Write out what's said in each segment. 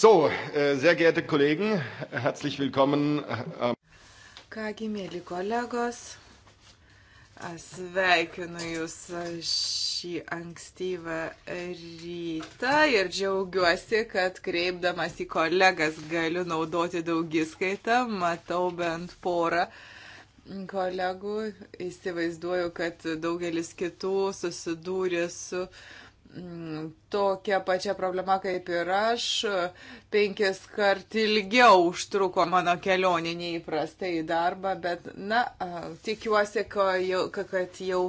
So, äh, sehr geehrte Kollegen, herzlich willkommen. Äh, Kągi, mėly kolegos, sveikinu Jūs šį ankstyvą rytą ir džiaugiuosi, kad kreipdamas į kolegas galiu naudoti daugiskaitą, matau bent porą kolegų, įsivaizduoju, kad daugelis kitų susidūrė su uh, Mm, tokia pačia problema kaip ir aš. Penkis kart ilgiau užtruko mano kelionė neįprastai į darbą, bet, na, tikiuosi, kad jau, kad jau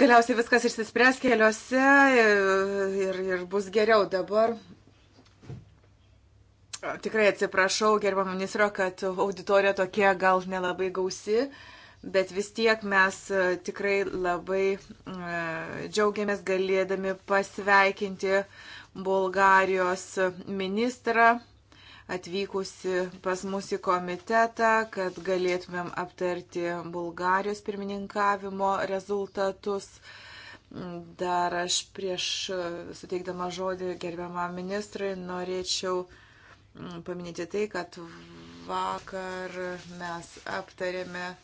galiausiai viskas išsispręs keliuose e, ir, ir bus geriau dabar. Tikrai atsiprašau, gerbam ministro, kad auditorija tokia gal nelabai gausi. Uh, bet vis tiek mes e, tikrai labai e, džiaugiamės galėdami pasveikinti Bulgarijos ministrą atvykusi pas mus į komitetą, kad galėtumėm aptarti Bulgarijos pirmininkavimo rezultatus. Dar aš prieš e, suteikdama žodį gerbiamam ministrui norėčiau paminėti tai, kad vakar mes aptarėme uh,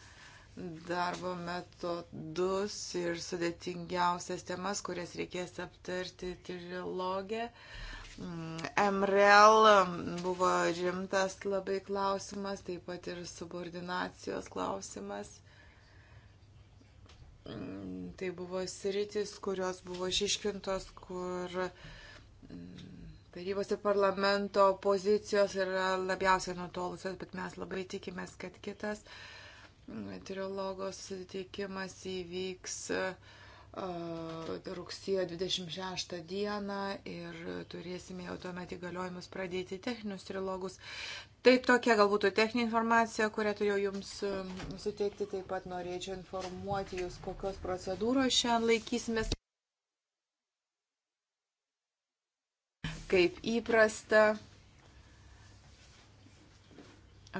darbo metodus ir sudėtingiausias temas, kurias reikės aptarti trilogė. MRL mm, buvo rimtas labai klausimas, taip pat ir subordinacijos klausimas. Mm, tai buvo sritis, kurios buvo išiškintos, kur mm, tarybos ir parlamento pozicijos yra labiausiai nutolusios, bet mes labai tikimės, kad kitas uh, trilogos sutikimas įvyks rugsėjo 26 dieną ir turėsime jau tuomet įgaliojimus pradėti techninius trilogus. Taip tokia galbūt techninė informacija, kurią turėjau Jums suteikti. Taip pat norėčiau informuoti Jūs, kokios procedūros šiandien laikysimės. Kaip įprasta,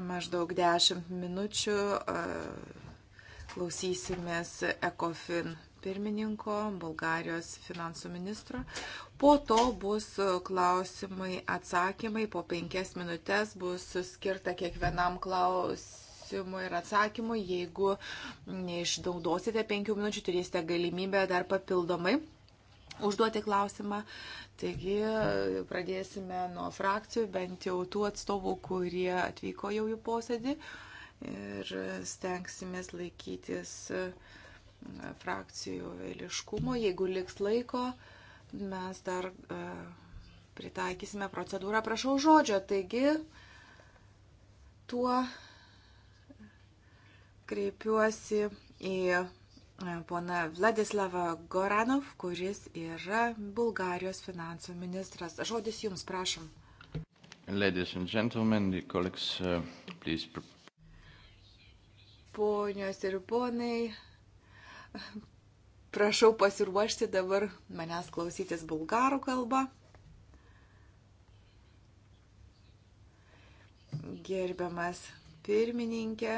maždaug 10 minučių klausysimės ECOFIN pirmininko, Bulgarijos finansų ministro. Po to bus klausimai, atsakymai, po penkias minutės bus skirta kiekvienam klausimui ir atsakymui. Jeigu neišnaudosite penkių minučių, turėsite galimybę dar papildomai užduoti klausimą. Taigi pradėsime nuo frakcijų, bent jau tų atstovų, kurie atvyko jau į posėdį ir stengsimės laikytis e, frakcijų vėliškumo. Jeigu liks laiko, mes dar e, pritaikysime procedūrą, prašau žodžio. Taigi, tuo kreipiuosi į pona Vladislava Goranov, kuris yra Bulgarijos finansų ministras. Žodis jums, prašom. Ladies and gentlemen, the colleagues, uh, please. Ponios ir ponai, prašau pasiruošti dabar manęs klausytis bulgarų kalbą. Gerbiamas pirmininkė,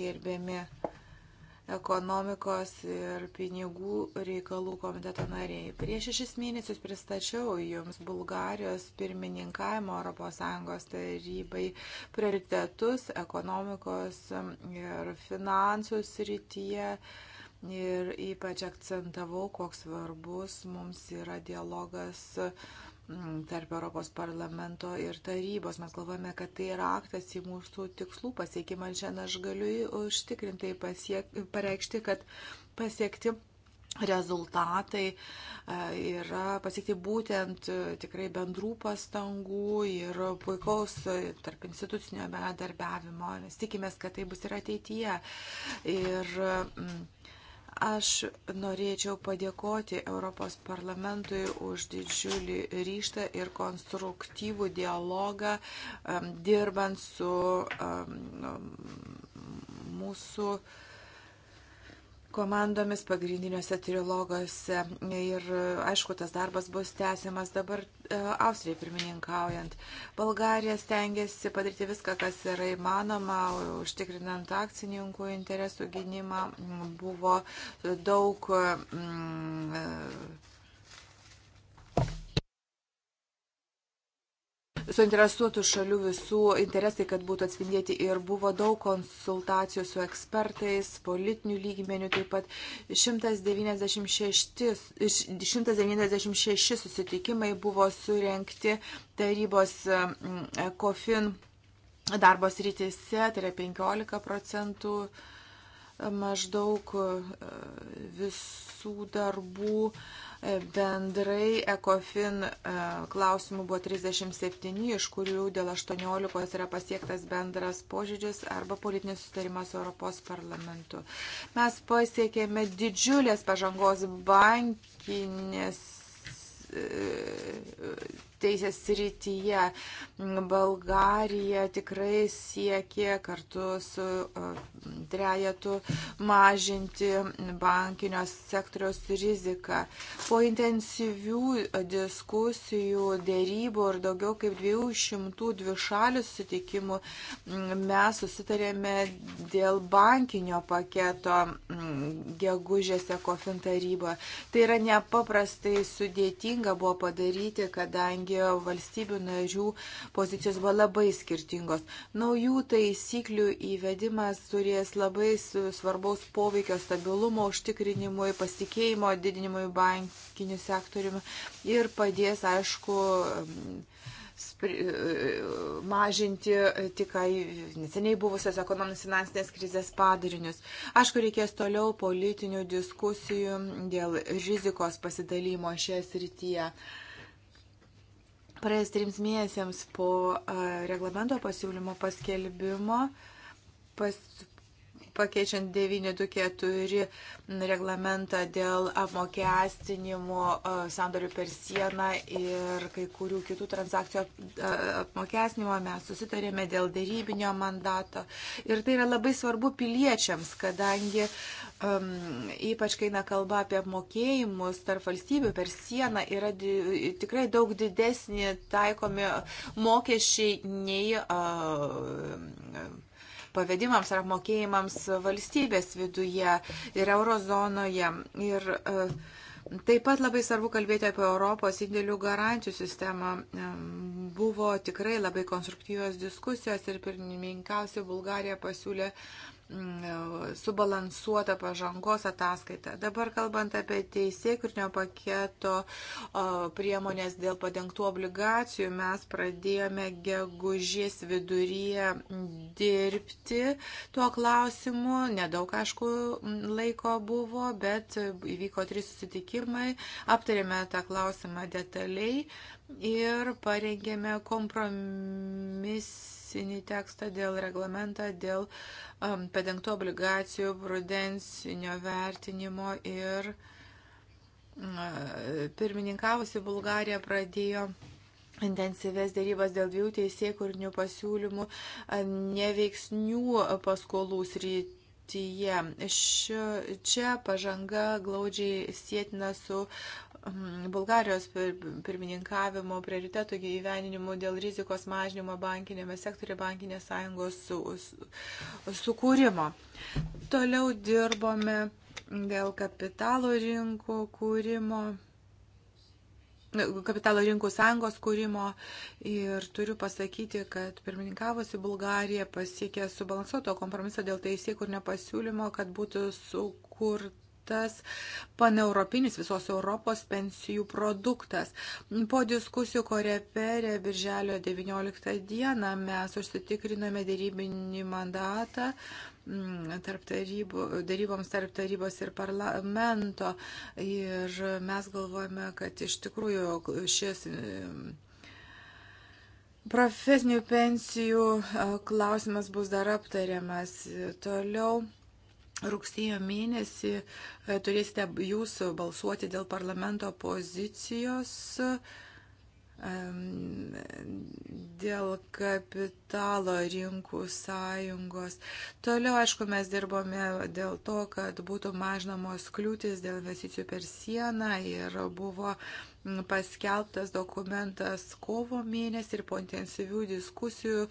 gerbiami uh, ekonomikos ir pinigų reikalų komiteto nariai. Prieš šešis mėnesius pristačiau Jums Bulgarijos pirmininkavimo ES tarybai prioritetus ekonomikos ir finansų srityje. Ir ypač akcentavau, koks svarbus mums yra dialogas Mm, tarp Europos parlamento ir tarybos. Mes galvojame, kad tai yra aktas į mūsų tikslų pasiekimą. Šiandien aš galiu užtikrintai pasiek, pareikšti, kad pasiekti rezultatai e, yra pasiekti būtent e, tikrai bendrų pastangų ir puikaus e, tarp institucinio bendradarbiavimo. Mes tikimės, kad tai bus ir ateityje. Ir, mm, Aš norėčiau padėkoti Europos parlamentui už didžiulį ryštą ir konstruktyvų dialogą, dirbant su mūsų komandomis pagrindiniuose trilogose ir aišku, tas darbas bus tęsiamas dabar e, Austrijai pirmininkaujant. Bulgarija stengiasi padaryti viską, kas yra įmanoma, užtikrinant akcininkų interesų gynimą. Buvo daug. Mm, suinteresuotų šalių visų interesai, kad būtų atspindėti ir buvo daug konsultacijų su ekspertais, politinių lygmenių taip pat 196, 196 susitikimai buvo surenkti tarybos kofin mm, darbo srityse, tai yra 15 procentų maždaug e, visų darbų. Uh, Bendrai ECOFIN e, klausimų buvo 37, iš kurių dėl 18 yra pasiektas bendras požiūris arba politinis sustarimas Europos parlamentu. Mes pasiekėme didžiulės pažangos bankinės e, teisės srityje. Bulgarija tikrai siekė kartu su e, trejetų mažinti bankinio sektoriaus riziką. Po intensyvių diskusijų, dėrybų ir daugiau kaip 200 dvišalių sutikimų mm, mes susitarėme dėl bankinio paketo mm, gegužės ekofin taryboje. Tai yra nepaprastai sudėtinga buvo padaryti, kadangi valstybių narių pozicijos buvo labai skirtingos. Naujų taisyklių įvedimas turės labai svarbaus poveikio stabilumo užtikrinimui, pasitikėjimo didinimui bankiniu sektoriumi ir padės, aišku, e, mažinti tik neseniai buvusios ekonominės finansinės krizės padarinius. Aišku, reikės toliau politinių diskusijų dėl rizikos pasidalymo šioje srityje. Praėjus trims mėnesiams po e, reglamento pasiūlymo paskelbimo pas, pakeičiant 924 reglamentą dėl apmokestinimo e, sandorių per sieną ir kai kurių kitų transakcijų e, apmokestinimo mes susitarėme dėl dėrybinio mandato. Ir tai yra labai svarbu piliečiams, kadangi um, ypač kai eina kalba apie apmokėjimus tarp valstybių per sieną, yra di tikrai daug didesni taikomi mokesčiai nei. Uh, pavedimams ar apmokėjimams valstybės viduje ir eurozonoje. Ir e, taip pat labai svarbu kalbėti apie Europos indėlių garantijų sistemą. E, buvo tikrai labai konstruktyvios diskusijos ir pirmininkausia Bulgarija pasiūlė subalansuota pažangos ataskaita. Dabar kalbant apie teisėkrinio paketo priemonės dėl padengtų obligacijų, mes pradėjome gegužės viduryje dirbti tuo klausimu. Nedaug, aišku, laiko buvo, bet įvyko trys susitikimai, aptarėme tą klausimą detaliai ir parengėme kompromisą kompromisinį tekstą dėl reglamentą, dėl um, padengtų obligacijų, prudensinio vertinimo ir um, pirmininkavusi Bulgarija pradėjo intensyves dėrybas dėl dviejų teisėkurnių pasiūlymų neveiksnių paskolų srityje. Čia pažanga glaudžiai sėtina su Mm, Bulgarijos pirmininkavimo prioritetų gyveninimu dėl rizikos mažinimo bankinėme sektoriu bankinės sąjungos sukūrimo. Toliau dirbome dėl kapitalo rinkų kūrimo kapitalo rinkų sąjungos kūrimo ir turiu pasakyti, kad pirmininkavusi Bulgarija pasiekė subalansuoto kompromiso dėl teisėkurnio pasiūlymo, kad būtų sukurta tas paneuropinis visos Europos pensijų produktas. Po diskusijų Koreperė birželio 19 dieną mes užsitikrinome dėrybinį mandatą mm, tarp tarybų, daryboms tarp tarybos ir parlamento. Ir mes galvojame, kad iš tikrųjų šis mm, profesinių pensijų klausimas bus dar aptariamas toliau. Rugsėjo mėnesį e, turėsite jūs balsuoti dėl parlamento pozicijos dėl kapitalo rinkų sąjungos. Toliau, aišku, mes dirbome dėl to, kad būtų mažinamos kliūtis dėl investicijų per sieną ir buvo paskelbtas dokumentas kovo mėnesį ir po intensyvių diskusijų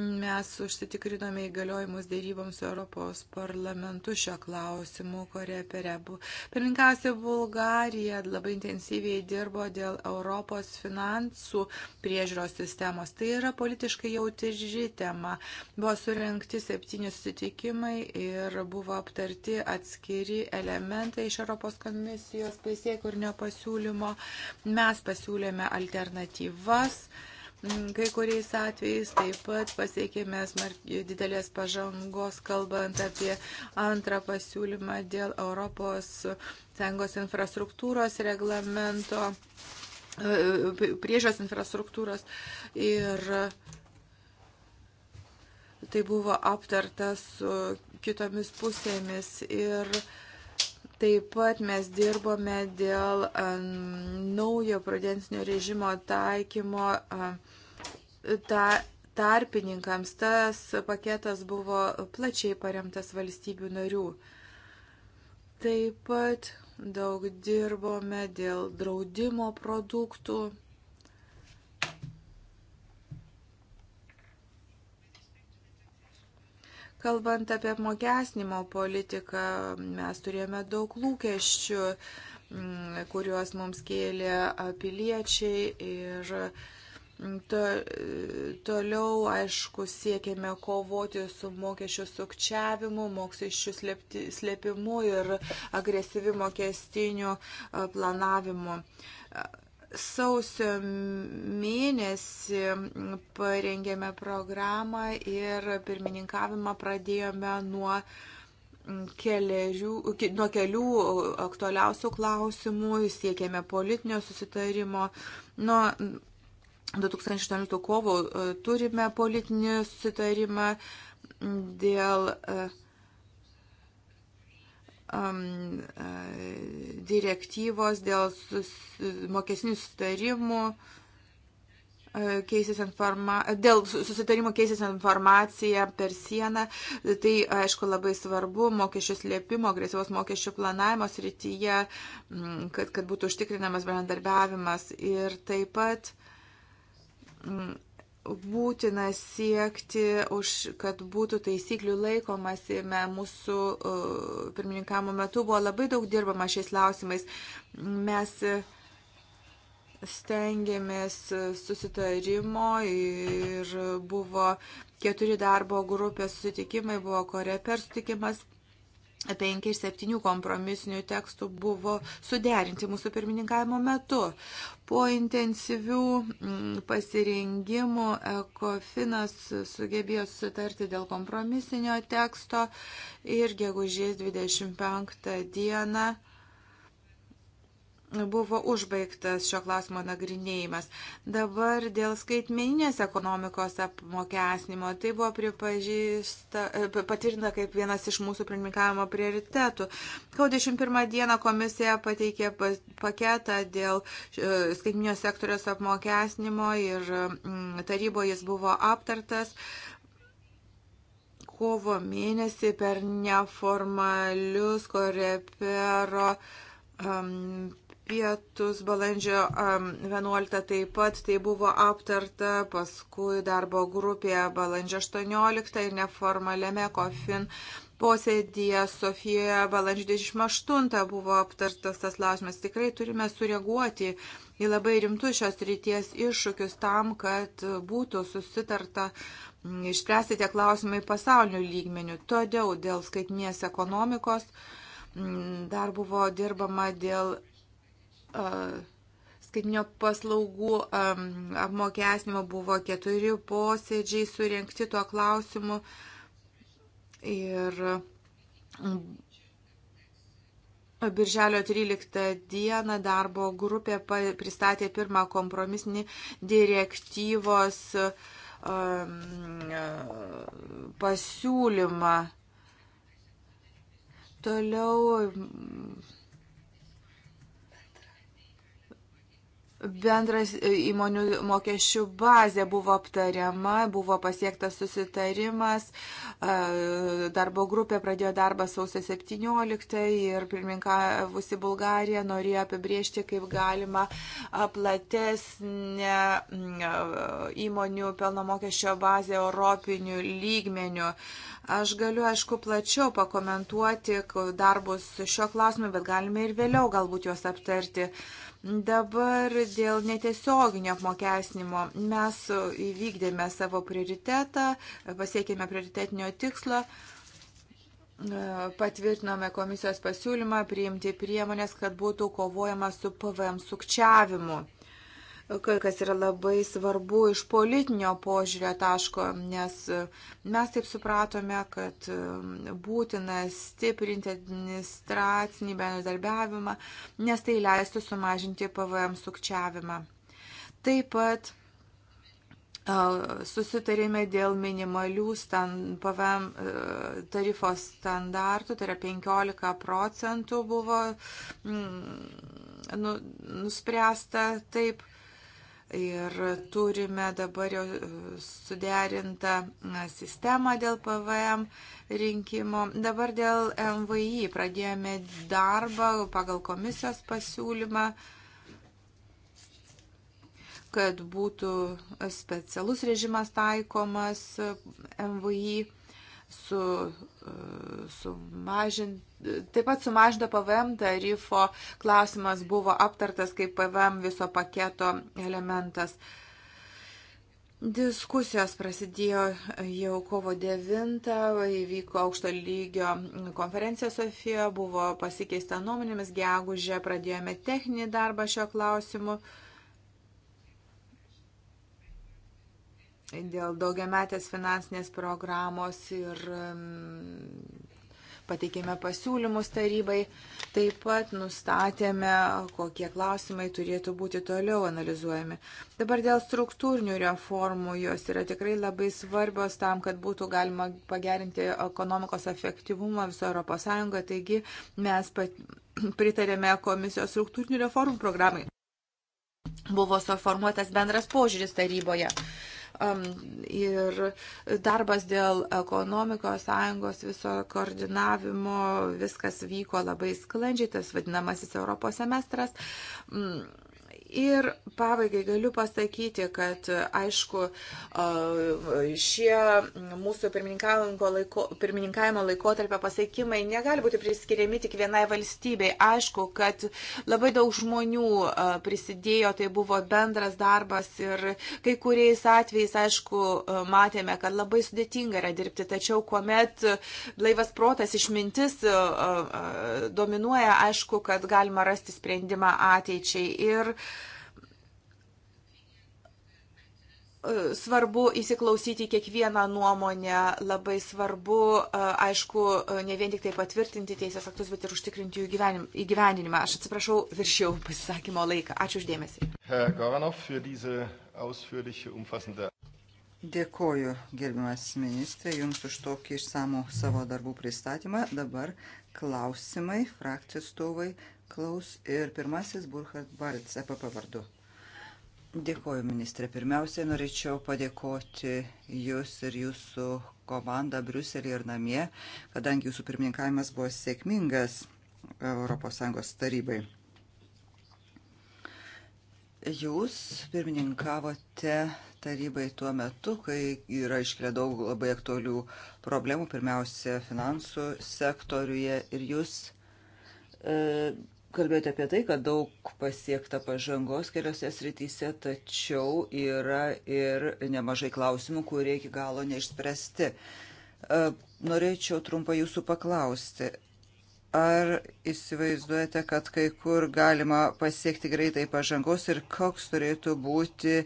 mes užsitikrinome įgaliojimus dėryboms su Europos parlamentu šio klausimu, kurie perebu. Pirmininkiausia, Bulgarija labai intensyviai dirbo dėl Europos finansų priežiūros sistemos. Tai yra politiškai jautri tema. Buvo surinkti septyni susitikimai ir buvo aptarti atskiri elementai iš Europos komisijos teisėkurnio pasiūlymo. Mes pasiūlėme alternatyvas mm, kai kuriais atvejais taip pat pasiekėme didelės pažangos, kalbant apie antrą pasiūlymą dėl Europos Sąjungos infrastruktūros reglamento, e, e, priežos infrastruktūros ir tai buvo aptarta su kitomis pusėmis ir uh, Taip pat mes dirbome dėl naujo prudencinio režimo taikymo ta, tarpininkams. Tas paketas buvo plačiai paremtas valstybių narių. Taip pat daug dirbome dėl draudimo produktų Kalbant apie apmokesnimo politiką, mes turėjome daug lūkesčių, mm, kuriuos mums kėlė piliečiai ir mm, To, toliau, aišku, siekėme kovoti su mokesčių sukčiavimu, mokesčių slėpimu ir agresyviu mokestiniu planavimu sausio mėnesį parengėme programą ir pirmininkavimą pradėjome nuo, keliarių, nuo kelių aktualiausių klausimų, siekėme politinio susitarimo. Nuo 2018 kovo e, turime politinį susitarimą dėl uh, um, direktyvos, dėl sus, mokesnių sutarimų, e, keisės informa, dėl susitarimo keisės informacija per sieną. Tai, aišku, labai svarbu mokesčių slėpimo, agresyvos mokesčių planavimo srityje, kad, kad būtų užtikrinamas bendarbiavimas. Ir taip pat būtina siekti, už, kad būtų taisyklių laikomasi. Mūsų uh, pirmininkamo metu buvo labai daug dirbama šiais klausimais. Mes uh, stengiamės uh, susitarimo ir buvo keturi darbo grupės susitikimai, buvo korepers sutikimas 5 iš 7 kompromisinių tekstų buvo suderinti mūsų pirmininkavimo metu. Po intensyvių mm, pasirengimų Kofinas sugebėjo sutarti dėl kompromisinio teksto ir gegužės 25 dieną buvo užbaigtas šio klausimo nagrinėjimas. Dabar dėl skaitmeninės ekonomikos apmokesnimo tai buvo e, patvirtinta kaip vienas iš mūsų pirmininkavimo prioritetų. Kau 21 dieną komisija pateikė paketą dėl e, skaitminio sektoriaus apmokesnimo ir mm, taryboje jis buvo aptartas kovo mėnesį per neformalius korepero um, pietus balandžio 11 taip pat tai buvo aptarta, paskui darbo grupėje balandžio 18 ir neformaliame kofin posėdėje Sofijoje balandžio 28 buvo aptartas tas klausimas. Tikrai turime sureaguoti į labai rimtus šios ryties iššūkius tam, kad būtų susitarta išspręsti tie klausimai pasaulinių lygmenių. Todėl dėl skaitinės ekonomikos dar buvo dirbama dėl skaitinio paslaugų apmokesnimo buvo keturi posėdžiai surinkti tuo klausimu ir Birželio 13 dieną darbo grupė pristatė pirmą kompromisinį direktyvos pasiūlymą. Toliau bendras e, įmonių mokesčių bazė buvo aptariama, buvo pasiektas susitarimas, e, darbo grupė pradėjo darbą sausio 17 ir pirmininkavusi Bulgarija norėjo apibriežti, kaip galima platesnę mm, e, įmonių pelno mokesčio bazę europinių lygmenių. Aš galiu, aišku, plačiau pakomentuoti darbus šio klausimu, bet galime ir vėliau galbūt juos aptarti. Dabar dėl netiesioginio apmokesnimo mes įvykdėme savo prioritetą, pasiekėme prioritetinio tikslo patvirtinome komisijos pasiūlymą priimti priemonės, kad būtų kovojama su PVM sukčiavimu kas yra labai svarbu iš politinio požiūrio taško, nes e, mes taip supratome, kad e, būtina stiprinti administracinį bendradarbiavimą, nes tai leistų sumažinti PVM sukčiavimą. Taip pat e, susitarėme dėl minimalių stand, PVM tarifos standartų, tai yra 15 procentų buvo nu, nuspręsta taip Ir turime dabar jau e, suderintą sistemą dėl PVM rinkimo. Dabar dėl MVI pradėjome darbą pagal komisijos pasiūlymą kad būtų specialus režimas taikomas MVI su, e, sumažinti. Taip pat sumažinto PVM tarifo klausimas buvo aptartas kaip PVM viso paketo elementas. Diskusijos prasidėjo jau kovo 9, įvyko aukšto lygio konferencija Sofija, buvo pasikeista nuomonėmis, gegužė pradėjome techninį darbą šio klausimu. Uh, dėl daugiametės finansinės programos ir pateikėme pasiūlymus tarybai. Taip pat nustatėme, kokie klausimai turėtų būti toliau analizuojami. Dabar dėl struktūrinių reformų jos yra tikrai labai svarbios tam, kad būtų galima pagerinti ekonomikos efektyvumą viso Europos Sąjungoje. Taigi mes pritarėme komisijos struktūrinių reformų programai. Buvo suformuotas bendras požiūris taryboje ir darbas dėl ekonomikos sąjungos viso koordinavimo, viskas vyko labai sklandžiai, tas vadinamasis Europos semestras. Mm, Ir pabaigai galiu pasakyti, kad aišku, šie mūsų laiko, pirmininkavimo laikotarpio pasiekimai negali būti priskiriami tik vienai valstybei. Aišku, kad labai daug žmonių prisidėjo, tai buvo bendras darbas ir kai kuriais atvejais, aišku, matėme, kad labai sudėtinga yra dirbti, tačiau kuomet laivas protas išmintis dominuoja, aišku, kad galima rasti sprendimą ateičiai. Ir, uh, E, svarbu įsiklausyti kiekvieną nuomonę, labai svarbu, e, aišku, e, ne vien tik tai patvirtinti teisės aktus, bet ir užtikrinti jų įgyvendinimą. Aš atsiprašau, viršiau pasisakymo laiką. Ačiū uždėmesi. Dėkoju, gerbiamas ministrė, Jums už tokį išsamų savo darbų pristatymą. Dabar klausimai, frakcijų stovai klaus ir pirmasis Burkhard Balts, EPP vardu. Dėkuoju, ministrė. Pirmiausiai norėčiau padėkoti Jūs ir Jūsų komandą Briuselį ir namie, kadangi Jūsų pirmininkavimas buvo sėkmingas ES tarybai. Jūs pirmininkavote tarybai tuo metu, kai yra iškilę daug labai aktualių problemų, pirmiausia, finansų sektoriuje ir jūs e, Kalbėjote apie tai, kad daug pasiekta pažangos keliose srityse, tačiau yra ir nemažai klausimų, kurie iki galo neišspręsti. E, norėčiau trumpai jūsų paklausti. Ar įsivaizduojate, kad kai kur galima pasiekti greitai pažangos ir koks turėtų būti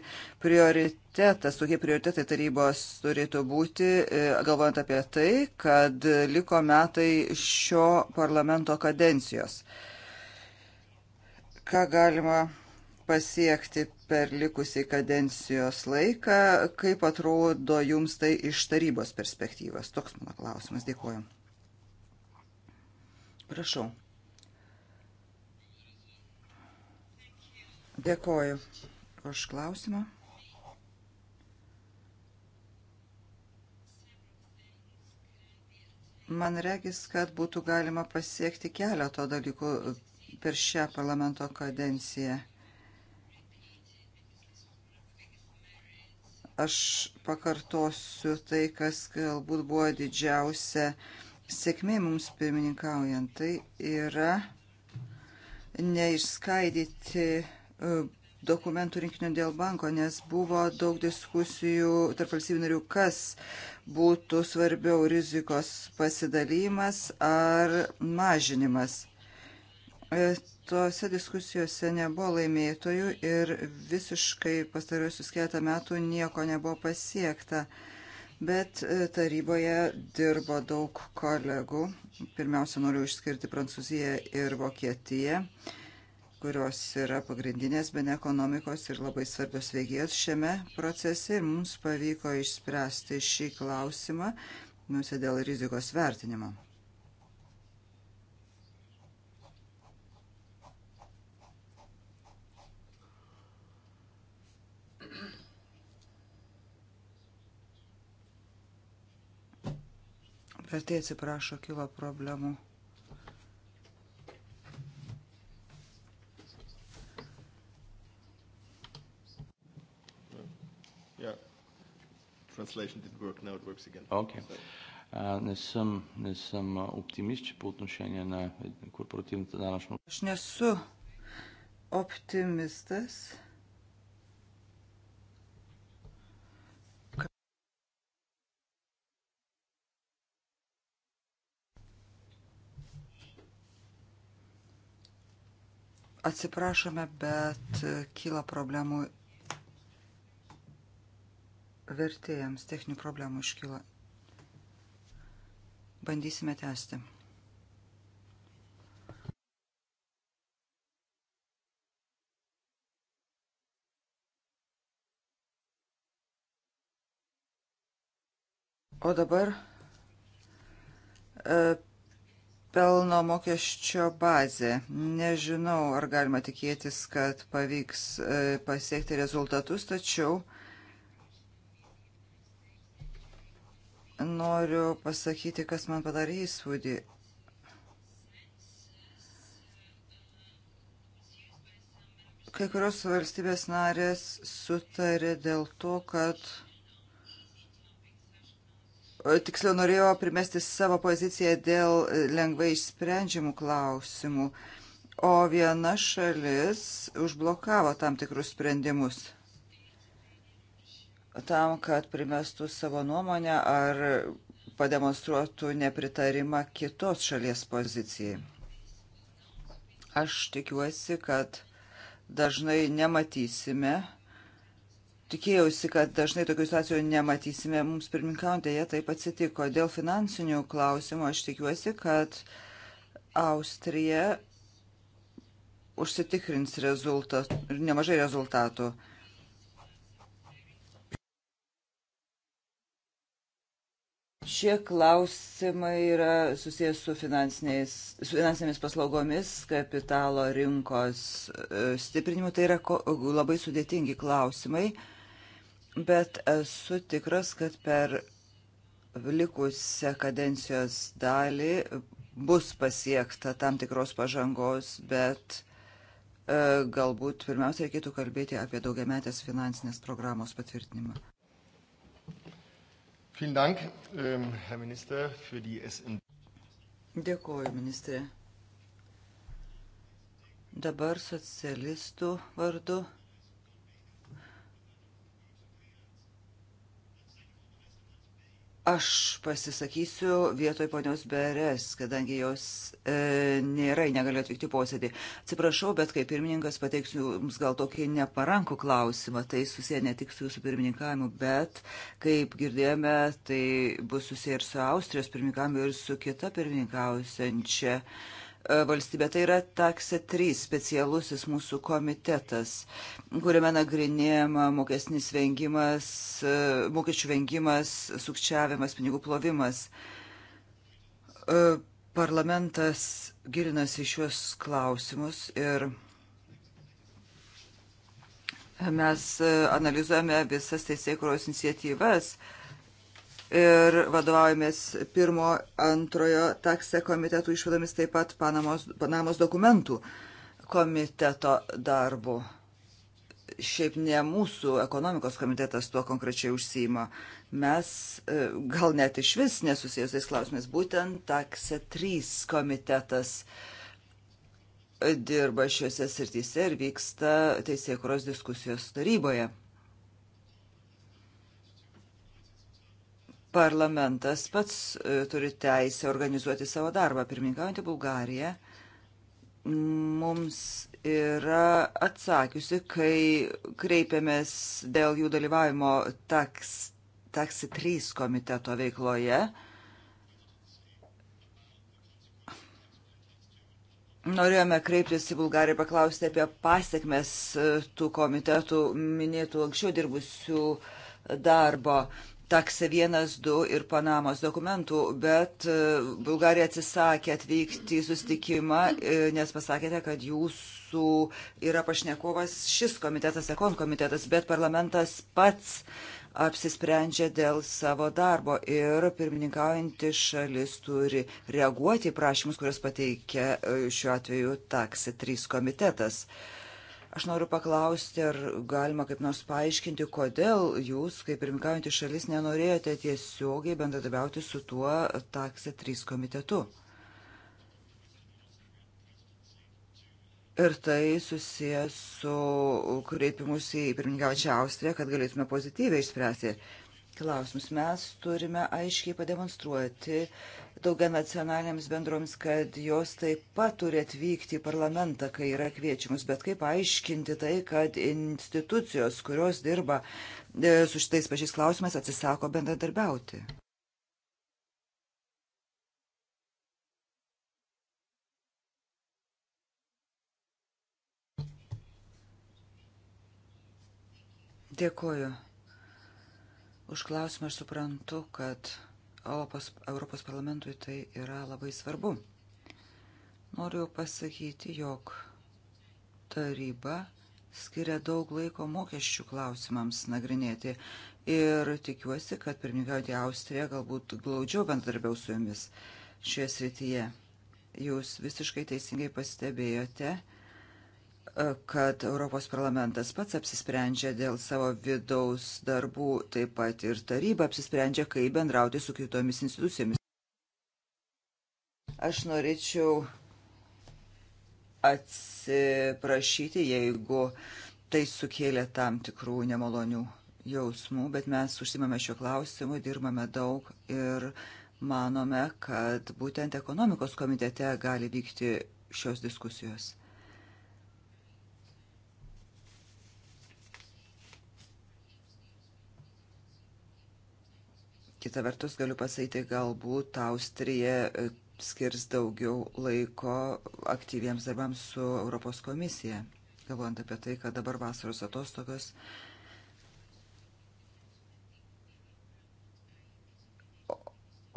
prioritetas, kokie prioritetai tarybos turėtų būti, e, galvojant apie tai, kad liko metai šio parlamento kadencijos? Uh, ką galima pasiekti per likusį kadencijos laiką, kaip atrodo jums tai iš tarybos perspektyvas? Toks mano klausimas. Dėkuoju. Prašau. Dėkuoju už klausimą. Man regis, kad būtų galima pasiekti keletą dalykų per šią parlamento kadenciją. Aš pakartosiu tai, kas galbūt buvo didžiausia sėkmė mums pirmininkaujant. Tai yra neišskaidyti e, dokumentų rinkinio dėl banko, nes buvo daug diskusijų tarp valstybių narių, kas būtų svarbiau rizikos pasidalymas ar mažinimas. E, Tuose diskusijose nebuvo laimėtojų ir visiškai pastarosius keletą metų nieko nebuvo pasiekta. Bet e, taryboje dirbo daug kolegų. Pirmiausia, noriu išskirti Prancūziją ir Vokietiją, kurios yra pagrindinės bene ekonomikos ir labai svarbios veikėjos šiame procese. Ir mums pavyko išspręsti šį klausimą, mums nu, dėl rizikos vertinimo. Per tai atsiprašo, kilo problemų. Yeah. Translation didn't work, now it works again. Okay. So. Не съм, не съм оптимист, че по отношение на корпоративната данъчна... Аз не съм оптимистът Atsiprašome, bet e, kyla problemų vertėjams, techninių problemų iškyla. Bandysime tęsti. O dabar e, pelno mokesčio bazė. Nežinau, ar galima tikėtis, kad pavyks e, pasiekti rezultatus, tačiau noriu pasakyti, kas man padarė įspūdį. Kai kurios valstybės narės sutarė dėl to, kad tiksliau norėjo primesti savo poziciją dėl e, lengvai išsprendžiamų klausimų, o viena šalis užblokavo tam tikrus sprendimus tam, kad primestų savo nuomonę ar pademonstruotų nepritarimą kitos šalies pozicijai. Aš tikiuosi, kad dažnai nematysime tikėjausi, kad dažnai tokių situacijų nematysime. Mums pirmininkaujant dėja taip atsitiko. Dėl finansinių klausimų aš tikiuosi, kad Austrija užsitikrins rezultat, nemažai rezultatų. Šie klausimai yra susijęs su, su finansinėmis paslaugomis, kapitalo rinkos e, stiprinimu. Tai yra labai sudėtingi klausimai bet esu tikras, kad per likusią kadencijos dalį bus pasiekta tam tikros pažangos, bet e, galbūt pirmiausia reikėtų kalbėti apie daugiametės finansinės programos patvirtinimą. Dank, ähm, Herr Minister, für die SND. Dėkuoju, ministrė. Dabar socialistų vardu Aš pasisakysiu vietoj ponios Beres, kadangi jos e, nėra, negali atvykti posėdį. Atsiprašau, bet kaip pirmininkas pateiksiu jums gal tokį neparankų klausimą. Tai susiję ne tik su jūsų pirmininkavimu, bet, kaip girdėjome, tai bus susiję ir su Austrijos pirmininkavimu, ir su kita pirmininkausiančia. E, E, valstybę. Tai yra taksė 3 specialusis mūsų komitetas, kuriame nagrinėjama mokesnis vengimas, e, mokesčių vengimas, sukčiavimas, pinigų plovimas. E, parlamentas gilinasi šiuos klausimus ir mes analizuojame visas teisėkuros iniciatyvas, uh, ir vadovaujamės pirmo, antrojo takse komitetų išvadomis taip pat Panamos, Panamos dokumentų komiteto darbu. Šiaip ne mūsų ekonomikos komitetas tuo konkrečiai užsima. Mes e, gal net iš vis nesusijusiais klausimais, būtent takse 3 komitetas e, dirba šiuose srityse ir vyksta teisėkuros diskusijos taryboje. Parlamentas pats e, turi teisę organizuoti savo darbą. Pirmininkaujantį Bulgariją mums yra atsakiusi, kai kreipėmės dėl jų dalyvavimo taks, taksi 3 komiteto veikloje. Norėjome kreiptis į Bulgariją paklausti apie pasiekmes e, tų komitetų minėtų anksčiau dirbusių darbo takse 1, 2 ir Panamos dokumentų, bet e, Bulgarija atsisakė atvykti į sustikimą, e, nes pasakėte, kad jūsų yra pašnekovas šis komitetas, ekon komitetas, bet parlamentas pats apsisprendžia dėl savo darbo ir pirmininkaujanti šalis turi reaguoti į prašymus, kurias pateikia e, šiuo atveju taksi 3 komitetas. Uh, Aš noriu paklausti, ar galima kaip nors paaiškinti, kodėl jūs, kaip pirmkaujantys šalis, nenorėjote tiesiogiai bendradabiauti su tuo taksė 3 komitetu. Ir tai susijęs su kreipimusi į pirmininkaučią Austriją, kad galėtume pozityviai išspręsti klausimus. Mes turime aiškiai pademonstruoti daugia nacionalinėms bendroms, kad jos taip pat turi atvykti į parlamentą, kai yra kviečiamus, bet kaip aiškinti tai, kad institucijos, kurios dirba e, su šitais pačiais klausimais, atsisako bendradarbiauti. Dėkuoju už klausimą. Aš suprantu, kad Europos, Europos parlamentui tai yra labai svarbu. Noriu pasakyti, jog taryba skiria daug laiko mokesčių klausimams nagrinėti ir tikiuosi, kad pirmininkaujantį Austriją galbūt glaudžiau bendradarbiau su jumis šioje srityje. Jūs visiškai teisingai pastebėjote, kad Europos parlamentas pats apsisprendžia dėl savo vidaus darbų, taip pat ir taryba apsisprendžia, kaip bendrauti su kitomis institucijomis. Aš norėčiau atsiprašyti, jeigu tai sukėlė tam tikrų nemalonių jausmų, bet mes užsimame šiuo klausimu, dirbame daug ir manome, kad būtent ekonomikos komitete gali vykti šios diskusijos. Kita vertus, galiu pasakyti, galbūt Austrija e, skirs daugiau laiko aktyviems darbams su Europos komisija, galvojant apie tai, kad dabar vasaros atostogos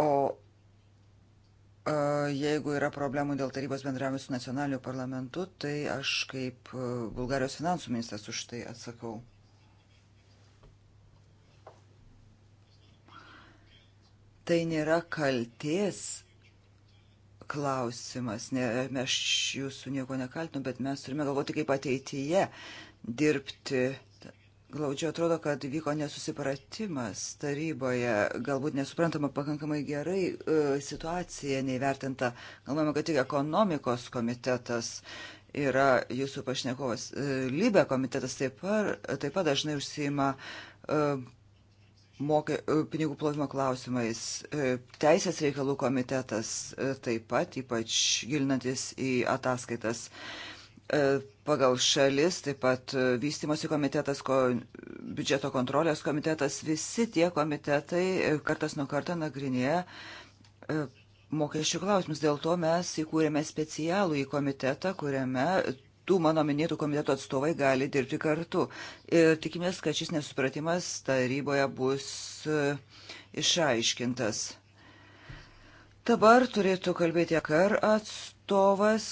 O e, jeigu yra problemų dėl tarybos bendravimo su nacionaliniu parlamentu, tai aš kaip e, Bulgarijos finansų ministras už tai atsakau. tai nėra kalties klausimas. Ne, aš jūsų nieko nekaltinu, bet mes turime galvoti, kaip ateityje dirbti. Glaudžiai atrodo, kad vyko nesusipratimas taryboje, galbūt nesuprantama pakankamai gerai e, situacija neįvertinta. Galvojame, kad tik ekonomikos komitetas yra jūsų pašnekovas. E, Lybė komitetas taip pat, taip pat dažnai užsima e, mokė, e, pinigų plovimo klausimais. E, Teisės reikalų komitetas e, taip pat, ypač gilinantis į ataskaitas pagal šalis, taip pat vystimosi komitetas, ko, biudžeto kontrolės komitetas, visi tie komitetai kartas nuo karto nagrinėja mokesčių klausimus. Dėl to mes įkūrėme specialų į komitetą, kuriame kitų mano minėtų komiteto atstovai gali dirbti kartu. Ir tikimės, kad šis nesupratimas taryboje bus e, išaiškintas. Dabar turėtų kalbėti kar atstovas,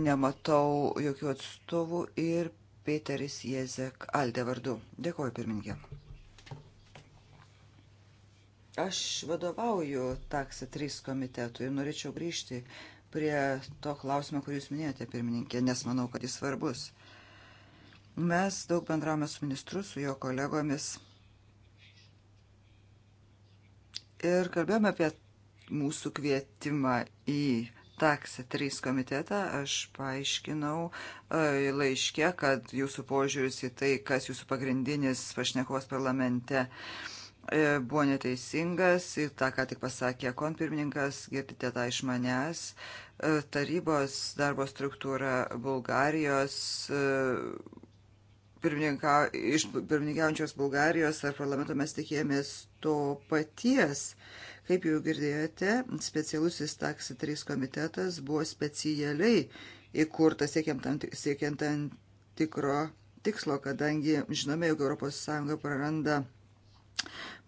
nematau jokių atstovų ir Peteris Jezek Alde vardu. Dėkuoju, pirmininkė. Aš vadovauju taksą 3 komitetui ir norėčiau grįžti prie to klausimo, kurį jūs minėjote, pirmininkė, nes manau, kad jis svarbus. Mes daug bendravome su ministru, su jo kolegomis ir kalbėjome apie mūsų kvietimą į taksą 3 komitetą. Aš paaiškinau e, laiške, kad jūsų požiūris į tai, kas jūsų pagrindinis pašnekovas parlamente E, buvo neteisingas, ir tą, ką tik pasakė konpirmininkas, girdite tą iš manęs, e, tarybos darbo struktūra Bulgarijos, e, pirmininka, iš pirmininkiaujančios Bulgarijos ar parlamento mes tikėjomės to paties. Kaip jau girdėjote, specialusis taksi 3 komitetas buvo specialiai įkurtas siekiant tam, siekiant tam tikro tikslo, kadangi žinome, jog ES praranda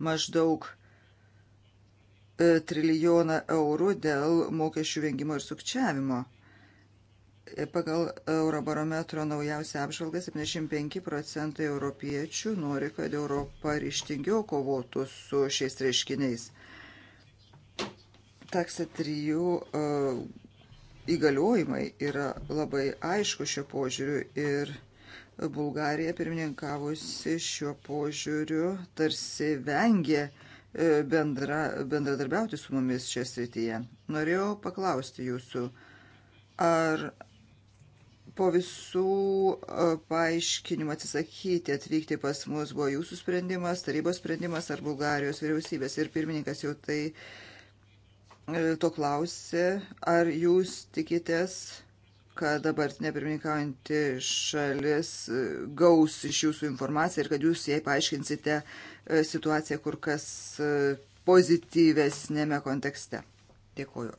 maždaug e, trilijoną eurų dėl mokesčių vengimo ir sukčiavimo. E, pagal Eurobarometro naujausią apžvalgą 75 procentai europiečių nori, kad Europa ryštingiau kovotų su šiais reiškiniais. Taksa 3 uh, įgaliojimai yra labai aišku šio požiūriu ir uh, Bulgarija pirmininkavusi šiuo požiūriu tarsi vengė e, bendra, bendradarbiauti su mumis čia srityje. Norėjau paklausti jūsų, ar po visų e, paaiškinimų atsisakyti atvykti pas mus buvo jūsų sprendimas, tarybos sprendimas ar Bulgarijos vyriausybės ir pirmininkas jau tai e, to klausė, ar jūs tikitės kad dabartinė pirmininkaujanti šalis e, gaus iš jūsų informaciją ir kad jūs jai paaiškinsite e, situaciją kur kas e, pozityvesnėme kontekste. Dėkuoju.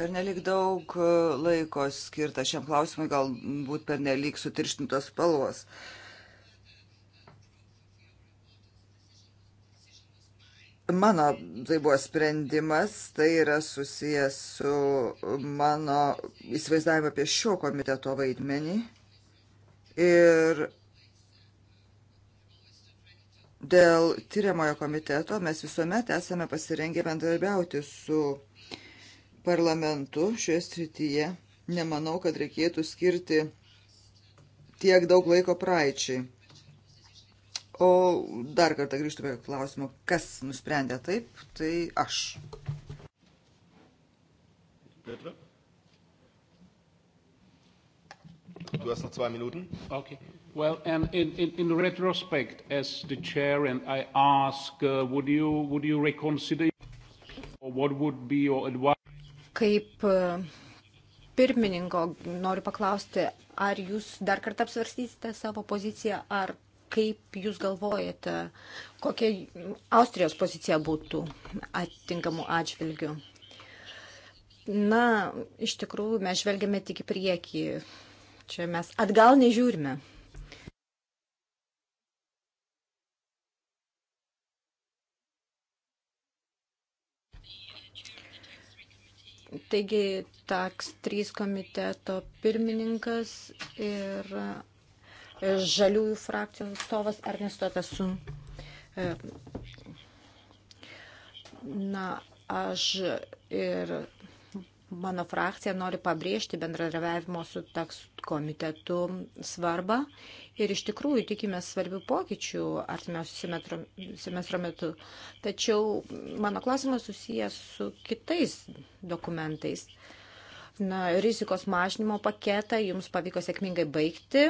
Per nelik daug laiko skirta šiam klausimui, galbūt per nelik sutirštintos spalvos. Uh, Mano tai buvo sprendimas, tai yra susijęs su mano įsivaizdavimu apie šio komiteto vaidmenį. Ir dėl tyriamojo komiteto mes visuomet esame pasirengę bendradarbiauti su parlamentu šioje srityje. Nemanau, kad reikėtų skirti tiek daug laiko praeičiai. O dar kartą grįžtume prie klausimo, kas nusprendė taip, tai aš. Petra? Du hast noch zwei Minuten. Okay. Well, and in, in, in retrospect, as the chair, and I ask, uh, would you would you reconsider, or what would be your advice? Kaip uh, pirmininko noriu paklausti, ar jūs dar kartą apsvarstysite savo poziciją, ar Kaip Jūs galvojate, kokia Austrijos pozicija būtų atitinkamų atžvilgių? Na, iš tikrųjų, mes žvelgiame tik į priekį. Čia mes atgal nežiūrime. Taigi, TAX 3 komiteto pirmininkas ir žaliųjų frakcijų atstovas Ernesto Tasun. E, na, aš ir mano frakcija nori pabrėžti bendradarbiavimo su taks komitetu svarbą ir iš tikrųjų tikimės svarbių pokyčių artimiausio semestro metu. Tačiau mano klausimas susijęs su kitais dokumentais. Na, rizikos mažinimo paketą jums pavyko sėkmingai baigti,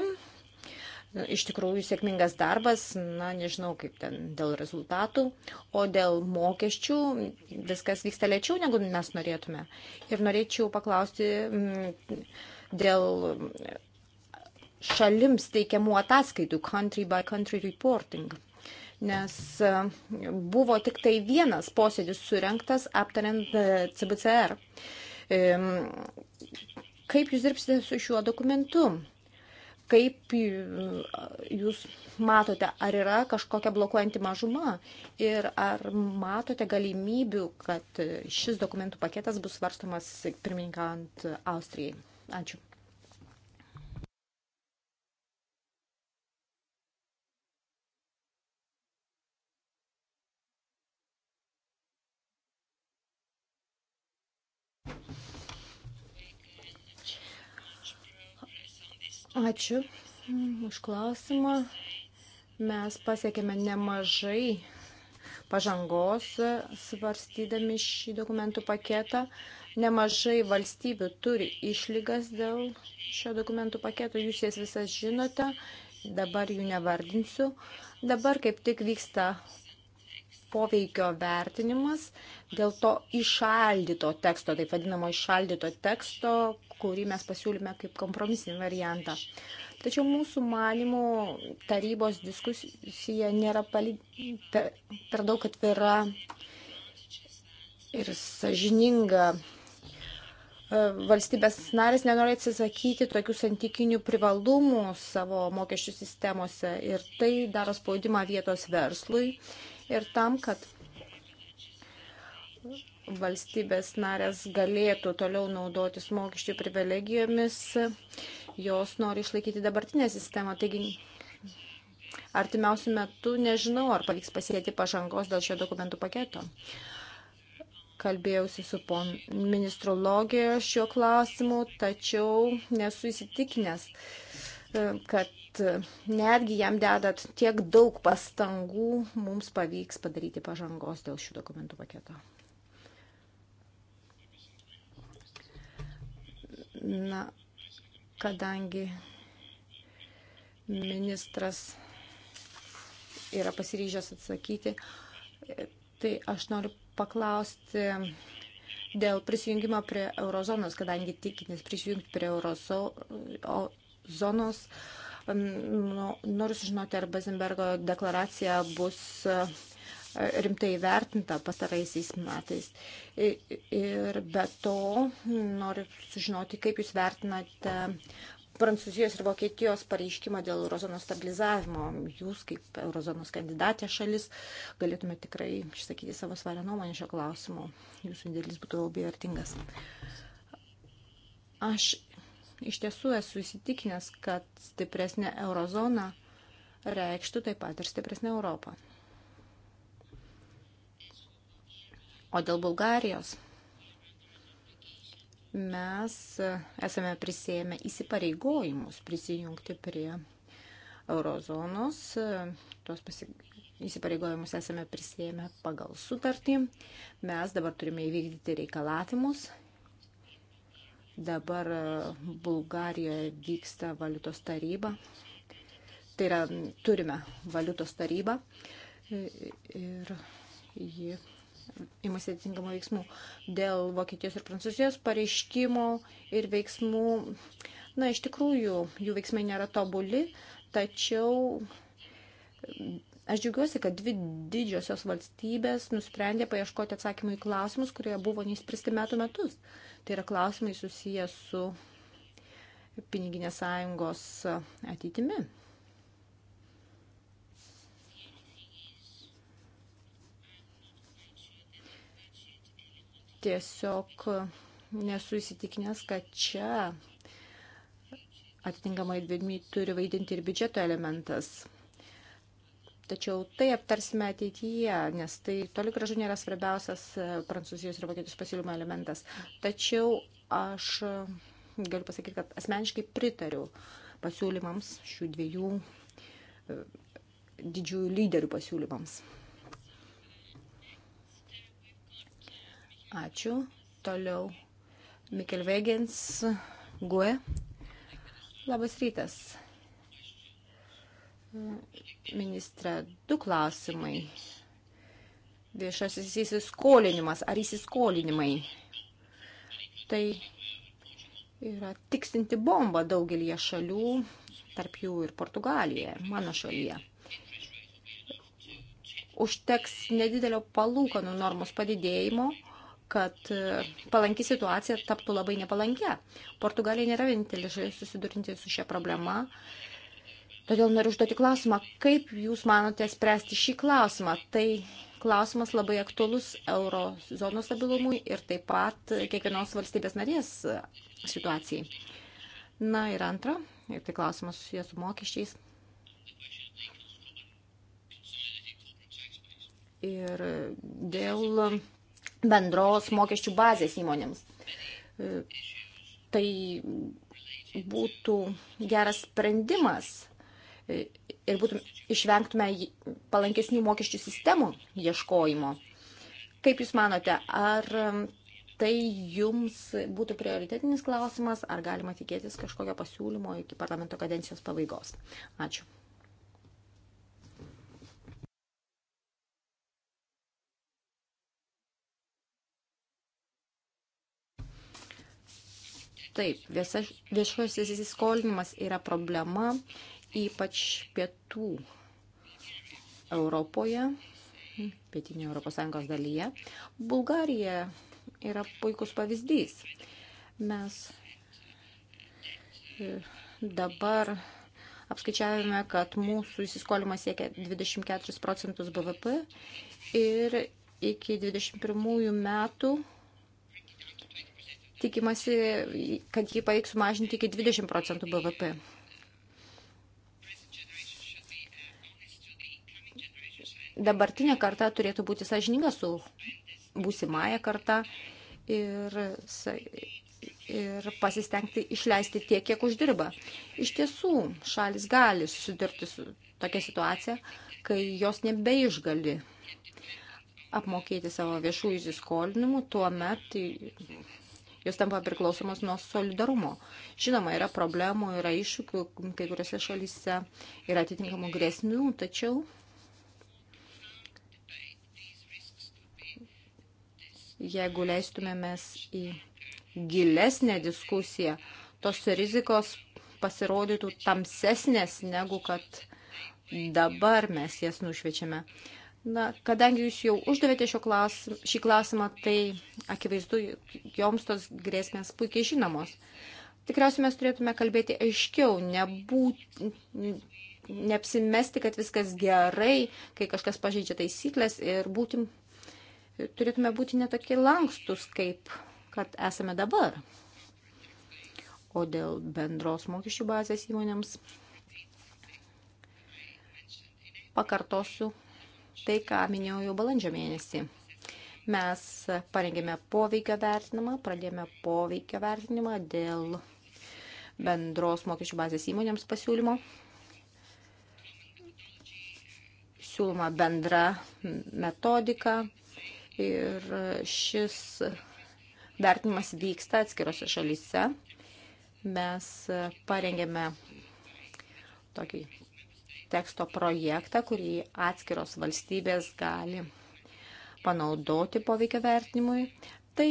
iš tikrųjų sėkmingas darbas, na nežinau kaip ten dėl rezultatų, o dėl mokesčių viskas vyksta lėčiau, negu mes norėtume. Ir norėčiau paklausti mm, dėl šalims teikiamų ataskaitų, country by country reporting. Nes mm, buvo tik tai vienas posėdis surenktas aptariant e, CBCR. Kaip jūs dirbsite su šiuo dokumentu? Kaip e, jūs matote, ar yra kažkokia blokuojanti mažuma ir ar matote galimybių, kad šis dokumentų paketas bus svarstomas pirmininkant Austrijai? Ačiū. Ačiū mm, už klausimą. Mes pasiekėme nemažai pažangos e, svarstydami šį dokumentų paketą. Nemažai valstybių turi išlygas dėl šio dokumentų paketo, jūs jas visas žinote, dabar jų nevardinsiu. Dabar kaip tik vyksta poveikio vertinimas dėl to išaldyto teksto, taip vadinamo išaldyto teksto, kurį mes pasiūlėme kaip kompromisinį variantą. Tačiau mūsų manimų tarybos diskusija nėra pali... per, per daug atvira ir sažininga. E, valstybės narės nenori atsisakyti tokių santykinių privalumų savo mokesčių sistemose ir tai daro spaudimą vietos verslui ir tam, kad valstybės narės galėtų toliau naudotis mokesčių privilegijomis, jos nori išlaikyti dabartinę sistemą. Taigi, artimiausių metų nežinau, ar pavyks pasėti pažangos dėl šio dokumentų paketo. Kalbėjausi su pon ministru Logė šiuo klausimu, tačiau nesu įsitikinęs, kad netgi jam dedat tiek daug pastangų, mums pavyks padaryti pažangos dėl šių dokumentų paketo. Na, kadangi ministras yra pasiryžęs atsakyti, tai aš noriu paklausti dėl prisijungimo prie eurozonos, kadangi tikintis prisijungti prie eurozonos zonos. Nu, noriu sužinoti, ar Bazenbergo deklaracija bus e, rimtai vertinta pastaraisiais metais. Ir be to noriu sužinoti, kaip Jūs vertinate Prancūzijos ir Vokietijos pareiškimą dėl eurozonos stabilizavimo. Jūs, kaip eurozonos kandidatė šalis, galėtumėte tikrai išsakyti savo svarę nuomonę šio klausimu. Jūsų indėlis būtų labai vertingas. Aš Iš tiesų esu įsitikinęs, kad stipresnė eurozona reikštų taip pat ir stipresnę Europą. O dėl Bulgarijos mes esame prisėmę įsipareigojimus prisijungti prie eurozonos. Tuos pasi... įsipareigojimus esame prisėmę pagal sutartį. Mes dabar turime įvykdyti reikalavimus Dabar e, Bulgarijoje vyksta valiutos taryba. Tai yra, turime valiutos tarybą e, ir ji imasi atitinkamų veiksmų. Dėl Vokietijos ir Prancūzijos pareiškimų ir veiksmų, na, iš tikrųjų, jų veiksmai nėra tobuli, tačiau e, Aš džiaugiuosi, kad dvi didžiosios valstybės nusprendė paieškoti atsakymų į klausimus, kurie buvo neįspręsti metų metus. Tai yra klausimai susiję su piniginės sąjungos ateitimi. Tiesiog nesu įsitikinęs, kad čia atitinkamai vaidmenį turi vaidinti ir biudžeto elementas. Tačiau tai aptarsime ateityje, nes tai toli gražu nėra svarbiausias e, Prancūzijos ir Vokietijos pasiūlymo elementas. Tačiau aš e, galiu pasakyti, kad asmeniškai pritariu pasiūlymams šių dviejų e, didžiųjų lyderių pasiūlymams. Ačiū. Toliau Mikel Vegens, GUE. Labas rytas. Ministre, du klausimai. Viešasis įsiskolinimas ar įsiskolinimai. Tai yra tiksinti bomba daugelie šalių, tarp jų ir Portugalijoje, mano šalyje. Užteks nedidelio palūkanų normos padidėjimo, kad e, palanki situacija taptų labai nepalankia. Portugalija nėra vienintelė šalis susidurinti su šia problema. Uh, Todėl noriu užduoti klausimą, kaip Jūs manote spręsti šį klausimą? Tai klausimas labai aktuolus eurozonos stabilumui ir taip pat kiekvienos valstybės narės situacijai. Na ir antra, ir tai klausimas susijęs su mokesčiais. Ir dėl bendros mokesčių bazės įmonėms. Tai būtų geras sprendimas ir būtum, išvengtume palankesnių mokesčių sistemų ieškojimo. Kaip Jūs manote, ar um, tai Jums būtų prioritetinis klausimas, ar galima tikėtis kažkokio pasiūlymo iki parlamento kadencijos pabaigos? Ačiū. Taip, viesa, viešasis įsiskolinimas yra problema, ypač pietų Europoje, pietinė Europos Sąjungos dalyje. Bulgarija yra puikus pavyzdys. Mes e, dabar apskaičiavime, kad mūsų įsiskolimas siekia 24 procentus BVP ir iki 21 metų tikimasi, kad jį pavyks sumažinti iki 20 procentų BVP. Dabartinė karta turėtų būti sąžininga su būsimąją kartą ir, ir pasistengti išleisti tiek, kiek uždirba. Iš tiesų, šalis gali susidurti su tokia situacija, kai jos nebeišgali apmokėti savo viešų įsiskolinimų, tuo metu Jos tampa priklausomos nuo solidarumo. Žinoma, yra problemų, yra iššūkių kai kuriuose šalyse, yra atitinkamų grėsmių, tačiau jeigu leistumėmės į gilesnę diskusiją, tos rizikos pasirodytų tamsesnės negu kad dabar mes jas nušvečiame. Na, kadangi jūs jau uždavėte klas, šį klausimą, tai akivaizdu, joms tos grėsmės puikiai žinomos. Tikriausiai mes turėtume kalbėti aiškiau, nebūti, neapsimesti, kad viskas gerai, kai kažkas pažeidžia taisyklės ir būti, turėtume būti netokie lankstus, kaip kad esame dabar. O dėl bendros mokesčių bazės įmonėms pakartosiu tai, ką minėjau jau balandžio mėnesį. Mes parengėme poveikio vertinimą, pradėjome poveikio vertinimą dėl bendros mokesčių bazės įmonėms pasiūlymo. Siūloma bendra metodika ir šis vertinimas vyksta atskirose šalyse. Mes parengėme tokį teksto projektą, kurį atskiros valstybės gali panaudoti poveikio vertinimui. Tai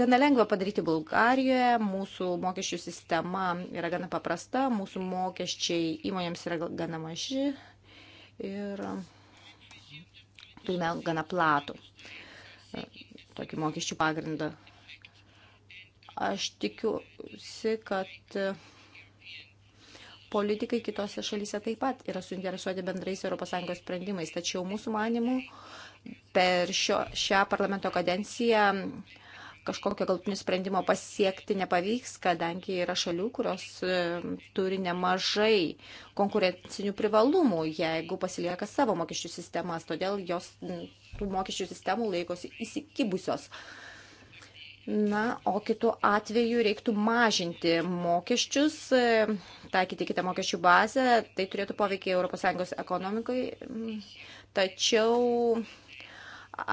gana lengva padaryti Bulgarijoje, mūsų mokesčių sistema yra gana paprasta, mūsų mokesčiai įmonėms yra gana maži ir turime gana platų e, tokį mokesčių pagrindą. Aš tikiuosi, kad politikai kitose šalyse taip pat yra suinteresuoti bendrais ES sprendimais. Tačiau mūsų manimų per šio, šią parlamento kadenciją kažkokio galtinio sprendimo pasiekti nepavyks, kadangi yra šalių, kurios e, turi nemažai konkurencinių privalumų, jeigu pasilieka savo mokesčių sistemas, todėl jos tų mokesčių sistemų laikosi įsikibusios. Uh, Na, o kitu atveju reiktų mažinti mokesčius, e, taikyti kitą mokesčių bazę, tai turėtų poveikį ES ekonomikai. Tačiau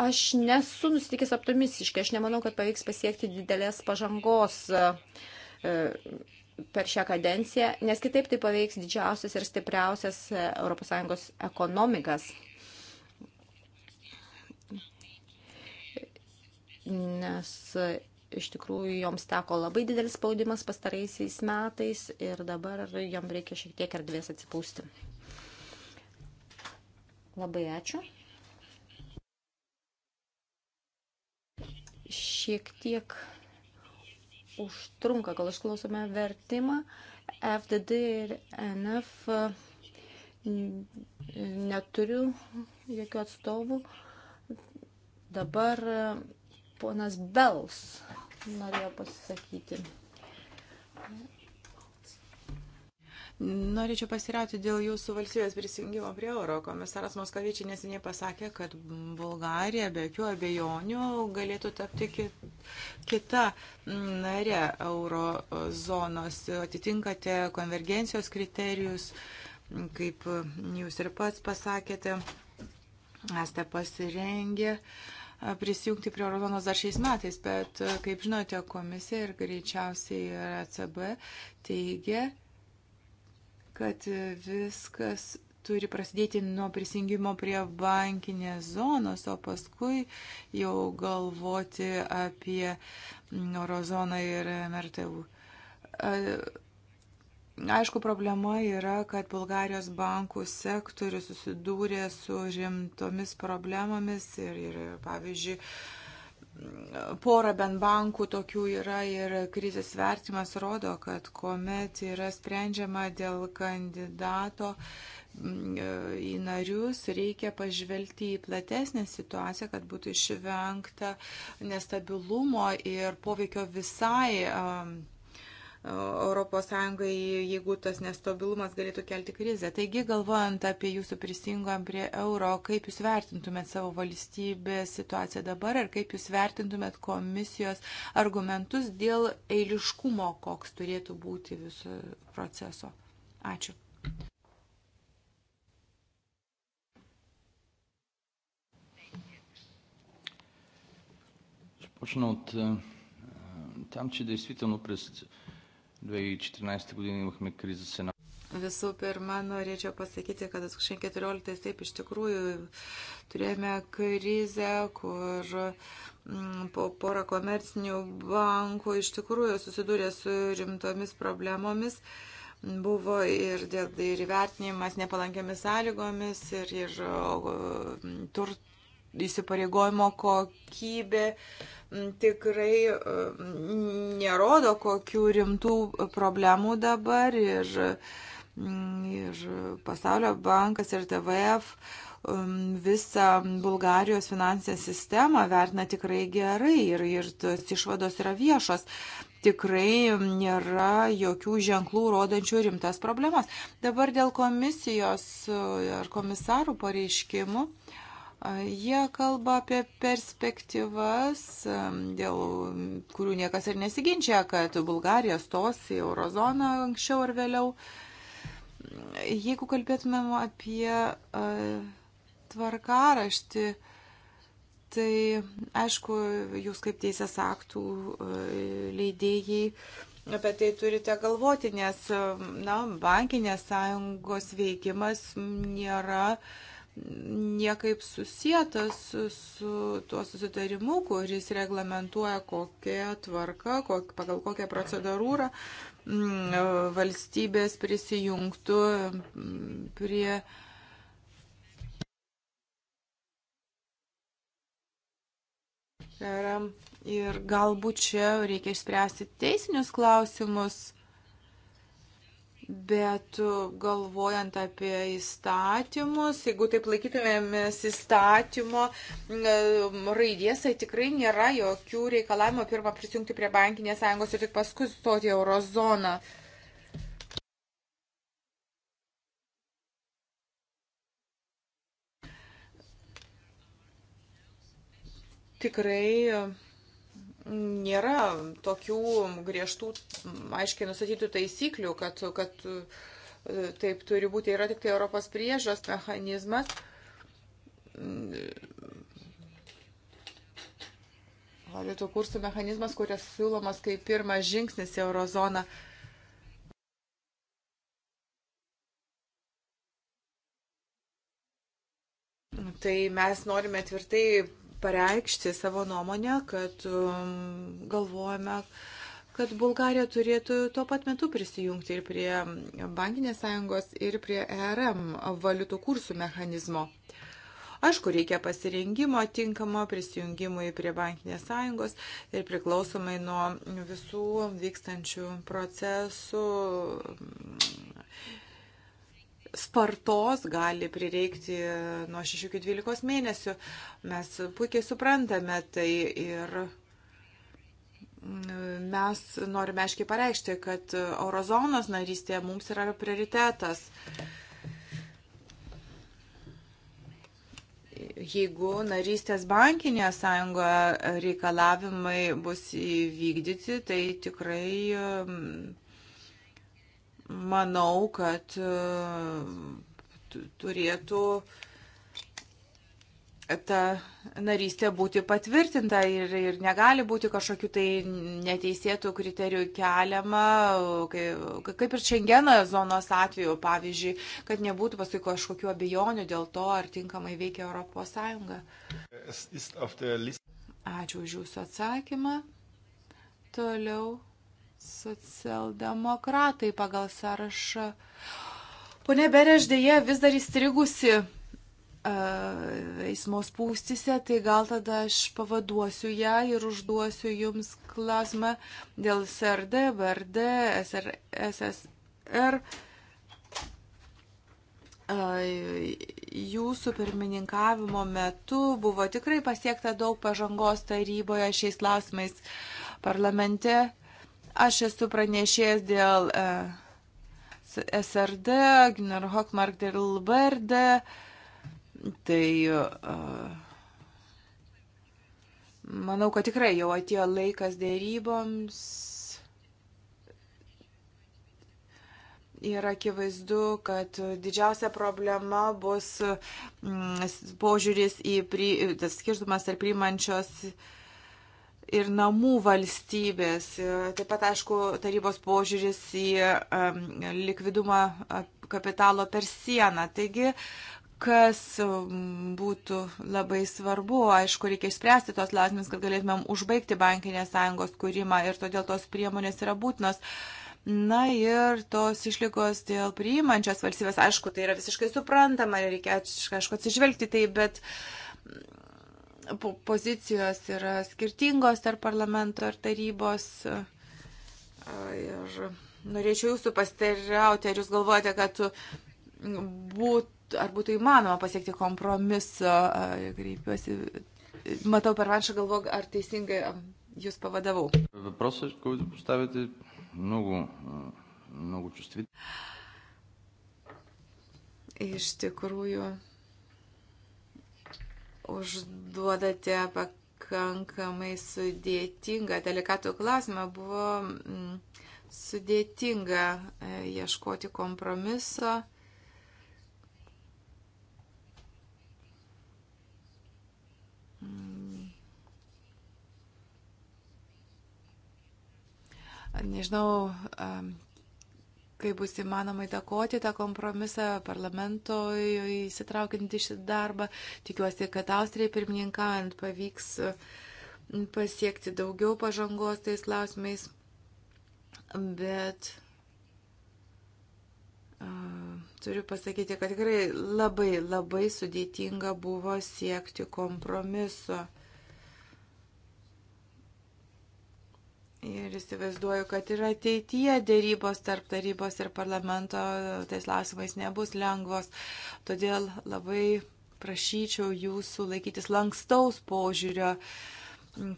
aš nesu nusiteikęs optimistiškai, aš nemanau, kad pavyks pasiekti didelės pažangos e, per šią kadenciją, nes kitaip tai paveiks didžiausias ir stipriausias e, ES ekonomikas. nes e, iš tikrųjų joms teko labai didelis spaudimas pastaraisiais metais ir dabar jom reikia šiek tiek erdvės atsipūsti. Labai ačiū. Šiek tiek užtrunka, kol išklausome vertimą. FDD ir NF e, neturiu jokių atstovų. Dabar Ponas Bels norėjo pasisakyti. Norėčiau pasirauti dėl jūsų valstybės prisijungimo prie euro. Komisaras Moskavičiai neseniai pasakė, kad Bulgarija be jokių abejonių galėtų tapti kita narė euro zonos. Atitinkate konvergencijos kriterijus, kaip jūs ir pats pasakėte, esate pasirengę. Uh, prisijungti prie Eurozonos dar šiais metais, bet, kaip žinote, komisija ir greičiausiai ir ECB teigia, kad viskas turi prasidėti nuo prisijungimo prie bankinės zonos, o paskui jau galvoti apie Eurozoną ir MRTV. Aišku, problema yra, kad Bulgarijos bankų sektorius susidūrė su rimtomis problemomis ir, ir pavyzdžiui, pora bent bankų tokių yra ir krizės vertimas rodo, kad kuomet yra sprendžiama dėl kandidato mm, į narius, reikia pažvelgti į platesnę situaciją, kad būtų išvengta nestabilumo ir poveikio visai. Um, ES, jeigu tas nestabilumas galėtų kelti krizę. Taigi, galvojant apie jūsų prisijungam prie euro, kaip jūs vertintumėt savo valstybės situaciją dabar ir kaip jūs vertintumėt komisijos argumentus dėl eiliškumo, koks turėtų būti viso proceso. Ačiū. Започна от там, че действително през 2014 година имахме криза с една. Visų pirma, norėčiau pasakyti, kad 2014 taip iš tikrųjų turėjome krizę, kur po porą komercinių bankų iš tikrųjų susidūrė su rimtomis problemomis. Buvo ir, dėl, ir vertinimas nepalankiamis sąlygomis, ir, ir tur, įsipareigojimo kokybė tikrai nerodo kokių rimtų problemų dabar ir, ir Pasaulio bankas ir TVF visą Bulgarijos finansinę sistemą vertina tikrai gerai ir, ir tos išvados yra viešos tikrai nėra jokių ženklų rodančių rimtas problemas. Dabar dėl komisijos e, ar komisarų pareiškimų. Uh, Jie kalba apie perspektyvas, dėl kurių niekas ir nesiginčia, kad Bulgarija stos į eurozoną anksčiau ar vėliau. Jeigu kalbėtumėm apie tvarkaraštį, tai aišku, jūs kaip teisės aktų leidėjai apie tai turite galvoti, nes na, bankinės sąjungos veikimas nėra uh, niekaip susijęs su, su tuo susitarimu, kuris reglamentuoja kokią tvarką, kok, pagal kokią procedūrą mm, e, valstybės prisijungtų mm, prie. Ir galbūt čia reikia išspręsti teisinius klausimus Bet galvojant apie įstatymus, jeigu taip laikytumėmės įstatymo raidės, tai tikrai nėra jokių reikalavimų pirmą prisijungti prie bankinės sąjungos ir tik paskui stoti eurozoną. Tikrai nėra tokių griežtų, aiškiai nusatytų taisyklių, kad, kad e, taip turi būti. Yra tik tai Europos priežos mechanizmas. Valiutų kursų mechanizmas, kuris siūlomas kaip pirmas žingsnis į eurozoną. Tai mes norime tvirtai pareikšti savo nuomonę, kad um, galvojame, kad Bulgarija turėtų tuo pat metu prisijungti ir prie bankinės sąjungos, ir prie ERM valiutų kursų mechanizmo. Aišku, reikia pasirengimo tinkamo prisijungimui prie bankinės sąjungos ir priklausomai nuo visų vykstančių procesų spartos gali prireikti nuo 6 iki 12 mėnesių. Mes puikiai suprantame tai ir mm, mes norime aiškiai pareikšti, kad eurozonos narystė mums yra prioritetas. Jeigu narystės bankinėje sąjungoje reikalavimai bus įvykdyti, tai tikrai mm, manau, kad e, turėtų ta narystė būti patvirtinta ir, ir negali būti kažkokių tai neteisėtų kriterijų keliama, kaip, kaip ir Šengeno zonos atveju, pavyzdžiui, kad nebūtų paskui kažkokių abejonių dėl to, ar tinkamai veikia ES. Ačiū už Jūsų atsakymą. Toliau socialdemokratai pagal sąrašą. Pone Bereš, dėje vis dar įstrigusi e, eismo spūstise, tai gal tada aš pavaduosiu ją ir užduosiu jums klausimą dėl SRD, VRD, SR, SSR. E, jūsų pirmininkavimo metu buvo tikrai pasiekta daug pažangos taryboje šiais klausimais parlamente Aš esu pranešėjęs dėl e, SRD, Gnar Hockmark ir LBRD. Tai e, manau, kad tikrai jau atėjo laikas dėryboms. Ir akivaizdu, kad didžiausia problema bus mm, požiūris į pri, skirtumas ar priimančios uh, ir namų valstybės. Taip pat, aišku, tarybos požiūris į likvidumą kapitalo per sieną. Taigi, kas būtų labai svarbu, aišku, reikia išspręsti tos lasmės, kad galėtumėm užbaigti bankinės sąjungos kūrimą ir todėl tos priemonės yra būtinos. Na ir tos išlygos dėl priimančios valstybės, aišku, tai yra visiškai suprantama ir reikia, aišku, atsižvelgti tai, bet pozicijos yra skirtingos tarp parlamento ir tarybos. Ir norėčiau jūsų pasteriauti, ar jūs galvojate, kad būtų, ar būtų įmanoma pasiekti kompromiso, kreipiuosi, matau per vanšą galvo, ar teisingai jūs pavadavau. Въпросът, който поставяте, много, много чувствителен. Iš tikrųjų, užduodate pakankamai sudėtingą, delikatų klausimą. Buvo mm, sudėtinga e, ieškoti kompromiso. Mm. nežinau, kaip bus įmanoma įtakoti tą kompromisą parlamento įsitraukiant į šį darbą. Tikiuosi, kad Austrijai pirmininkant pavyks pasiekti daugiau pažangos tais klausimais, bet turiu pasakyti, kad tikrai labai labai sudėtinga buvo siekti kompromiso. Ir įsivaizduoju, kad ir ateityje dėrybos tarp tarybos ir parlamento tais klausimais nebus lengvos. Todėl labai prašyčiau jūsų laikytis lankstaus požiūrio.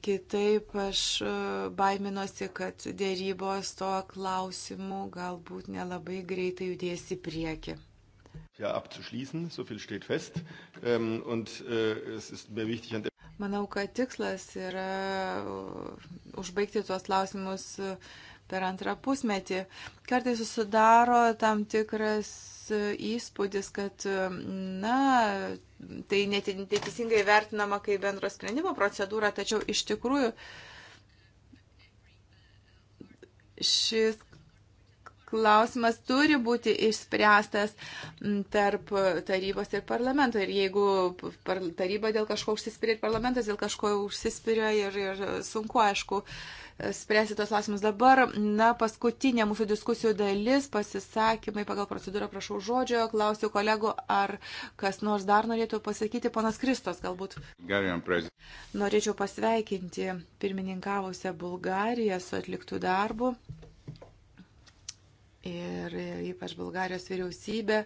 Kitaip aš e, baiminosi, kad dėrybos to klausimu galbūt nelabai greitai judės į priekį. Ja, abzuschließen, so viel steht fest. Ähm, und äh, es ist mir wichtig, an der Manau, kad tikslas yra uh, užbaigti tuos klausimus uh, per antrą pusmetį. Kartai susidaro tam tikras uh, įspūdis, kad, um, na, tai neteisingai vertinama kaip bendro sprendimo procedūra, tačiau iš tikrųjų šis klausimas turi būti išspręstas tarp tarybos ir parlamento. Ir jeigu taryba dėl kažko užsispyrė ir parlamentas dėl kažko užsispyrė ir, ir sunku, aišku, spręsti tos klausimus dabar. Na, paskutinė mūsų diskusijų dalis, pasisakymai pagal procedūrą, prašau žodžio, klausiu kolegų, ar kas nors dar norėtų pasakyti, panas Kristos galbūt. Norėčiau pasveikinti pirmininkavusią Bulgariją su atliktų darbų ir ypač Bulgarijos vyriausybė.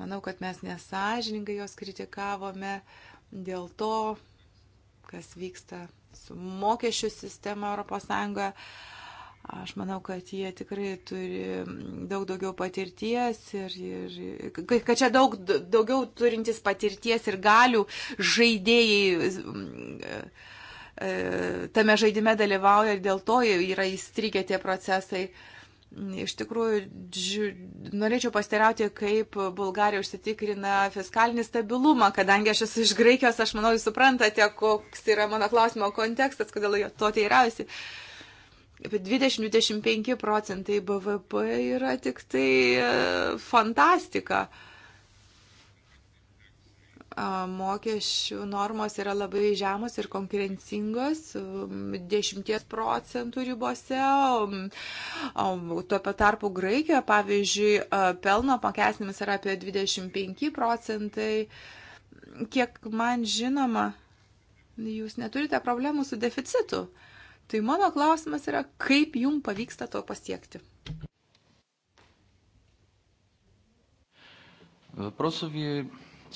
Manau, kad mes nesažiningai jos kritikavome dėl to, kas vyksta su mokesčių sistema ES. Aš manau, kad jie tikrai turi daug daugiau patirties ir, ir kad čia daug daugiau turintys patirties ir galių žaidėjai e, e, tame žaidime dalyvauja ir dėl to yra įstrigę tie procesai. Uh, Iš tikrųjų, dži... norėčiau pasteriauti, kaip Bulgarija užsitikrina fiskalinį stabilumą, kadangi aš esu iš Graikijos, aš manau, jūs suprantate, koks yra mano klausimo kontekstas, kodėl to teirausi. 20-25 procentai BVP yra tik tai e, fantastika. Uh, mokesčių normos yra labai žemos ir konkurencingos, 10 um, procentų ribose. Um, um, tuo patarpu Graikijoje, pavyzdžiui, pelno apmokestinimas yra apie 25 procentai. Kiek man žinoma, jūs neturite problemų su deficitu. Tai mano klausimas yra, kaip jums pavyksta to pasiekti? Въпросът ви е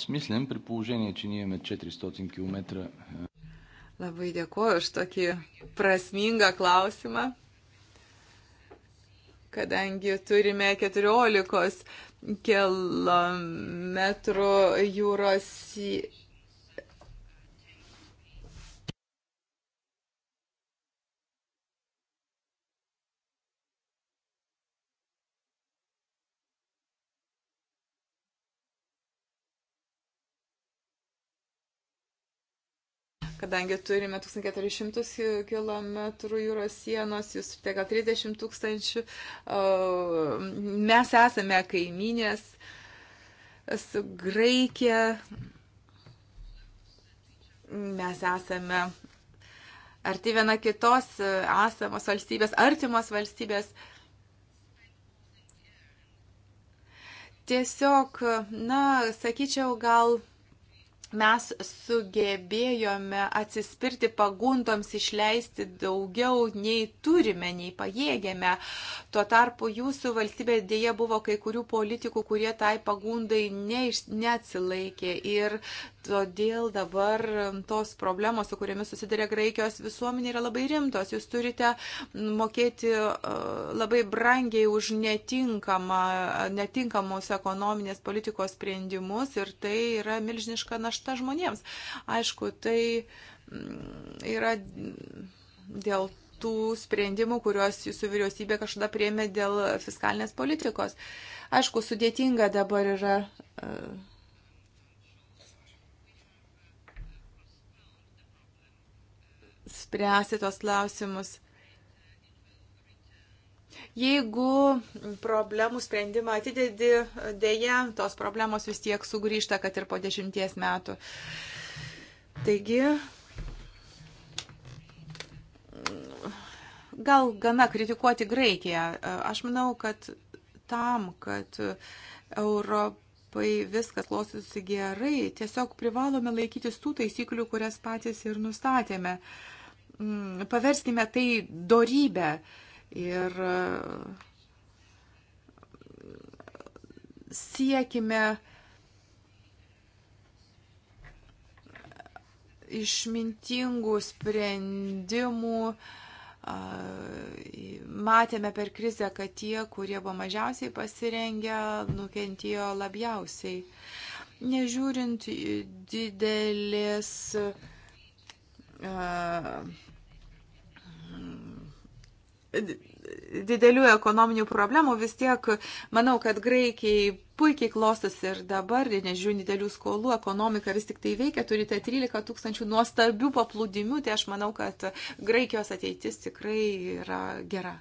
смислен, при положение, че ние имаме 400 км. Labai dėkuoju už tokį prasmingą klausimą, kadangi turime 14 kilometrų jūros kadangi turime 1400 km jūros sienos, jūs turite gal 30 tūkstančių, mes esame kaiminės su Graikija, mes esame arti viena kitos esamos valstybės, artimos valstybės. Tiesiog, na, sakyčiau, gal mes sugebėjome atsispirti pagundoms išleisti daugiau nei turime, nei pajėgėme. Tuo tarpu jūsų valstybė dėja buvo kai kurių politikų, kurie tai pagundai neiš, neatsilaikė. Ir todėl dabar tos problemos, su kuriamis susidarė Graikijos visuomenė, yra labai rimtos. Jūs turite mokėti e, labai brangiai už netinkamus ekonominės politikos sprendimus ir tai yra milžiniška našta našta žmonėms. Aišku, tai mm, yra dėl tų sprendimų, kuriuos jūsų vyriausybė kažkada priemė dėl fiskalinės politikos. Aišku, sudėtinga dabar yra. E, spręsti tos klausimus. Jeigu problemų sprendimą atidedi, dėja, tos problemos vis tiek sugrįžta, kad ir po dešimties metų. Taigi, gal gana kritikuoti Graikiją. Aš manau, kad tam, kad Europą kai viskas klostosi gerai, tiesiog privalome laikytis tų taisyklių, kurias patys ir nustatėme. Mm, paverskime tai dorybę ir siekime išmintingų sprendimų. Matėme per krizę, kad tie, kurie buvo mažiausiai pasirengę, nukentėjo labiausiai. Nežiūrint didelės didelių ekonominių problemų, vis tiek manau, kad Graikijai puikiai klostosi ir dabar, nežiūrint didelių skolų, ekonomika vis tik tai veikia, turite 13 tūkstančių nuostabių paplūdimių, tai aš manau, kad Graikijos ateitis tikrai yra gera.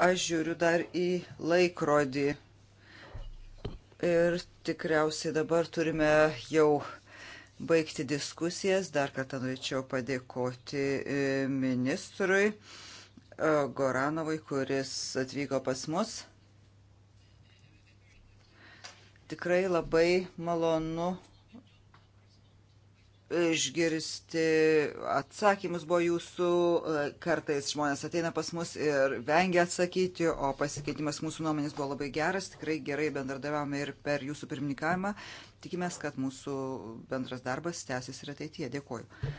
Aš žiūriu dar į laikrodį ir tikriausiai dabar turime jau baigti diskusijas. Dar kartą norėčiau padėkoti e, ministrui e, Goranovui, kuris atvyko pas mus. Tikrai labai malonu išgirsti atsakymus buvo jūsų, e, kartais žmonės ateina pas mus ir vengia atsakyti, o pasikeitimas mūsų nuomonės buvo labai geras, tikrai gerai bendradarbiavome ir per jūsų pirmininkavimą. Tikimės, kad mūsų bendras darbas tęsis ir ateityje. Dėkuoju.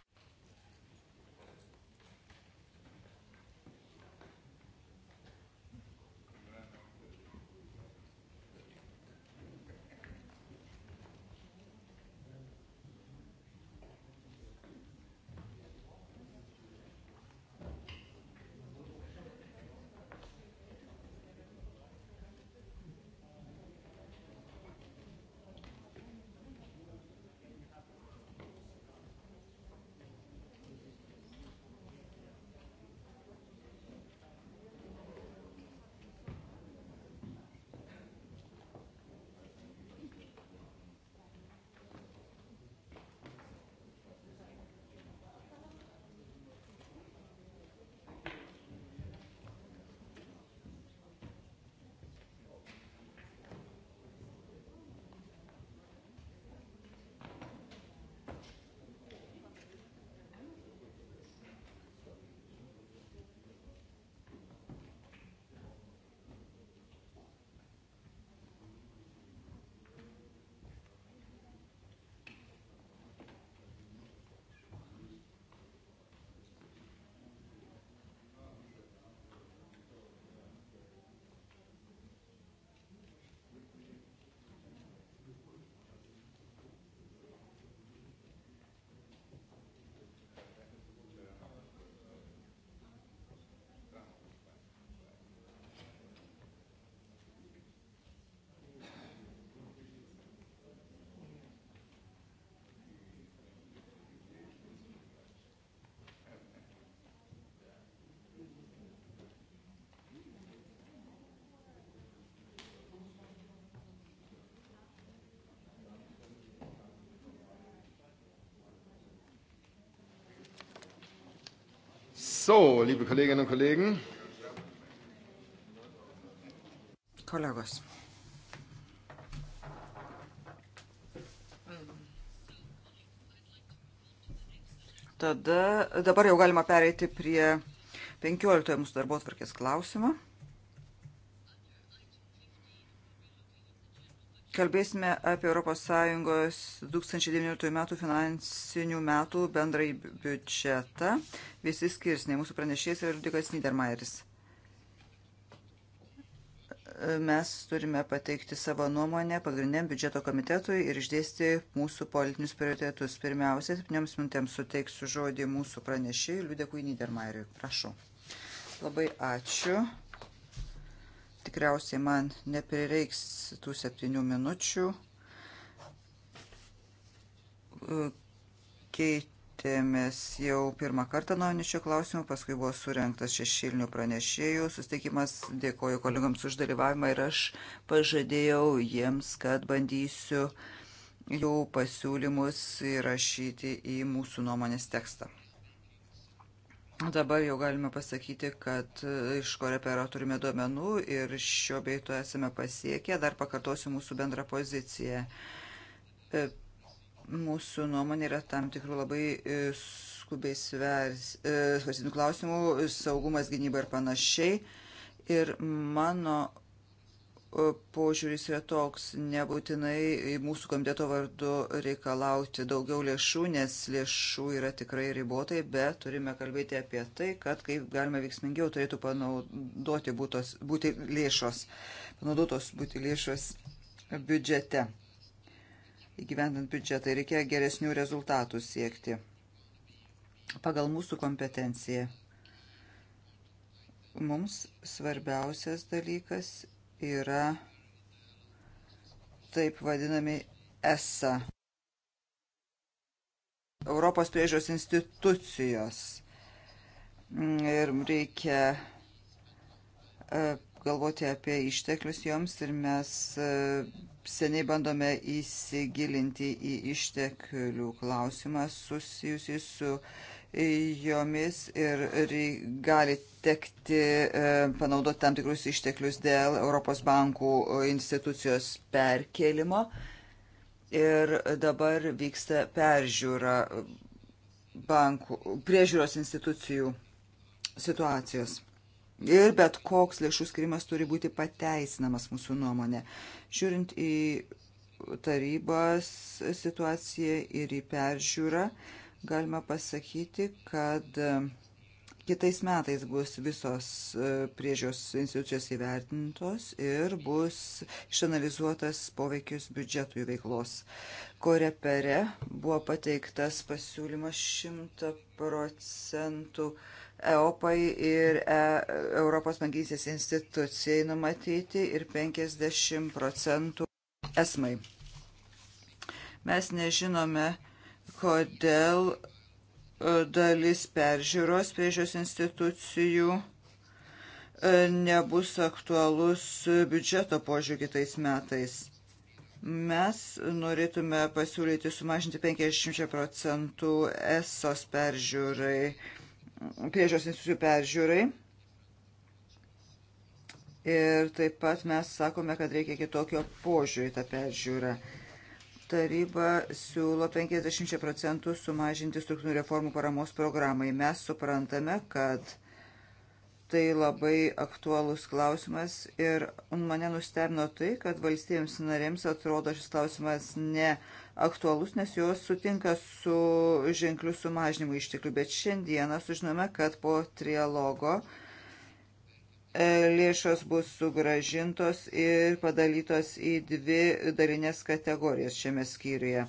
So, liebe Kolleginnen und Kollegen. Kolegos. Tada, dabar jau galima pereiti prie 15 mūsų darbo atvarkės klausimą. Kalbėsime apie ES 2019 metų finansinių metų bendrai biudžetą. Visi skirsniai. Mūsų pranešėjas yra Rudikas Niedermayeris. Mes turime pateikti savo nuomonę pagrindiniam biudžeto komitetui ir išdėsti mūsų politinius prioritetus. Pirmiausia, 7 minutėms suteiksiu žodį mūsų pranešėjui Liudekui Niedermayeriui. Prašau. Labai ačiū. Tikriausiai man neprireiks tų septynių minučių. Keitėmės jau pirmą kartą nuo šio klausimų, paskui buvo surinktas šešilnių pranešėjų susitikimas. Dėkoju kolegams už dalyvavimą ir aš pažadėjau jiems, kad bandysiu jų pasiūlymus įrašyti į mūsų nuomonės tekstą. Dabar jau galime pasakyti, kad e, iš korepero turime duomenų ir šio beito esame pasiekę. Dar pakartosiu mūsų bendrą poziciją. E, mūsų nuomonė yra tam tikrų labai e, skubiai svarstinių klausimų - saugumas, gynyba ir panašiai. Ir mano požiūris yra toks, nebūtinai mūsų komiteto vardu reikalauti daugiau lėšų, nes lėšų yra tikrai ribotai, bet turime kalbėti apie tai, kad kaip galima veiksmingiau turėtų panaudoti būtos, būti lėšos, panaudotos būti lėšos biudžete. Įgyvendant biudžetą reikia geresnių rezultatų siekti pagal mūsų kompetenciją. Mums svarbiausias dalykas yra taip vadinami ESA. Europos priežiūros institucijos. Mm, ir reikia e, galvoti apie išteklius joms ir mes e, seniai bandome įsigilinti į išteklių klausimą susijusį su jomis ir gali tekti e, panaudoti tam tikrus išteklius dėl Europos bankų institucijos perkelimo. Ir dabar vyksta peržiūra bankų, priežiūros institucijų situacijos. Ir bet koks lėšų skirimas turi būti pateisinamas mūsų nuomonė. Žiūrint į tarybos situaciją ir į peržiūrą, galima pasakyti, kad kitais metais bus visos e, priežios institucijos įvertintos ir bus išanalizuotas poveikis biudžetų jų veiklos. Korepere buvo pateiktas pasiūlymas 100 procentų EOPAI ir e, Europos bankysės institucijai numatyti ir 50 procentų esmai. Mes nežinome, kodėl dalis peržiūros priežios institucijų e, nebus aktualus biudžeto požiūrį kitais metais. Mes norėtume pasiūlyti sumažinti 50 procentų esos peržiūrai, priežios institucijų peržiūrai. Ir taip pat mes sakome, kad reikia kitokio požiūrį tą peržiūrą taryba siūlo 50 procentų sumažinti struktūrinių reformų paramos programai. Mes suprantame, kad tai labai aktualus klausimas ir mane nustebino tai, kad valstybėms narėms atrodo šis klausimas ne aktualus, nes jos sutinka su ženkliu sumažinimu išteklių. Bet šiandieną sužinome, kad po trialogo uh, E, lėšos bus sugražintos ir padalytos į dvi dalinės kategorijas šiame skyriuje.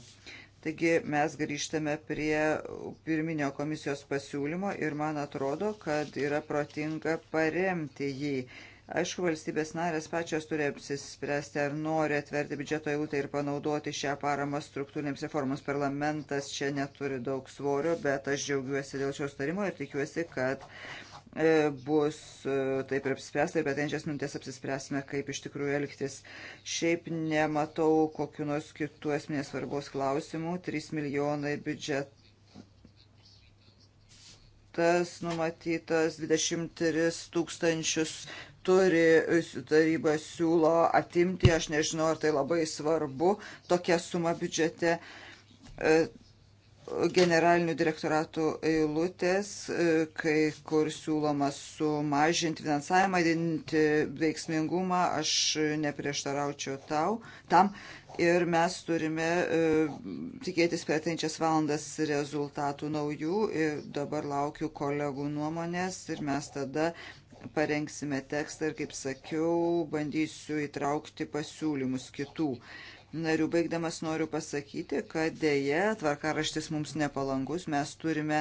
Taigi mes grįžtame prie pirminio komisijos pasiūlymo ir man atrodo, kad yra protinga paremti jį. Aišku, valstybės narės pačios turi apsispręsti, ar nori atverti biudžeto eilutę ir panaudoti šią paramą struktūrinėms reformams. Parlamentas čia neturi daug svorio, bet aš džiaugiuosi dėl šios tarimo ir tikiuosi, kad uh, E, bus e, taip ir apspręsta ir per tenčias minutės apsispręsime, kaip iš tikrųjų elgtis. Šiaip nematau kokiu nors kitų esminės svarbos klausimų. 3 milijonai biudžetas numatytas, 23 tūkstančius turi taryba siūlo atimti. Aš nežinau, ar tai labai svarbu tokia suma biudžete e, generalinių direktoratų eilutės, e, kai kur siūloma sumažinti finansavimą, didinti veiksmingumą, aš neprieštaraučiau tau, tam ir mes turime e, tikėtis per atinčias valandas rezultatų naujų ir dabar laukiu kolegų nuomonės ir mes tada parengsime tekstą ir, kaip sakiau, bandysiu įtraukti pasiūlymus kitų. Uh, narių. Baigdamas noriu pasakyti, kad dėje tvarkaraštis mums nepalangus. Mes turime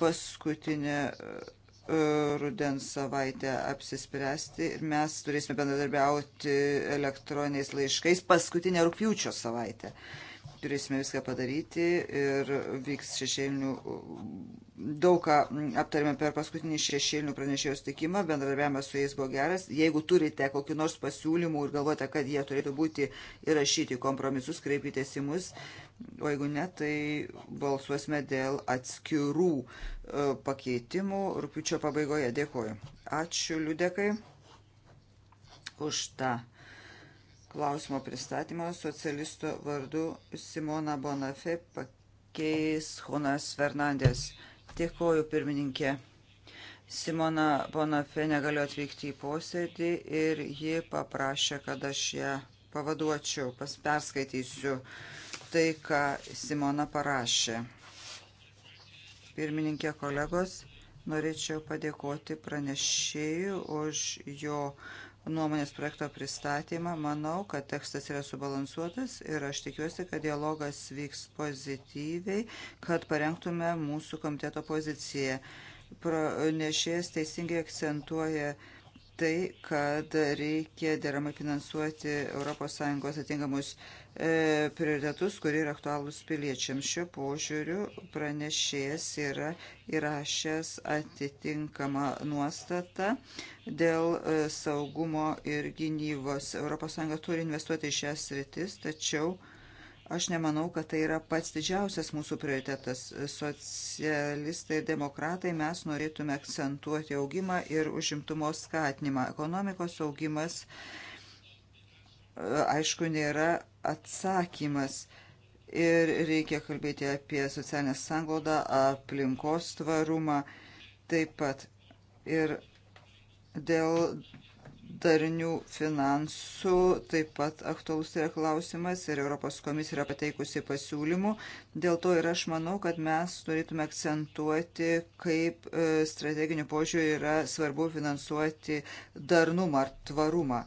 paskutinę e, rudens savaitę apsispręsti ir mes turėsime bendradarbiauti elektroniniais laiškais paskutinę rūpjūčio savaitę. Uh, turėsime viską padaryti ir vyks šešėlinių, daug ką aptarėme per paskutinį šešėlinių pranešėjų sutikimą, bendradarbiavimas su jais buvo geras. Jeigu turite kokį nors pasiūlymų ir galvote, kad jie turėtų būti įrašyti kompromisus, kreipkitės į mus, o jeigu ne, tai balsuosime dėl atskirų e, pakeitimų rūpiučio pabaigoje. Dėkuoju. Ačiū Liudekai už tą. Ta klausimo pristatymo socialisto vardu Simona Bonafė pakeis Jonas Fernandės. Dėkoju pirmininkė. Simona Bonafė negaliu atvykti į posėdį ir ji paprašė, kad aš ją pavaduočiau, perskaitysiu tai, ką Simona parašė. Pirmininkė kolegos, norėčiau padėkoti pranešėjų už jo nuomonės projekto pristatymą. Manau, kad tekstas yra subalansuotas ir aš tikiuosi, kad dialogas vyks pozityviai, kad parengtume mūsų komiteto poziciją. Pranešėjas teisingai akcentuoja tai, kad reikia deramai finansuoti ES atingamus E, prioritetus, kurie yra aktualūs piliečiams. Šiuo požiūriu pranešėjas yra įrašęs atitinkamą nuostatą dėl e, saugumo ir gynybos. ES turi investuoti į šias rytis, tačiau aš nemanau, kad tai yra pats didžiausias mūsų prioritetas. Socialistai ir demokratai mes norėtume akcentuoti augimą ir užimtumo skatinimą. Ekonomikos augimas aišku, nėra atsakymas. Ir reikia kalbėti apie socialinę sanglaudą, aplinkos tvarumą taip pat. Ir dėl darnių finansų, taip pat aktualus yra klausimas ir Europos komisija yra pateikusi pasiūlymų. Dėl to ir aš manau, kad mes turėtume akcentuoti, kaip e, strateginių požiūrį yra svarbu finansuoti darnumą ar tvarumą.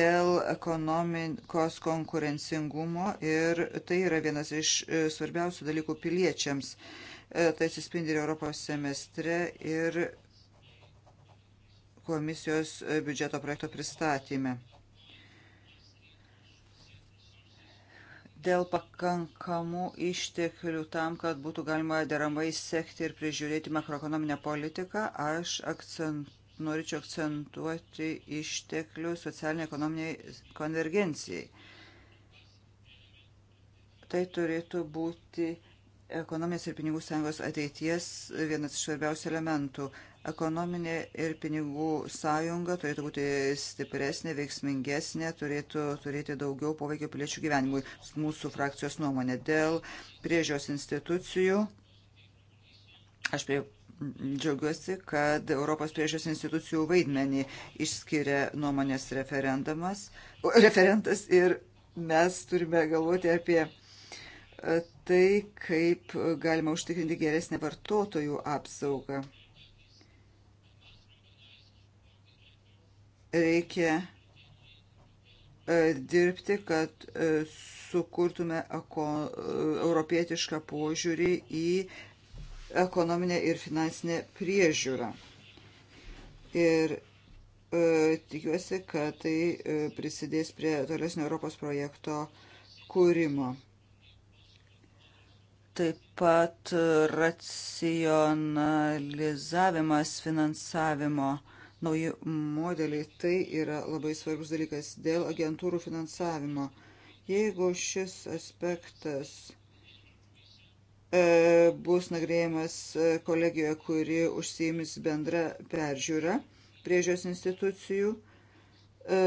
Dėl ekonomikos konkurencingumo ir tai yra vienas iš e, svarbiausių dalykų piliečiams. E, tai atsispindi ir Europos semestre ir komisijos e, biudžeto projekto pristatymę. Dėl pakankamų išteklių tam, kad būtų galima deramai sekti ir prižiūrėti makroekonominę politiką, aš akcentuoju norėčiau akcentuoti išteklių socialiniai ekonominiai konvergencijai. Tai turėtų būti ekonominės ir pinigų sąjungos ateities vienas iš svarbiausių elementų. Ekonominė ir pinigų sąjunga turėtų būti stipresnė, veiksmingesnė, turėtų turėti daugiau poveikio piliečių gyvenimui. Mūsų frakcijos nuomonė dėl priežios institucijų. Aš prie Džiaugiuosi, kad Europos priežios institucijų vaidmenį išskiria nuomonės referentas ir mes turime galvoti apie e, tai, kaip galima užtikrinti geresnę vartotojų apsaugą. Reikia e, dirbti, kad e, sukurtume eko, e, europietišką požiūrį į ekonominę ir finansinę priežiūrą. Ir e, tikiuosi, kad tai e, prisidės prie tolesnio Europos projekto kūrimo. Taip pat racionalizavimas finansavimo e, nauji modeliai. Tai yra labai svarbus dalykas dėl agentūrų finansavimo. Jeigu šis aspektas e, bus nagrėjimas e, kolegijoje, kuri užsiimis bendrą peržiūrą priežios institucijų, e,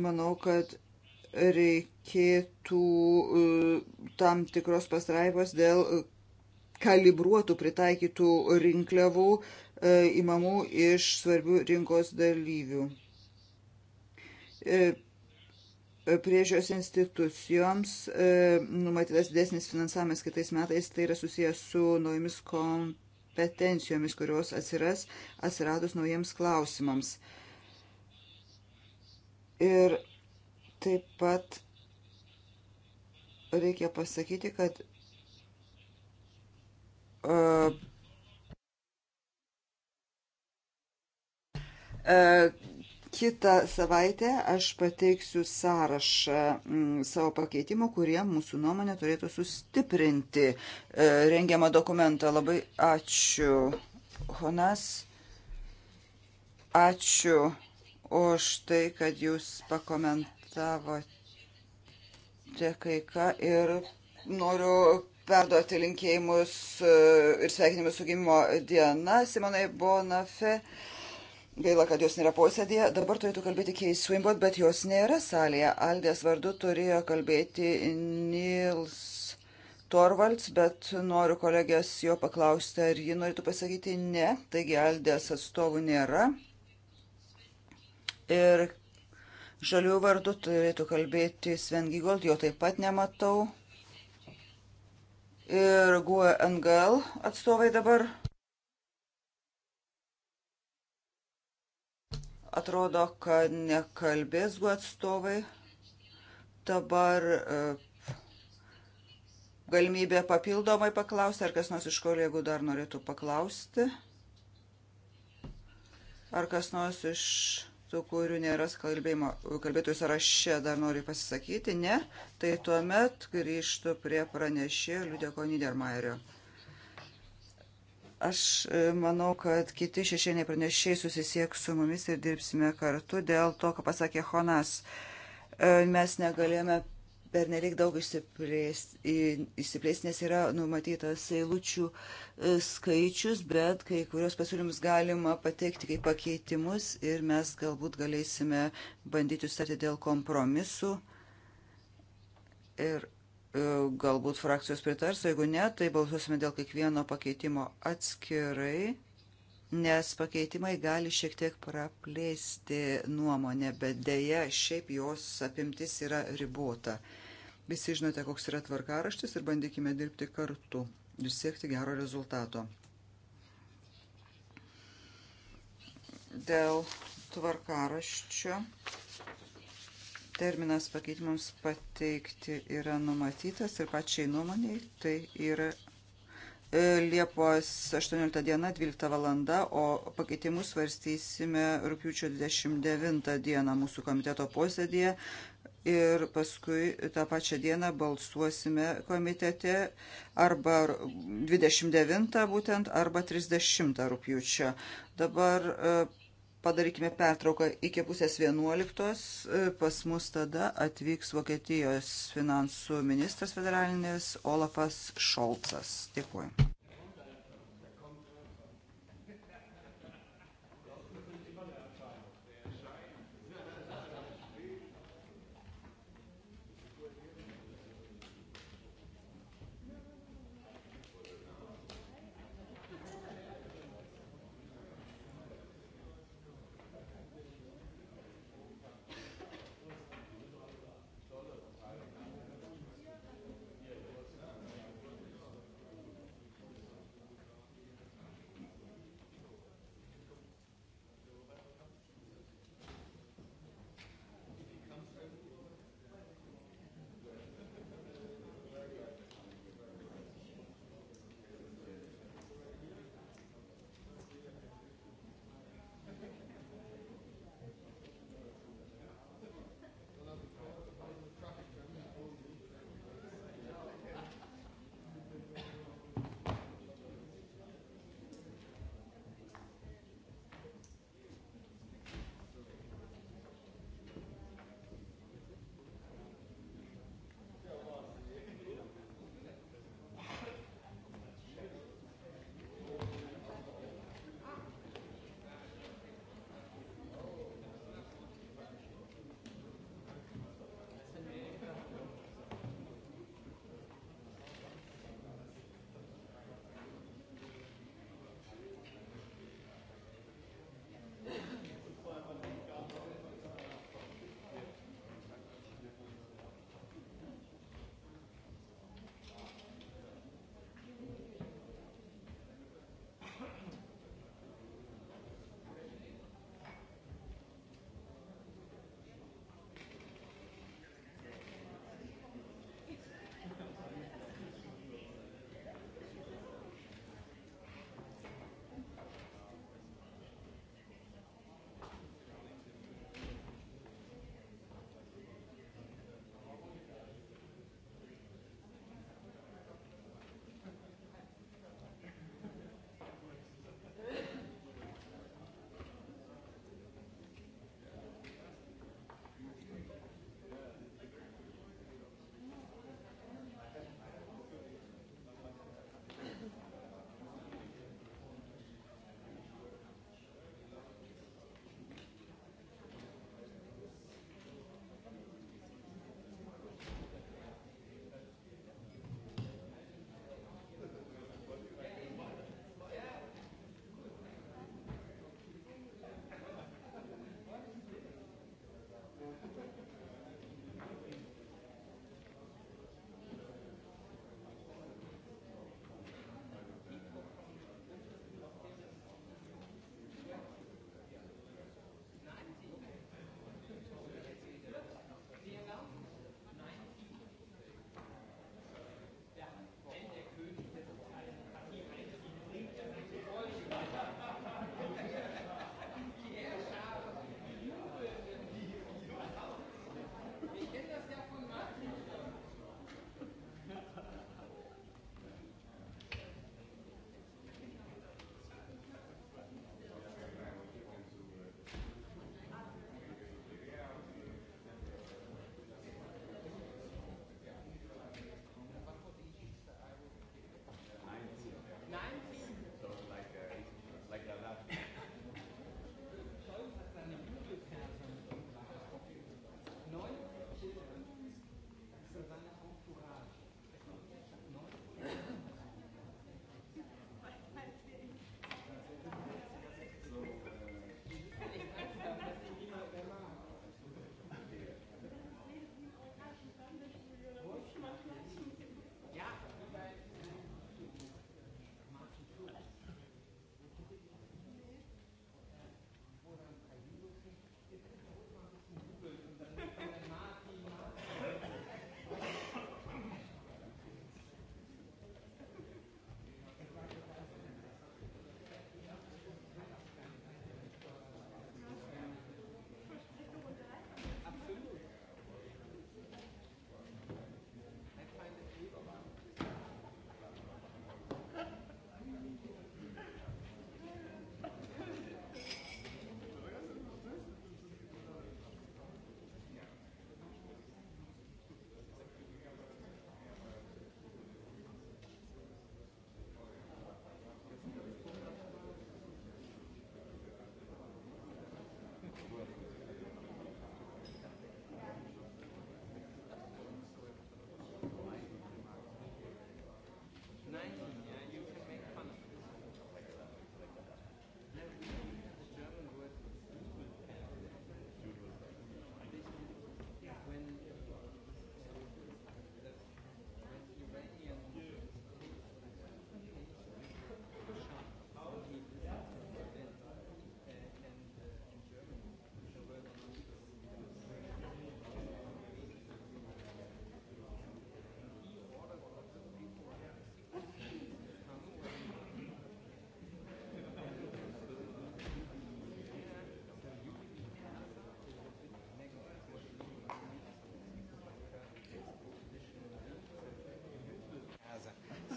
manau, kad reikėtų e, tam tikros pastraipos dėl kalibruotų pritaikytų rinkliavų įmamų e, iš svarbių rinkos dalyvių. E, e, priežios institucijoms numatytas didesnis finansavimas kitais metais, tai yra susijęs su naujomis kompetencijomis, kurios atsiras atsiradus naujiems klausimams. Ir taip pat reikia pasakyti, kad E, Kita savaitė aš pateiksiu sąrašą savo pakeitimų, kurie mūsų nuomonė turėtų sustiprinti e, rengiamą dokumentą. Labai ačiū, Honas. Ačiū už tai, kad jūs pakomentavote kai ką ir noriu perduoti linkėjimus e, ir sveikinimus su gimimo diena Simonai Bonafe. Gaila, kad jos nėra posėdėje. Dabar turėtų kalbėti Kei Swimbot, bet jos nėra salėje. Aldės vardu turėjo kalbėti Nils Torvalds, bet noriu kolegės jo paklausti, ar ji norėtų pasakyti ne. Taigi Aldės atstovų nėra. Ir žalių vardu turėtų kalbėti Sven Gigold, jo taip pat nematau. Ir GUE NGL atstovai dabar Atrodo, kad nekalbės gu atstovai. Dabar e, galimybė papildomai paklausti, ar kas nors iš kolegų dar norėtų paklausti. Ar kas nors iš tų, kurių nėra kalbėtojų sąraše, dar nori pasisakyti? Ne. Tai tuomet grįžtų prie pranešėjo Liudeko Niedermayerio. Aš e, manau, kad kiti šešėniai pranešėjai susisieks su mumis ir dirbsime kartu dėl to, ką pasakė Honas. E, mes negalėjome per nelik daug išsiplės, nes yra numatytas eilučių e, skaičius, bet kai kurios pasiūlymus galima pateikti kaip pakeitimus ir mes galbūt galėsime bandyti stati dėl kompromisų. Ir E, galbūt frakcijos pritars, jeigu ne, tai balsuosime dėl kiekvieno pakeitimo atskirai, nes pakeitimai gali šiek tiek praplėsti nuomonę, bet dėja šiaip jos apimtis yra ribota. Visi žinote, koks yra tvarkaraštis ir bandykime dirbti kartu ir siekti gero rezultato. Dėl tvarkaraščio Terminas pakeitimams pateikti yra numatytas ir pačiai nuomoniai tai yra e, Liepos 18 diena 12 valanda, o pakeitimus svarstysime rūpiučio 29 dieną mūsų komiteto posėdėje ir paskui tą pačią dieną balsuosime komitete arba 29 būtent arba 30 rūpjūčio. Dabar e, padarykime pertrauką iki pusės vienuoliktos. Pas mus tada atvyks Vokietijos finansų ministras federalinis Olafas Šolcas. Dėkuoju.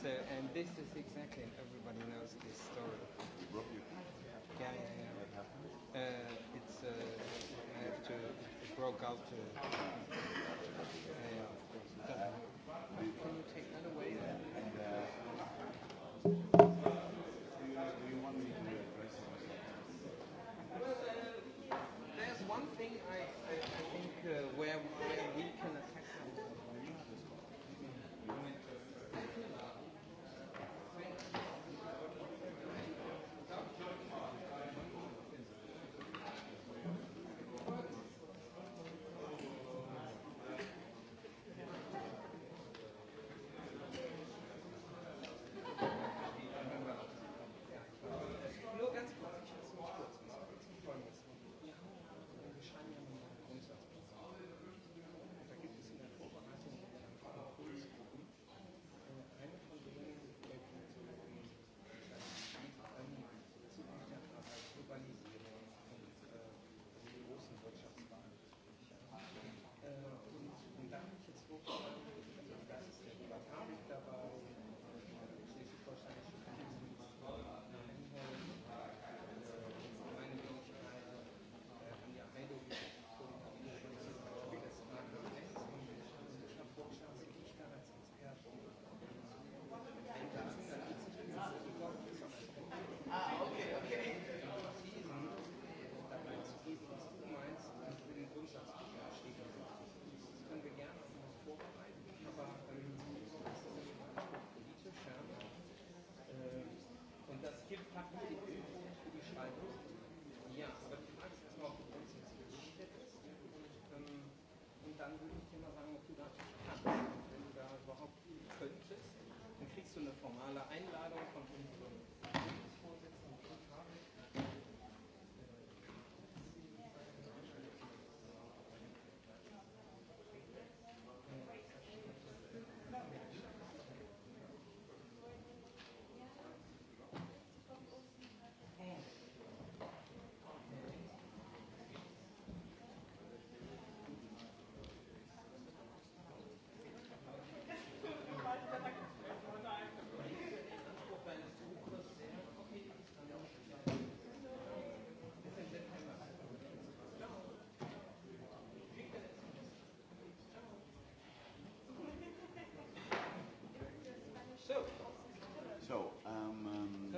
So, and this is exactly, everybody knows this story. Yeah, yeah, yeah. Uh, it's, uh, I have to, it broke out. Uh, uh, Can you take that away? And, uh, eine formale Einladung von uns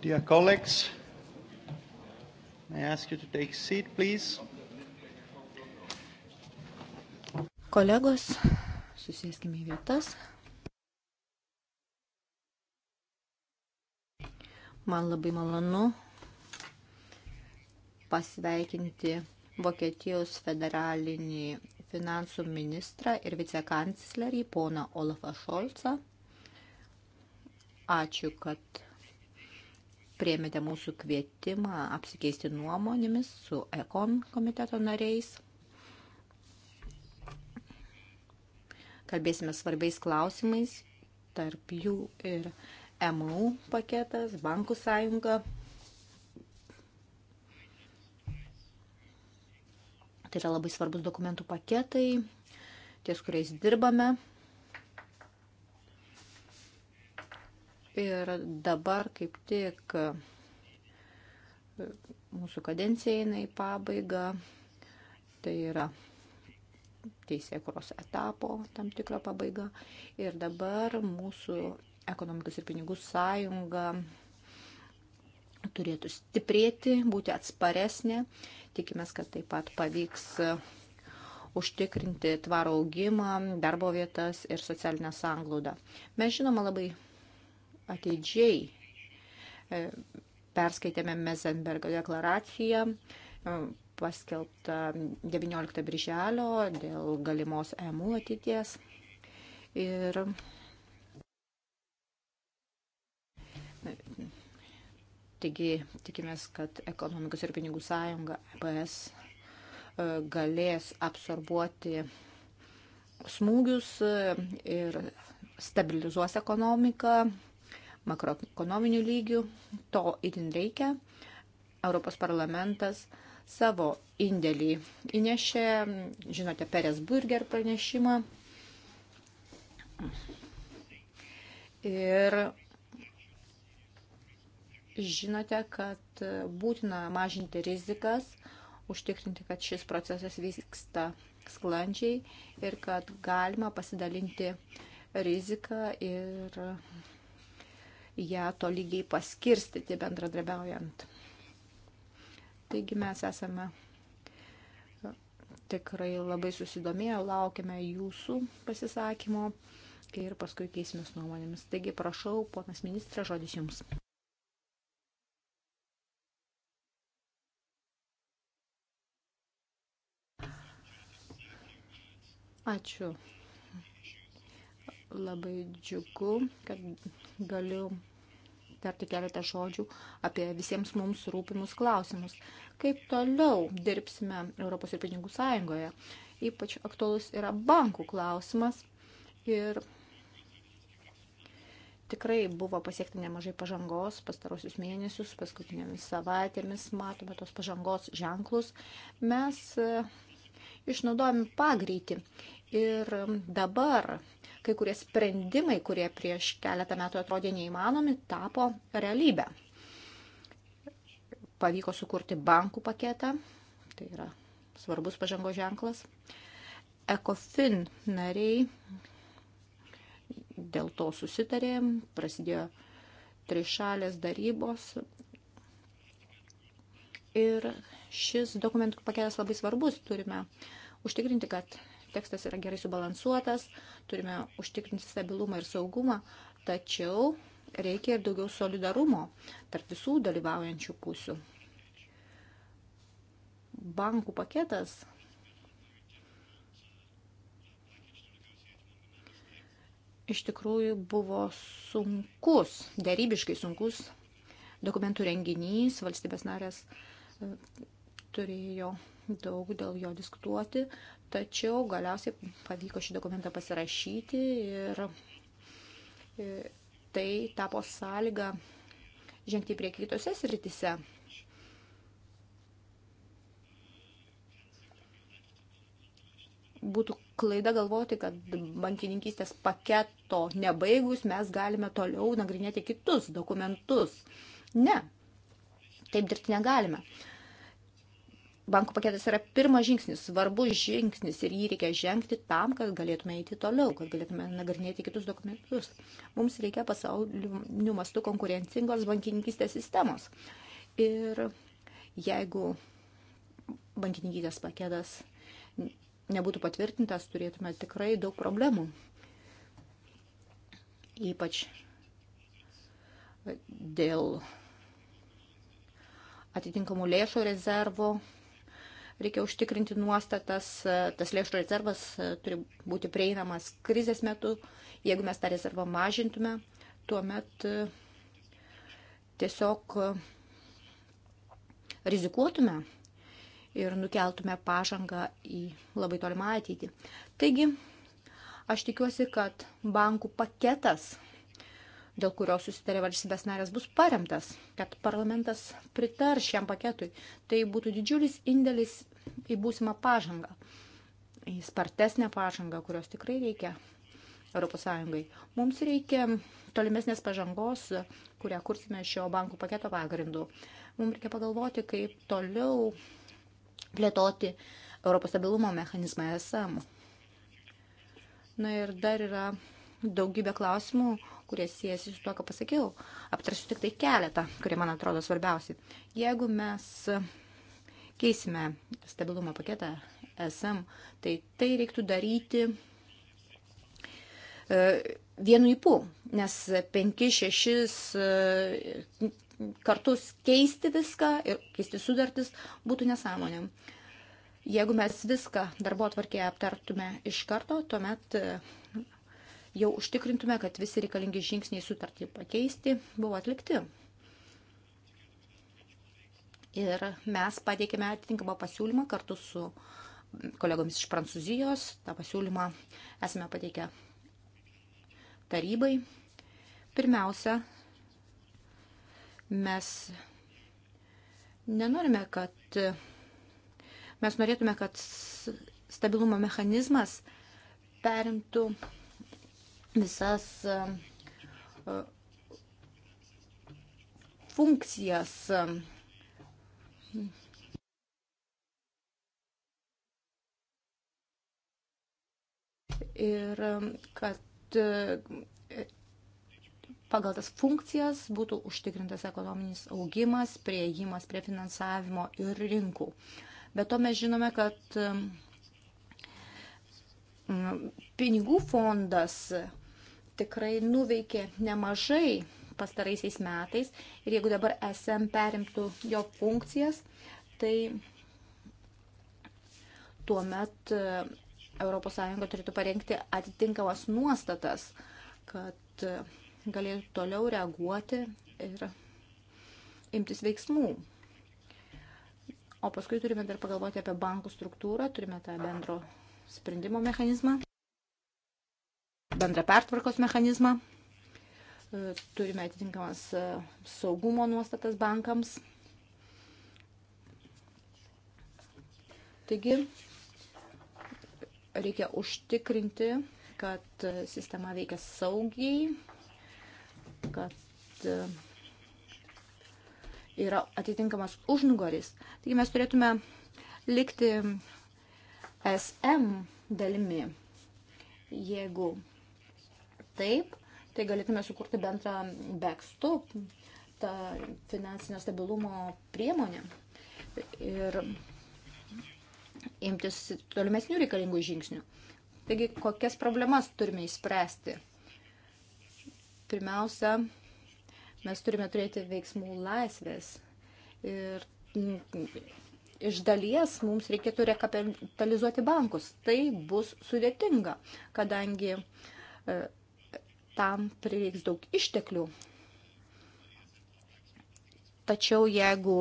Dear colleagues, may I ask you to take seat, please? Kolegos, susėskime į vietas. Man labai malonu pasveikinti Vokietijos federalinį finansų ministrą ir vicekanclerį poną Olafą Šolcą. Ačiū, kad priemėte mūsų kvietimą apsikeisti nuomonėmis su EKON komiteto nariais. Kalbėsime svarbiais klausimais, tarp jų ir MU paketas, bankų sąjunga. Tai yra labai svarbus dokumentų paketai, ties kuriais dirbame. Ir dabar kaip tik mūsų kadencija eina į pabaigą. Tai yra teisėkuros etapo tam tikra pabaiga. Ir dabar mūsų ekonomikos ir pinigų sąjunga turėtų stiprėti, būti atsparesnė. Tikimės, kad taip pat pavyks užtikrinti tvarų augimą, darbo vietas ir socialinę sanglaudą. Mes žinoma labai ateidžiai e, perskaitėme Mezenbergo deklaraciją e, paskelbtą 19 birželio dėl galimos EMU ateities. Ir taigi tikimės, kad ekonomikos ir pinigų sąjunga EPS e, galės absorbuoti smūgius ir stabilizuos ekonomiką, makroekonominių lygių. To itin reikia. Europos parlamentas savo indėlį įnešė, žinote, Perės Burger pranešimą. Ir žinote, kad būtina mažinti rizikas, užtikrinti, kad šis procesas vyksta sklandžiai ir kad galima pasidalinti riziką ir ją tolygiai paskirstyti bendradarbiaujant. Taigi mes esame tikrai labai susidomėję, laukiame jūsų pasisakymo ir paskui keisimės nuomonėmis. Taigi prašau, ponas ministrė, žodis jums. Ačiū, Labai džiugu, kad galiu tarti keletą žodžių apie visiems mums rūpimus klausimus. Kaip toliau dirbsime Europos ir pinigų sąjungoje? Ypač aktuolus yra bankų klausimas ir tikrai buvo pasiekti nemažai pažangos pastarosius mėnesius, paskutinėmis savaitėmis matome tos pažangos ženklus. Mes e, išnaudojame pagreitį ir dabar kai kurie sprendimai, kurie prieš keletą metų atrodė neįmanomi, tapo realybę. Pavyko sukurti bankų paketą, tai yra svarbus pažango ženklas. ECOFIN nariai dėl to susitarė, prasidėjo trišalės darybos. Ir šis dokumentų paketas labai svarbus, turime užtikrinti, kad tekstas yra gerai subalansuotas, turime užtikrinti stabilumą ir saugumą, tačiau reikia ir daugiau solidarumo tarp visų dalyvaujančių pusių. Bankų paketas iš tikrųjų buvo sunkus, darybiškai sunkus dokumentų renginys, valstybės narės e, turėjo daug dėl jo diskutuoti, tačiau galiausiai pavyko šį dokumentą pasirašyti ir e, tai tapo sąlyga žengti prie kitose sritise. Būtų klaida galvoti, kad bankininkystės paketo nebaigus mes galime toliau nagrinėti kitus dokumentus. Ne, taip dirbti negalime. Uh, bankų paketas yra pirmas žingsnis, svarbus žingsnis ir jį reikia žengti tam, kad galėtume eiti toliau, kad galėtume nagrinėti kitus dokumentus. Mums reikia pasaulinių mastų konkurencingos bankininkystės sistemos. Ir jeigu bankininkystės paketas nebūtų patvirtintas, turėtume tikrai daug problemų. Ypač dėl atitinkamų lėšų rezervo Reikia užtikrinti nuostatas, e, tas lėšų rezervas e, turi būti prieinamas krizės metu. Jeigu mes tą rezervą mažintume, tuomet e, tiesiog rizikuotume ir nukeltume pažangą į labai tolimą ateitį. Taigi, aš tikiuosi, kad bankų paketas dėl kurio susitarė valstybės narės, bus paremtas, kad parlamentas pritar šiam paketui. Tai būtų didžiulis indėlis į būsimą pažangą, į spartesnę pažangą, kurios tikrai reikia ES. Mums reikia tolimesnės pažangos, kurią kursime šio bankų paketo pagrindu. Mums reikia pagalvoti, kaip toliau plėtoti Europos stabilumo mechanizmą ESM. Na ir dar yra daugybė klausimų, kurie siejasi su to, ką pasakiau. Aptarsiu tik tai keletą, kurie man atrodo svarbiausi. Jeigu mes keisime stabilumo paketą SM, tai tai reiktų daryti e, vienu įpū, nes 5-6 e, kartus keisti viską ir keisti sudartis būtų nesąmonė. Jeigu mes viską darbo atvarkėje aptartume iš karto, tuomet jau užtikrintume, kad visi reikalingi žingsniai sutartį pakeisti buvo atlikti. Ir mes pateikėme atitinkamą pasiūlymą kartu su kolegomis iš Prancūzijos. Ta pasiūlymą esame pateikę tarybai. Pirmiausia, mes nenorime, kad mes norėtume, kad stabilumo mechanizmas perimtų visas e, e, funkcijas. Ir e, kad pagal tas funkcijas būtų užtikrintas ekonominis augimas, prieigimas prie finansavimo ir rinkų. Bet to mes žinome, kad Mm, pinigų fondas tikrai nuveikė nemažai pastaraisiais metais ir jeigu dabar SM perimtų jo funkcijas, tai tuomet ES turėtų parengti atitinkamas nuostatas, kad e, galėtų toliau reaguoti ir imtis veiksmų. O paskui turime dar pagalvoti apie bankų struktūrą, turime tą bendro sprendimo mechanizmą, bendrą pertvarkos mechanizmą, e, turime atitinkamas e, saugumo nuostatas bankams. Taigi, reikia užtikrinti, kad e, sistema veikia saugiai, kad yra atitinkamas užnugaris. Taigi mes turėtume likti SM dalimi. Jeigu taip, tai galėtume sukurti bendrą backstop, tą finansinio stabilumo priemonę ir imtis tolimesnių reikalingų žingsnių. Taigi, kokias problemas turime įspręsti? Pirmiausia, mes turime turėti veiksmų laisvės ir iš dalies mums reikėtų rekapitalizuoti bankus. Tai bus sudėtinga, kadangi e, tam prireiks daug išteklių. Tačiau jeigu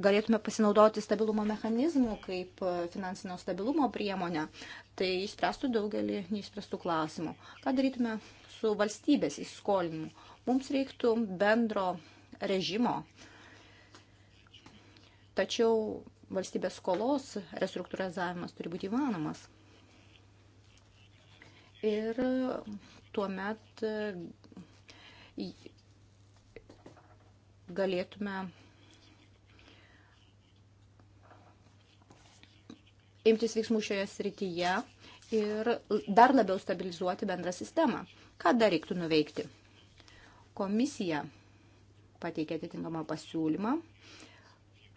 galėtume pasinaudoti stabilumo mechanizmų kaip e, finansinio stabilumo priemonę, tai išspręstų daugelį neišspręstų klausimų. Ką darytume su valstybės įskolinimu? Mums reiktų bendro režimo. Tačiau valstybės skolos restruktūrizavimas turi būti įmanomas. Ir tuomet e, galėtume imtis veiksmų šioje srityje ir dar labiau stabilizuoti bendrą sistemą. Ką dar reiktų nuveikti? Komisija pateikė atitinkamą pasiūlymą,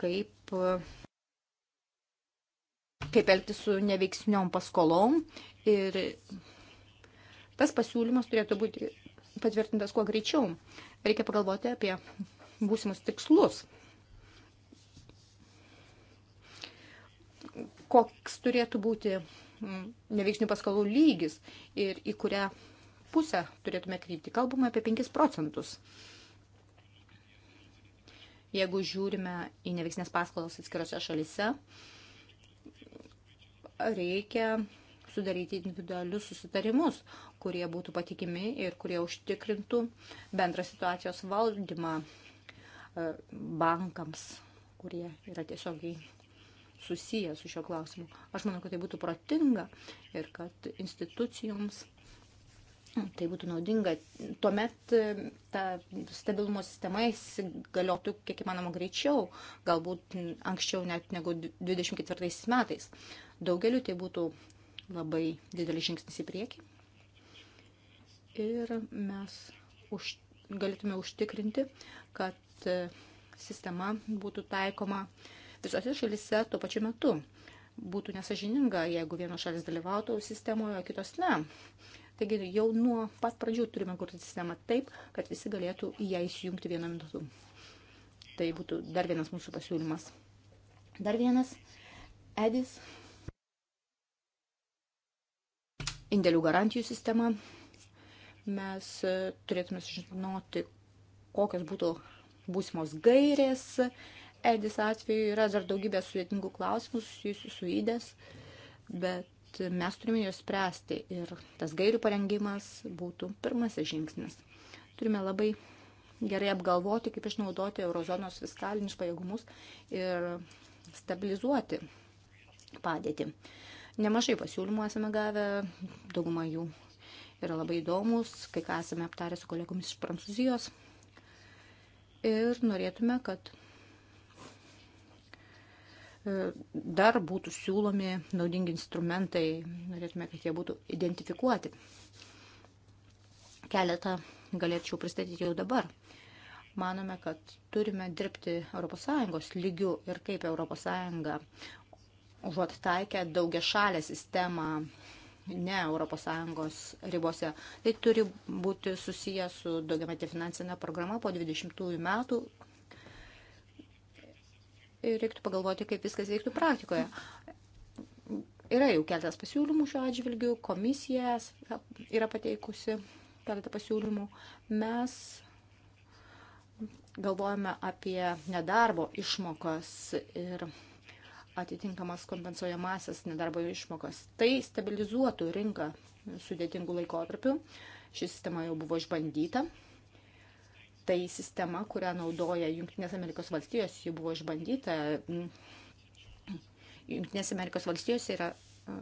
kaip kaip elgtis su neveiksniom paskolom. Ir tas pasiūlymas turėtų būti patvirtintas kuo greičiau. Reikia pagalvoti apie būsimus tikslus. Koks turėtų būti mm, neveiksnių paskolų lygis ir į kurią pusę turėtume krypti. Kalbame apie 5 procentus. Jeigu žiūrime į neveiksnės paskolas atskirose šalise, reikia sudaryti individualius susitarimus, kurie būtų patikimi ir kurie užtikrintų bendrą situacijos valdymą e, bankams, kurie yra tiesiogiai susiję su šio klausimu. Aš manau, kad tai būtų protinga ir kad institucijoms tai būtų naudinga. Tuomet e, ta stabilumo sistema įsigaliotų kiek įmanoma greičiau, galbūt anksčiau net negu 24 metais. Daugeliu tai būtų labai didelis žingsnis į priekį. Ir mes už, galėtume užtikrinti, kad e, sistema būtų taikoma visose šalise tuo pačiu metu. Būtų nesažininga, jeigu vienos šalis dalyvautų sistemoje, o kitos ne. Taigi jau nuo pat pradžių turime kurti sistemą taip, kad visi galėtų į ją įsijungti vienu metu. Tai būtų dar vienas mūsų pasiūlymas. Dar vienas. Edis indėlių garantijų sistema. Mes e, turėtume žinoti, kokios būtų būsimos gairės. Edis atveju yra dar daugybė sudėtingų klausimų susijusių su įdės, bet mes turime juos spręsti ir tas gairių parengimas būtų pirmasis žingsnis. Turime labai gerai apgalvoti, kaip išnaudoti eurozonos fiskalinius pajėgumus ir stabilizuoti padėtį. Nemažai pasiūlymų esame gavę, dauguma jų yra labai įdomus, kai ką esame aptarę su kolegomis iš Prancūzijos. Ir norėtume, kad e, dar būtų siūlomi naudingi instrumentai, norėtume, kad jie būtų identifikuoti. Keletą galėčiau pristatyti jau dabar. Manome, kad turime dirbti ES lygių ir kaip ES užuot taikę daugia šalę sistemą ne ES ribose. Tai turi būti susiję su daugiametė finansinė programa po 20 metų. Ir reiktų pagalvoti, kaip viskas veiktų praktikoje. Yra jau keletas pasiūlymų šiuo atžvilgiu, komisija yra pateikusi keletą pasiūlymų. Mes galvojame apie nedarbo išmokas ir atitinkamas kompensuojamasis nedarbo išmokas. Tai stabilizuotų rinką sudėtingų laikotarpių. Ši sistema jau buvo išbandyta. Tai sistema, kurią naudoja Junktinės Amerikos valstijos, ji buvo išbandyta. Junktinės Amerikos valstijos yra e,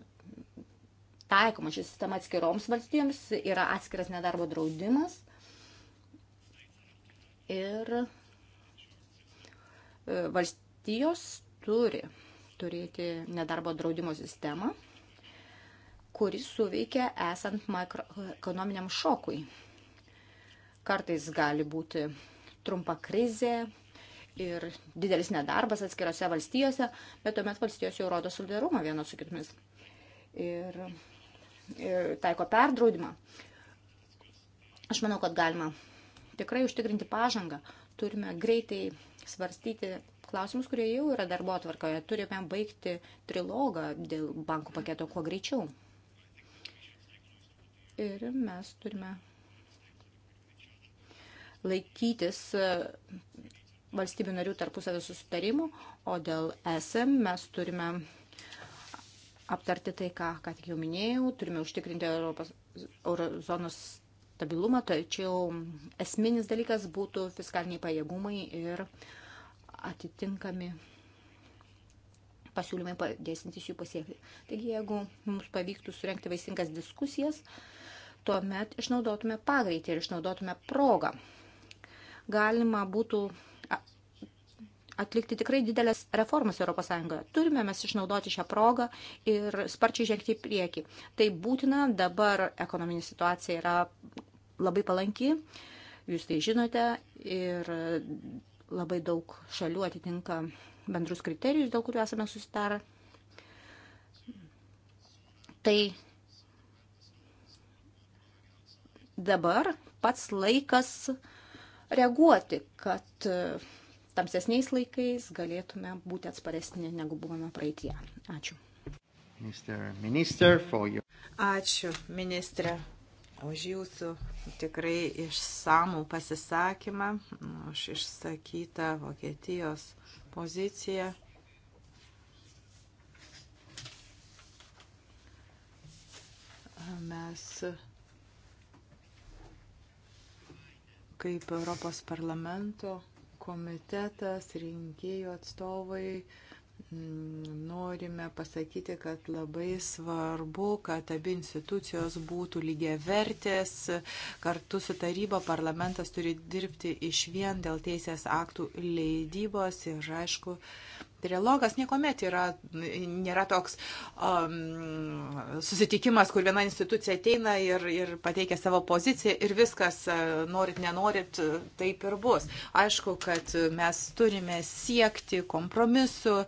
taikoma ši sistema atskiroms valstijoms, yra atskiras nedarbo draudimas. Ir e, valstijos turi turėti nedarbo draudimo sistemą, kuris suveikia esant makroekonominiam šokui. Kartais gali būti trumpa krizė ir didelis nedarbas atskirose valstijose, bet tuomet valstijos jau rodo solidarumą vienos su kitomis ir, ir taiko perdraudimą. Aš manau, kad galima tikrai užtikrinti pažangą. Turime greitai svarstyti klausimus, kurie jau yra darbo atvarkoje. Turime baigti trilogą dėl bankų paketo kuo greičiau. Ir mes turime laikytis e, valstybių narių tarpusavio susitarimų, o dėl SM mes turime aptarti tai, ką, ką tik jau minėjau, turime užtikrinti Europos, eurozonos stabilumą, tačiau esminis dalykas būtų fiskaliniai pajėgumai ir uh, atitinkami pasiūlymai padėsintys jų pasiekti. Taigi, jeigu mums pavyktų surenkti vaisingas diskusijas, tuomet išnaudotume pagreitį ir išnaudotume progą. Galima būtų atlikti tikrai didelės reformas ES. Turime mes išnaudoti šią progą ir sparčiai žengti į priekį. Tai būtina, dabar ekonominė situacija yra labai palanki, jūs tai žinote ir Labai daug šalių atitinka bendrus kriterijus, dėl kurių esame susitarę. Tai dabar pats laikas reaguoti, kad tamsesniais laikais galėtume būti atsparesni, negu buvome praeitie. Ačiū. Minister, minister Ačiū, ministrė, už jūsų tikrai išsamų pasisakymą, už išsakytą Vokietijos poziciją. Mes kaip Europos parlamento komitetas, rinkėjų atstovai, norime pasakyti, kad labai svarbu, kad abi institucijos būtų lygiavertės, kartu su taryba parlamentas turi dirbti iš vien dėl teisės aktų leidybos ir, aišku, Trilogas niekuomet yra, nėra toks um, susitikimas, kur viena institucija ateina ir, ir pateikia savo poziciją ir viskas, e, norit, nenorit, taip ir bus. Aišku, kad mes turime siekti kompromisu,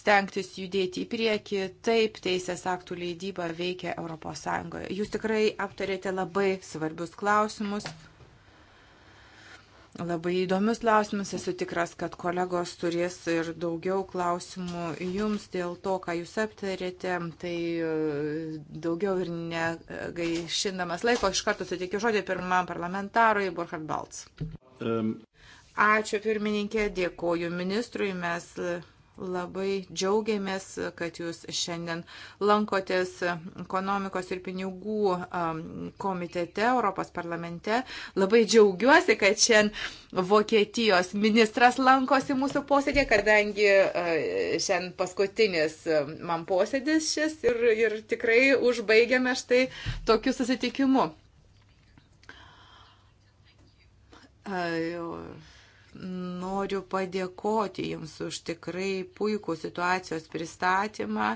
stengtis judėti į priekį, taip teisės aktų leidyba veikia ES. Jūs tikrai aptarėte labai svarbius klausimus labai įdomius klausimus. Esu tikras, kad kolegos turės ir daugiau klausimų jums dėl to, ką jūs aptarėte. Tai e, daugiau ir negaišindamas laiko, iš karto suteikiu žodį pirmam parlamentarui Burkhard Balts. Um. Ačiū pirmininkė, dėkoju ministrui. Mes Labai džiaugiamės, kad jūs šiandien lankotės ekonomikos ir pinigų um, komitete Europos parlamente. Labai džiaugiuosi, kad šiandien Vokietijos ministras lankosi mūsų posėdė, kadangi uh, šiandien paskutinis um, man posėdis šis ir, ir tikrai užbaigiame štai tokiu susitikimu. Uh, Noriu padėkoti Jums už tikrai puikų situacijos pristatymą.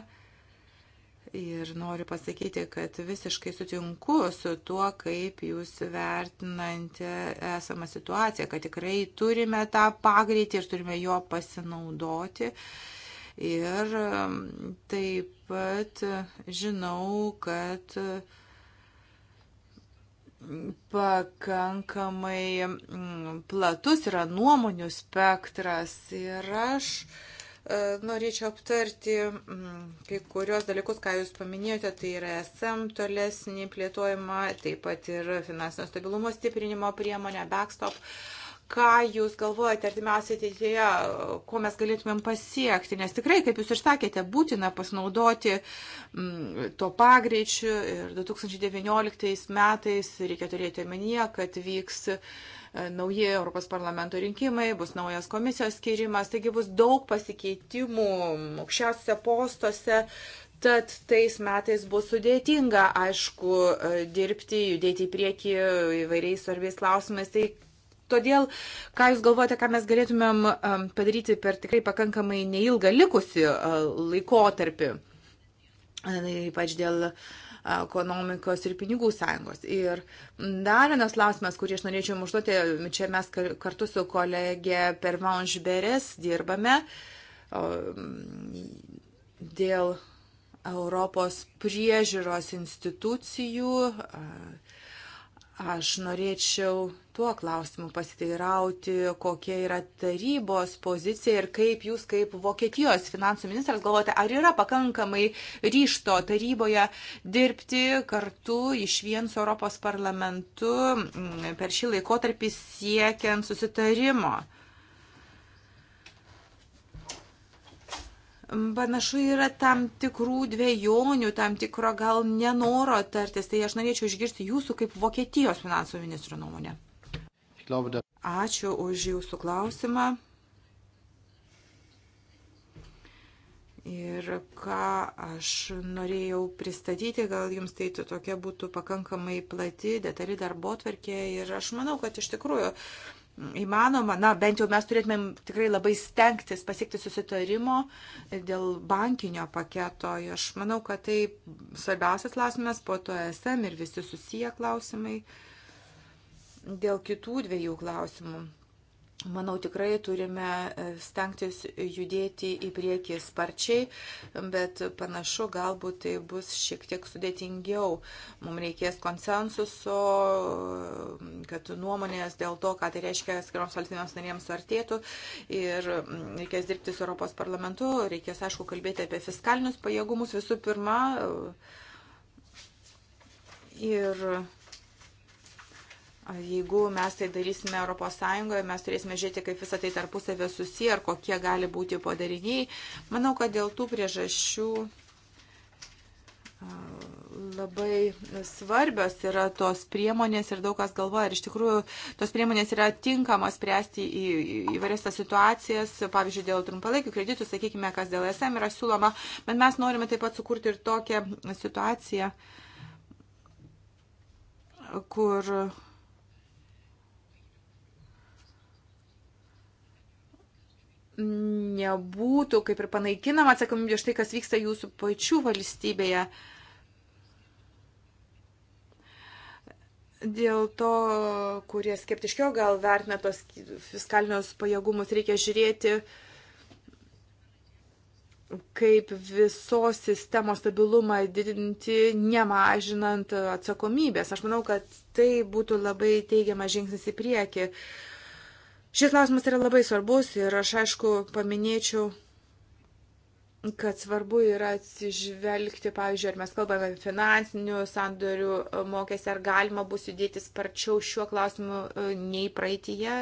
Ir noriu pasakyti, kad visiškai sutinku su tuo, kaip jūs vertinate esamą situaciją, kad tikrai turime tą pagreitį ir turime jo pasinaudoti. Ir um, taip pat žinau, kad uh, pakankamai mm, platus yra nuomonių spektras ir aš e, norėčiau aptarti mm, kai kurios dalykus, ką Jūs paminėjote, tai yra SM tolesnį plėtojimą, taip pat ir finansinio stabilumo stiprinimo priemonę, backstop. Uh, ką jūs galvojate artimiausiai ateityje, ko mes galėtumėm pasiekti, nes tikrai, kaip jūs ir sakėte, būtina pasinaudoti m, mm, to pagreičiu ir 2019 metais reikia turėti omenyje, kad vyks e, nauji Europos parlamento rinkimai, bus naujas komisijos skirimas, taigi bus daug pasikeitimų aukščiausiose postuose. Tad tais metais bus sudėtinga, aišku, e, dirbti, judėti į priekį įvairiais svarbiais klausimais. Tai Todėl, ką Jūs galvojate, ką mes galėtumėm padaryti per tikrai pakankamai neilgą likusi e, laikotarpį, e, ypač dėl ekonomikos ir pinigų sąjungos. Ir dar vienas klausimas, kurį aš norėčiau užduoti, čia mes kartu su kolegė Pervanš Beres dirbame dėl Europos priežiūros institucijų. Uh, Aš norėčiau tuo klausimu pasiteirauti, kokia yra tarybos pozicija ir kaip jūs kaip Vokietijos finansų ministras galvojate, ar yra pakankamai ryšto taryboje dirbti kartu iš vien su Europos parlamentu mm, per šį laikotarpį siekiant susitarimo. panašu yra tam tikrų dviejonių, tam tikro gal nenoro tartis. Tai aš norėčiau išgirsti jūsų kaip Vokietijos finansų ministro nuomonę. Ačiū už jūsų klausimą. Ir ką aš norėjau pristatyti, gal jums tai tokia būtų pakankamai plati, detali darbo tvarkė. Ir aš manau, kad iš tikrųjų uh, įmanoma, na bent jau mes turėtumėm tikrai labai stengtis pasiekti susitarimo dėl bankinio paketo. Aš manau, kad tai svarbiausias klausimas, po to SM ir visi susiję klausimai dėl kitų dviejų klausimų. Manau, tikrai turime e, stengtis judėti į priekį sparčiai, bet panašu, galbūt tai bus šiek tiek sudėtingiau. Mums reikės konsensuso, e, kad nuomonės dėl to, ką tai reiškia skiriams valstybėms narėms suartėtų ir reikės dirbti su Europos parlamentu, reikės, aišku, kalbėti apie fiskalinius pajėgumus visų pirma. E, ir Jeigu mes tai darysime ES, mes turėsime žiūrėti, kaip visą tai tarpusavė susiję ir kokie gali būti padariniai. Manau, kad dėl tų priežasčių labai svarbios yra tos priemonės ir daug kas galvoja, ar iš tikrųjų tos priemonės yra tinkamos spręsti į įvairias tas situacijas, pavyzdžiui, dėl trumpalaikių kreditų, sakykime, kas dėl SM yra siūloma, bet mes norime taip pat sukurti ir tokią situaciją, kur nebūtų kaip ir panaikinama atsakomybė už tai, kas vyksta jūsų pačių valstybėje. Dėl to, kurie skeptiškiau gal vertina tos fiskalinius pajėgumus, reikia žiūrėti, kaip visos sistemos stabilumą didinti, nemažinant atsakomybės. Aš manau, kad tai būtų labai teigiamas žingsnis į priekį. Uh, Šis klausimas yra labai svarbus ir aš aišku paminėčiau, kad svarbu yra atsižvelgti, pavyzdžiui, ar mes kalbame apie finansinių sandorių mokestį, ar galima bus judėti sparčiau šiuo klausimu e, nei praeitįje.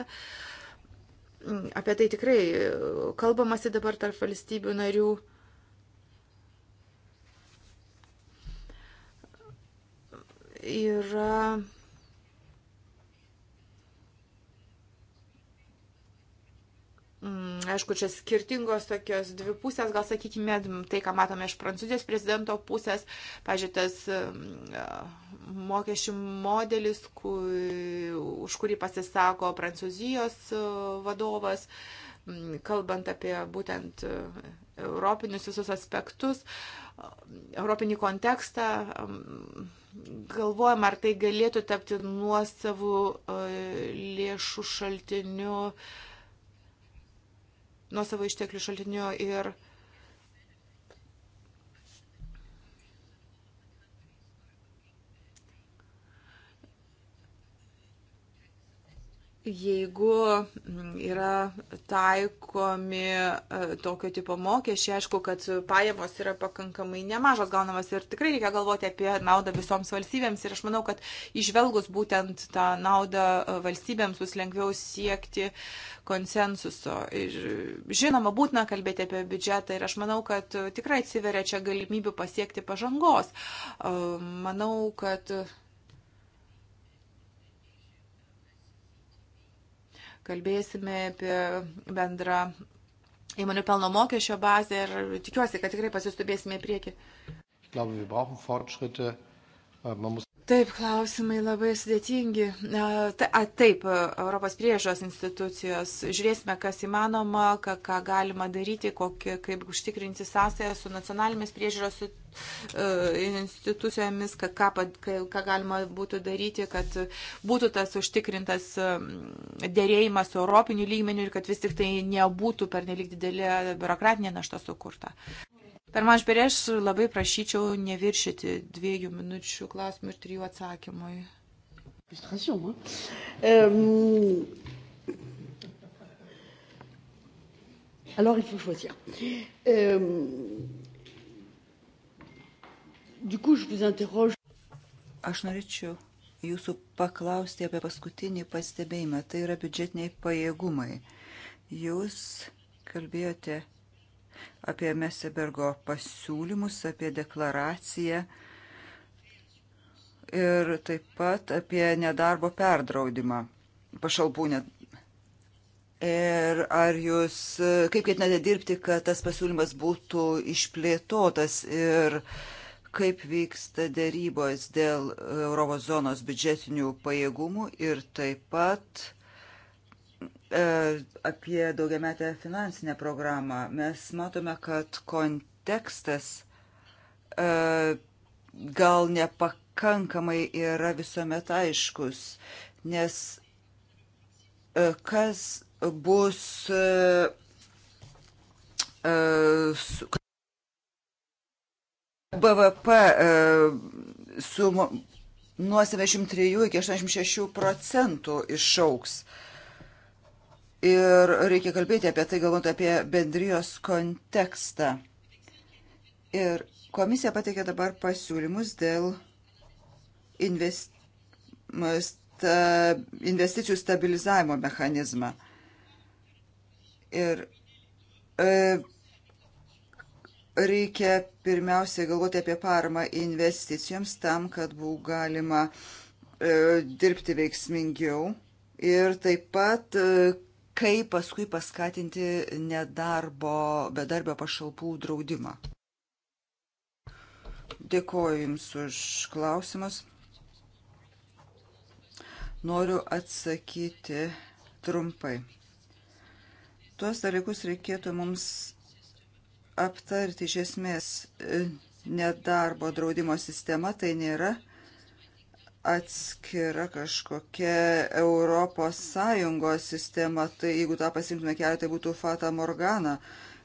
Apie tai tikrai e, kalbamasi dabar tarp valstybių narių. Yra Mm, aišku, čia skirtingos tokios dvi pusės, gal sakykime, tai, ką matome iš prancūzijos prezidento pusės, pažiūrėtas mm, mokesčių modelis, kui, už kurį pasisako prancūzijos mm, vadovas, kalbant apie būtent europinius visus aspektus, europinį kontekstą, galvojam, ar tai galėtų tapti nuosavų lėšų šaltiniu nuo savo išteklių šaltinių ir jeigu mm, yra taikomi e, tokio tipo mokesčiai, aišku, kad pajamos yra pakankamai nemažos gaunamas ir tikrai reikia galvoti apie naudą visoms valstybėms ir aš manau, kad išvelgus būtent tą naudą e, valstybėms bus lengviau siekti konsensuso. Ir žinoma, būtina kalbėti apie biudžetą ir aš manau, kad tikrai atsiveria čia galimybių pasiekti pažangos. E, manau, kad kalbėsime apie bendrą įmonių pelno mokesčio bazę ir tikiuosi, kad tikrai pasistubėsime į priekį. Taip, klausimai labai sudėtingi. A, taip, Europos priežos institucijos. Žiūrėsime, kas įmanoma, ką, ką galima daryti, kokie, kaip užtikrinti sąsąją su nacionalinėmis priežiūros e, institucijomis, ką, ką, ką galima būtų daryti, kad būtų tas užtikrintas dėrėjimas europinių lygmenių ir kad vis tik tai nebūtų per nelik didelė biurokratinė našta sukurta. Per maž prieš labai prašyčiau neviršyti dviejų minučių klausimų ir trijų atsakymui. Euh, alors, il faut choisir. Euh, du coup, je vous interroge. Aš norėčiau jūsų paklausti apie paskutinį pastebėjimą. Tai yra biudžetiniai pajėgumai. Jūs kalbėjote apie Mesebergo pasiūlymus, apie deklaraciją ir taip pat apie nedarbo perdraudimą, pašalpų net. Ir ar jūs, kaip ketinate dirbti, kad tas pasiūlymas būtų išplėtotas ir kaip vyksta dėrybos dėl Eurozonos biudžetinių pajėgumų ir taip pat E, apie daugiametę finansinę programą. Mes matome, kad kontekstas e, gal nepakankamai yra visuomet aiškus, nes e, kas bus BVP su nuo 73 iki 86 procentų išauks. Iš Ir reikia kalbėti apie tai, galvant apie bendrijos kontekstą. Ir komisija pateikė dabar pasiūlymus dėl invest... investicijų stabilizavimo mechanizmą. Ir e, reikia pirmiausiai galvoti apie paramą investicijoms tam, kad būtų galima e, dirbti veiksmingiau ir taip pat e, kaip paskui paskatinti nedarbo bedarbio pašalpų draudimą. Dėkoju Jums už klausimus. Noriu atsakyti trumpai. Tuos dalykus reikėtų mums aptarti iš esmės nedarbo draudimo sistema, tai nėra atskira kažkokia Europos Sąjungos sistema, tai jeigu tą pasimtume kelią, tai būtų Fata Morgana.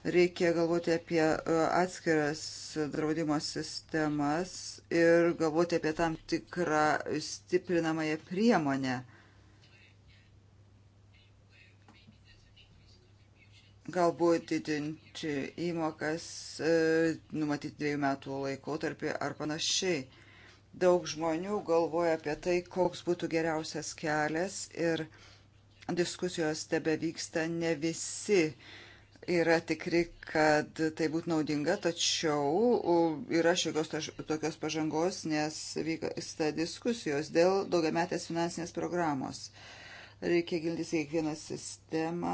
Reikia galvoti apie e, atskiras draudimo sistemas ir galvoti apie tam tikrą stiprinamąją priemonę. Galbūt didinti įmokas, e, numatyti dviejų metų laikotarpį ar panašiai Daug žmonių galvoja apie tai, koks būtų geriausias kelias ir diskusijos tebe vyksta ne visi yra tikri, kad tai būtų naudinga, tačiau yra šiokios tokios pažangos, nes vyksta diskusijos dėl daugiametės finansinės programos. Reikia gildytis kiekvieną sistemą.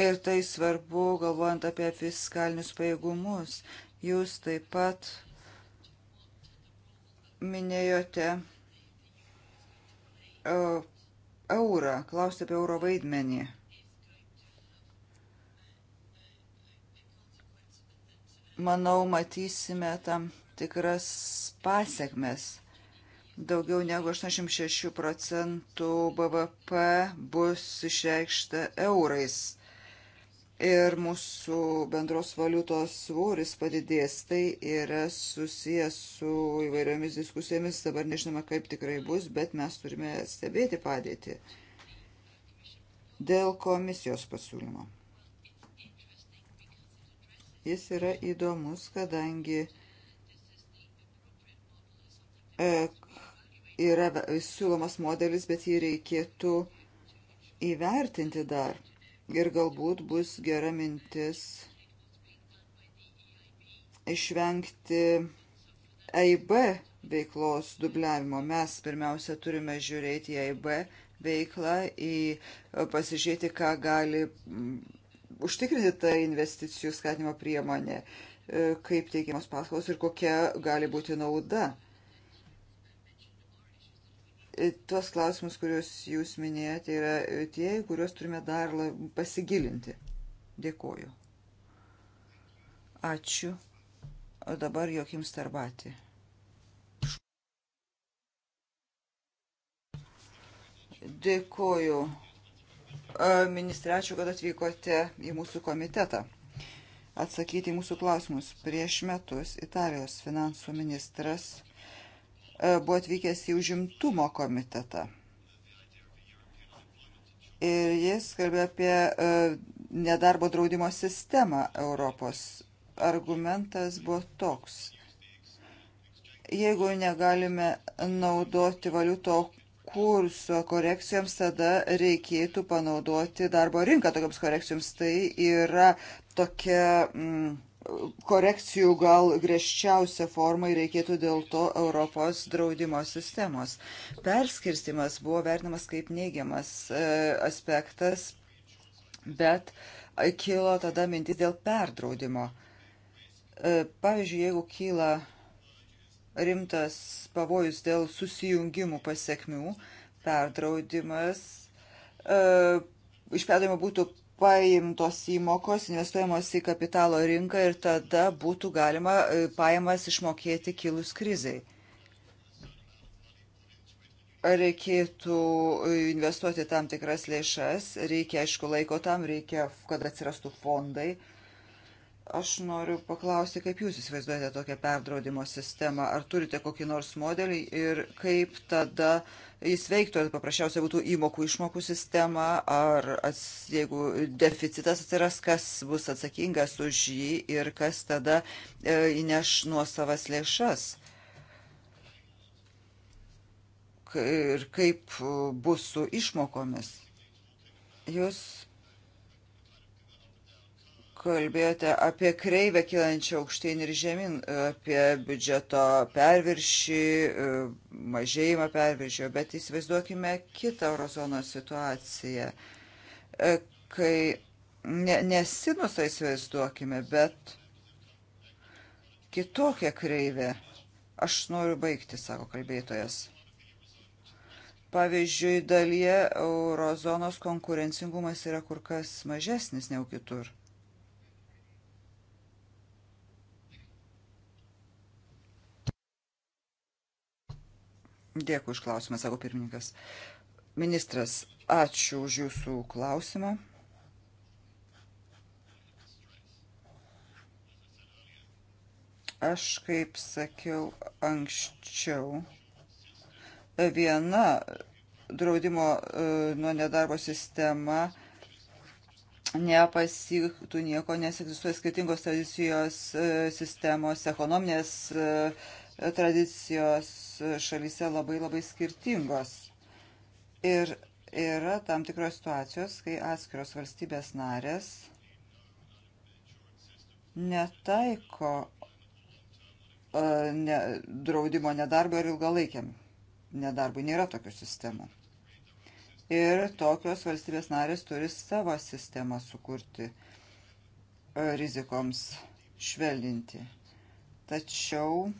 Ir tai svarbu, galvojant apie fiskalinius pajėgumus. Jūs taip pat minėjote e, eurą, klausėte apie euro vaidmenį. Manau, matysime tam tikras pasiekmes daugiau negu 86 procentų BVP bus išreikšta eurais ir mūsų bendros valiutos svoris padidės. Tai yra susijęs su įvairiomis diskusijomis, dabar nežinome, kaip tikrai bus, bet mes turime stebėti padėtį dėl komisijos pasiūlymo. Jis yra įdomus, kadangi e, yra siūlomas modelis, bet jį reikėtų įvertinti dar ir galbūt bus gera mintis išvengti EIB veiklos dubliavimo. Mes pirmiausia turime žiūrėti į EIB veiklą, į e, pasižiūrėti, ką gali užtikrinti ta investicijų skatinimo priemonė, e, kaip teikiamas paskolos ir kokia gali būti nauda. E, tuos klausimus, kuriuos jūs minėjote, yra e, tie, kuriuos turime dar pasigilinti. Dėkoju. Ačiū. O dabar jokim starbatį. Dėkoju. E, Ministrė, ačiū, kad atvykote į mūsų komitetą. Atsakyti į mūsų klausimus. Prieš metus Italijos finansų ministras E, buvo atvykęs į užimtumo komitetą. Ir jis kalbėjo apie e, nedarbo draudimo sistemą Europos. Argumentas buvo toks. Jeigu negalime naudoti valiuto kurso korekcijoms, tada reikėtų panaudoti darbo rinką tokiams korekcijoms. Tai yra tokia. Mm, korekcijų gal greščiausią formą ir reikėtų dėl to Europos draudimo sistemos. Perskirstimas buvo vertinamas kaip neigiamas e, aspektas, bet kilo tada mintis dėl perdraudimo. E, pavyzdžiui, jeigu kyla rimtas pavojus dėl susijungimų pasiekmių, perdraudimas e, iš perdavimo būtų paimtos įmokos, investuojamos į kapitalo rinką ir tada būtų galima e, pajamas išmokėti kilus krizai. Reikėtų investuoti tam tikras lėšas, reikia aišku laiko tam, reikia, kad atsirastų fondai. Aš noriu paklausti, kaip jūs įsivaizduojate tokią perdraudimo sistemą, ar turite kokį nors modelį ir kaip tada uh, jis veiktų, ar paprasčiausia būtų įmokų išmokų sistema, ar as, jeigu deficitas atsiras, kas bus atsakingas už jį ir kas tada e, įneš nuosavas lėšas. Ir kaip bus su išmokomis. Jūs kalbėjote apie kreivę kylančią aukštyn ir žemyn, apie biudžeto perviršį, e, mažėjimą perviršio, bet įsivaizduokime kitą eurozonos situaciją, e, kai ne, nesinusą įsivaizduokime, bet kitokią kreivę. Aš noriu baigti, sako kalbėtojas. Pavyzdžiui, dalyje eurozonos konkurencingumas yra kur kas mažesnis negu kitur. Dėkui už klausimą, sako pirmininkas. Ministras, ačiū už jūsų klausimą. Aš, kaip sakiau anksčiau, viena draudimo e, nuo nedarbo sistema nepasiektų nieko, nes egzistuoja skirtingos tradicijos e, sistemos, ekonominės e, tradicijos šalyse labai labai skirtingos. Ir yra tam tikros situacijos, kai atskiros valstybės narės netaiko e, ne, draudimo nedarbo ir ilgalaikiam nedarbui. Nėra tokių sistemų. Ir tokios valstybės narės turi savo sistemą sukurti e, rizikoms švelninti. Tačiau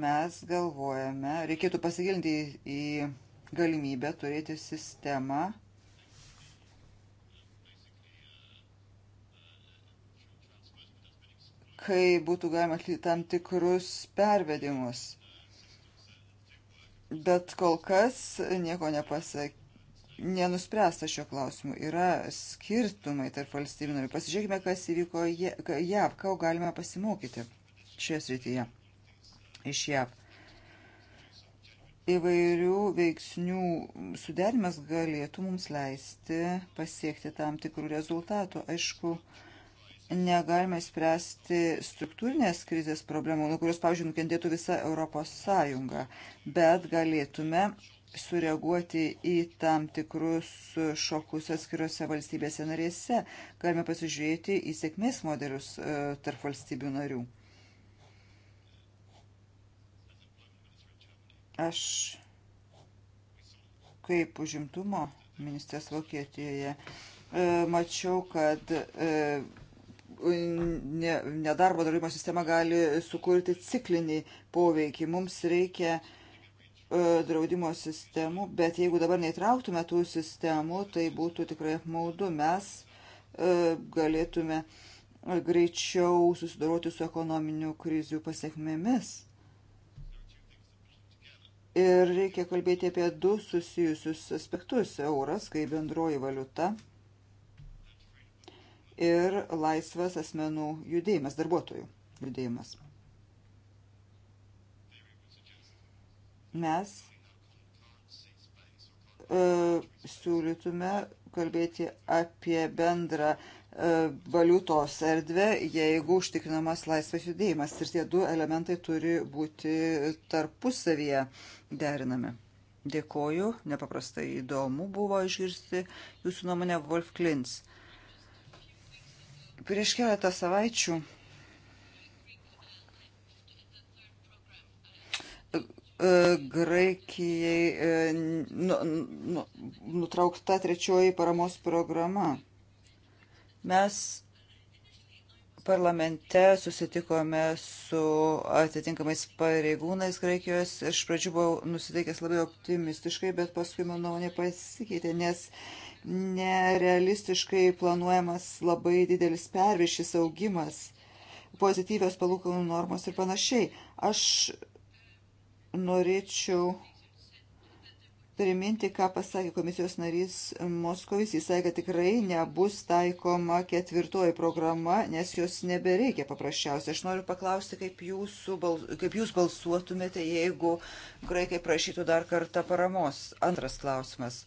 mes galvojame, reikėtų pasigilinti į, į galimybę turėti sistemą, kai būtų galima atlikti tam tikrus pervedimus. Bet kol kas nieko nepasak... nenuspręsta šio klausimu. Yra skirtumai tarp valstybių narių. Pasižiūrėkime, kas įvyko JAV, ką galime pasimokyti šioje srityje iš JAV. Įvairių veiksnių suderimas galėtų mums leisti pasiekti tam tikrų rezultatų. Aišku, negalime spręsti struktūrinės krizės problemų, nuo kurios, pavyzdžiui, nukentėtų visa Europos Sąjunga, bet galėtume sureaguoti į tam tikrus šokus atskiriuose valstybėse narėse. Galime pasižiūrėti į sėkmės modelius e, tarp valstybių narių. Aš kaip užimtumo ministras Vokietijoje e, mačiau, kad e, nedarbo draudimo sistema gali sukurti ciklinį poveikį. Mums reikia e, draudimo sistemų, bet jeigu dabar neįtrauktume tų sistemų, tai būtų tikrai apmaudu. Mes galėtume greičiau susidoroti su ekonominių krizių pasiekmėmis. Ir reikia kalbėti apie du susijusius aspektus - euras kaip bendroji valiuta ir laisvas asmenų judėjimas, darbuotojų judėjimas. Mes e, siūlytume kalbėti apie bendrą E, valiutos erdvę, jeigu užtikrinamas laisvas judėjimas. Ir tie du elementai turi būti tarpusavyje derinami. Dėkoju, nepaprastai įdomu buvo išgirsti jūsų nuomonę Wolf Klins. Prieš keletą savaičių e, Graikijai e, nu, nu, nu, nutraukta trečioji paramos programa. Mes parlamente susitikome su atitinkamais pareigūnais Graikijos. Iš pradžių buvau nusiteikęs labai optimistiškai, bet paskui mano nuomonė pasikeitė, nes nerealistiškai planuojamas labai didelis pervišis augimas, pozityvios palūkanų normos ir panašiai. Aš norėčiau priminti, ką pasakė komisijos narys Moskovis. Jis sakė, kad tikrai nebus taikoma ketvirtoji programa, nes jos nebereikia paprasčiausiai. Aš noriu paklausti, kaip, jūsų, kaip jūs balsuotumėte, jeigu graikai prašytų dar kartą paramos. Antras klausimas.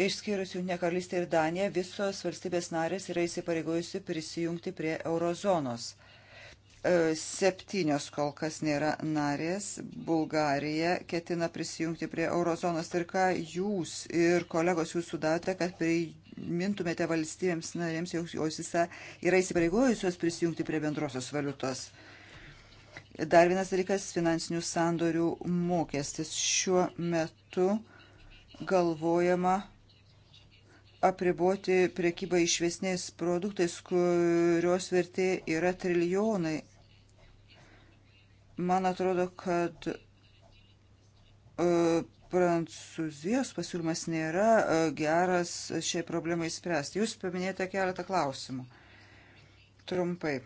Išskyrus Junktinę karalystę ir Daniją, visos valstybės narės yra įsipareigojusi prisijungti prie eurozonos E, septynios kol kas nėra narės. Bulgarija ketina prisijungti prie eurozonos. Ir ką jūs ir kolegos jūs sudarote, kad primintumėte valstybėms narėms, jog jos visą yra įsipareigojusios prisijungti prie bendrosios valiutos. Dar vienas dalykas - finansinių sandorių mokestis. Šiuo metu galvojama apriboti priekybą išvesniais produktais, kurios vertė yra trilijonai Man atrodo, kad e, Prancūzijos pasiūlymas nėra e, geras šiai problemai spręsti. Jūs paminėjote keletą klausimų. Trumpai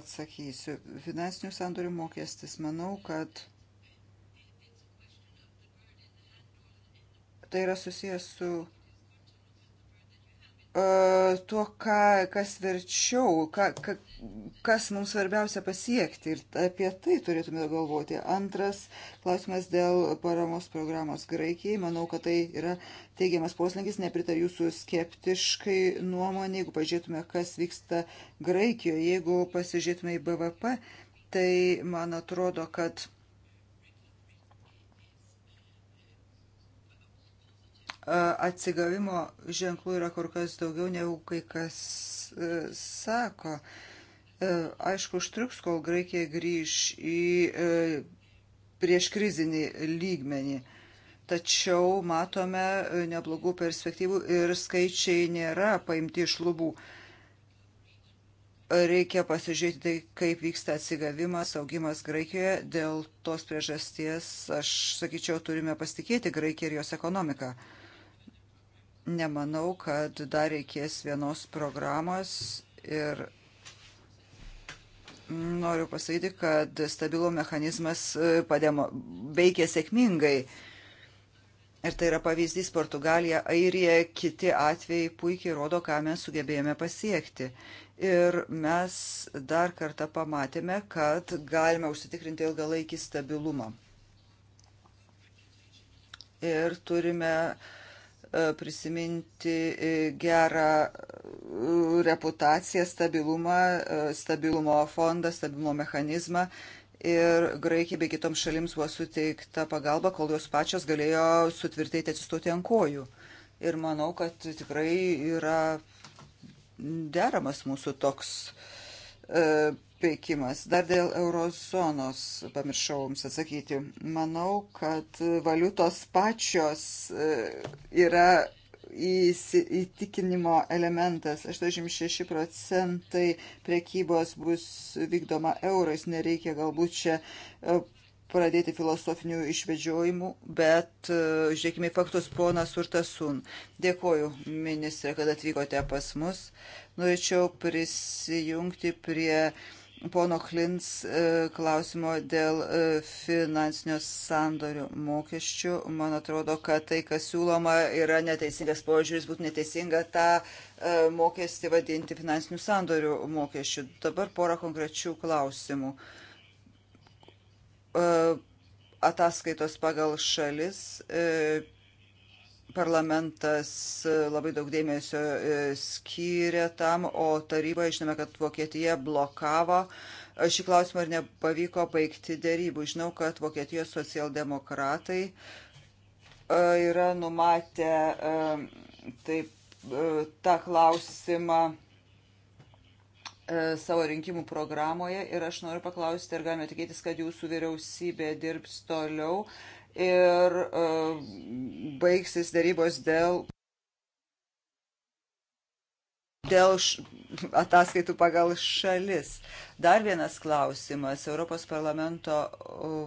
atsakysiu. Finansinių sandorių mokestis. Manau, kad tai yra susijęs su E, tuo, ką, kas verčiau, ką, ka, kas mums svarbiausia pasiekti ir apie tai turėtume galvoti. Antras klausimas dėl paramos programos Graikijai. Manau, kad tai yra teigiamas poslinkis, nepritar jūsų skeptiškai nuomonė, jeigu pažiūrėtume, kas vyksta Graikijoje, jeigu pasižiūrėtume į BVP, tai man atrodo, kad atsigavimo ženklų yra kur kas daugiau negu kai kas e, sako. E, aišku, užtruks, kol Graikija grįž į e, prieš krizinį lygmenį. Tačiau matome neblogų perspektyvų ir skaičiai nėra paimti iš lubų. Reikia pasižiūrėti tai, kaip vyksta atsigavimas, augimas Graikijoje. Dėl tos priežasties, aš sakyčiau, turime pasitikėti Graikiją ir jos ekonomiką. Uh, nemanau, kad dar reikės vienos programos ir noriu pasakyti, kad stabilo mechanizmas e, pademo, veikia sėkmingai. Ir tai yra pavyzdys Portugalija, Airija, kiti atvejai puikiai rodo, ką mes sugebėjome pasiekti. Ir mes dar kartą pamatėme, kad galime užsitikrinti ilgalaikį stabilumą. Ir turime uh, E, prisiminti e, gerą e, reputaciją, stabilumą, stabilumo fondą, stabilumo mechanizmą ir Graikijai bei kitoms šalims buvo suteikta pagalba, kol jos pačios galėjo sutvirtėti atsistoti ant kojų. Ir manau, kad tikrai yra deramas mūsų toks e, veikimas. Dar dėl eurozonos pamiršau jums atsakyti. Manau, kad valiutos pačios e, yra įtikinimo elementas. 86 procentai prekybos bus vykdoma eurais. Nereikia galbūt čia e, pradėti filosofinių išvedžiojimų, bet e, žiūrėkime į faktus ponas Urtasun. Dėkoju, ministrė, kad atvykote pas mus. Norėčiau prisijungti prie uh, pono Klins e, klausimo dėl e, finansinio sandorių mokesčių. Man atrodo, kad tai, kas siūloma, yra neteisingas požiūris, būtų neteisinga tą e, mokestį vadinti finansinių sandorių mokesčių. Dabar pora konkrečių klausimų. Ataskaitos pagal šalis parlamentas e, labai daug dėmesio e, skyrė tam, o taryba, žinome, kad Vokietija blokavo e, šį klausimą ir nepavyko baigti dėrybų. Žinau, kad Vokietijos socialdemokratai yra numatę taip tą klausimą savo rinkimų programoje ir aš noriu paklausti, ar galime tikėtis, kad jūsų vyriausybė dirbs toliau ir e, baigsis darybos dėl, dėl š, ataskaitų pagal šalis. Dar vienas klausimas - Europos parlamento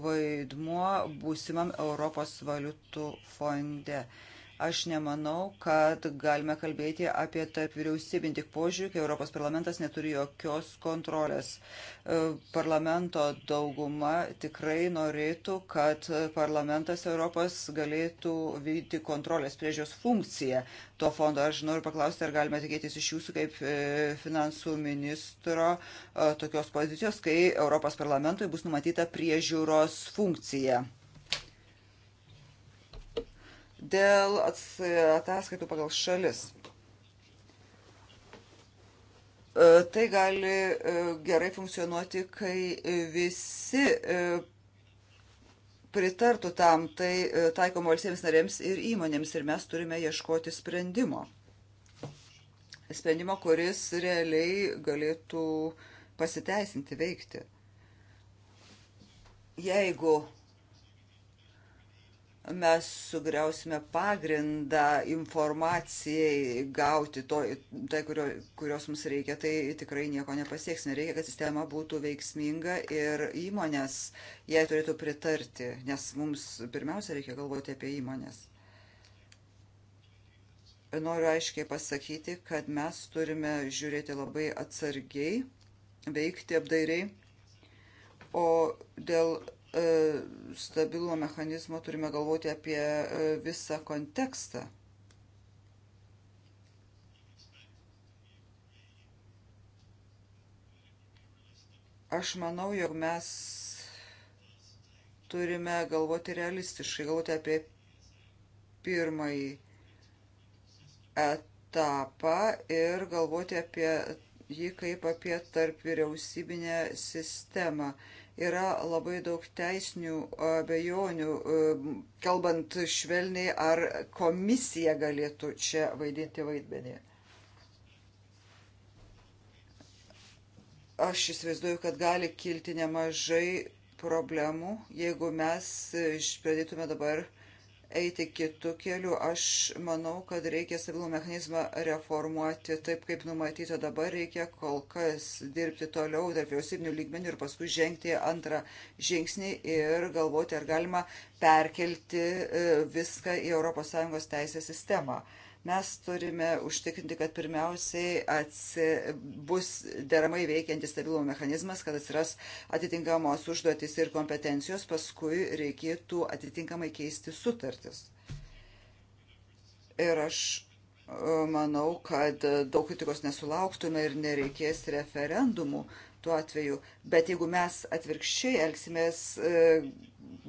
vaidmuo būsimam Europos valiutų fonde. Uh, Aš nemanau, kad galime kalbėti apie tarp vyriausybinį tik požiūrį, kai Europos parlamentas neturi jokios kontrolės. E, parlamento dauguma tikrai norėtų, kad parlamentas Europos galėtų vykdyti kontrolės priežios funkciją to fondo. Aš noriu paklausti, ar galime tikėtis iš jūsų kaip e, finansų ministro e, tokios pozicijos, kai Europos parlamentui bus numatyta priežiūros funkcija dėl ataskaitų pagal šalis. E, tai gali e, gerai funkcionuoti, kai visi e, pritartų tam, tai taikomo valstybėms narėms ir įmonėms ir mes turime ieškoti sprendimo. Sprendimo, kuris realiai galėtų pasiteisinti, veikti. Jeigu mes sugriausime pagrindą informacijai gauti to, tai, kurio, kurios mums reikia, tai tikrai nieko nepasieksime. Reikia, kad sistema būtų veiksminga ir įmonės jai turėtų pritarti, nes mums pirmiausia reikia galvoti apie įmonės. Noriu aiškiai pasakyti, kad mes turime žiūrėti labai atsargiai, veikti apdairiai. O dėl E, stabilumo mechanizmo turime galvoti apie e, visą kontekstą. Aš manau, jog mes turime galvoti realistiškai, galvoti apie pirmąjį etapą ir galvoti apie jį kaip apie tarp vyriausybinę sistemą yra labai daug teisinių abejonių, e, kalbant švelniai, ar komisija galėtų čia vaidinti vaidmenį. Aš įsivaizduoju, kad gali kilti nemažai problemų, jeigu mes pradėtume dabar uh, eiti kitų kelių. Aš manau, kad reikia stabilumo mechanizmą reformuoti taip, kaip numatyta dabar. Reikia kol kas dirbti toliau tarp vyriausybinių lygmenių ir paskui žengti antrą žingsnį ir galvoti, ar galima perkelti e, viską į ES teisės sistemą. Mes turime užtikrinti, kad pirmiausiai atsi, bus deramai veikiantis stabilumo mechanizmas, kad atsiras atitinkamos užduotis ir kompetencijos, paskui reikėtų atitinkamai keisti sutartis. Ir aš manau, kad e, daug kritikos nesulauktume ir nereikės referendumų tuo atveju. Bet jeigu mes atvirkščiai elgsimės, e,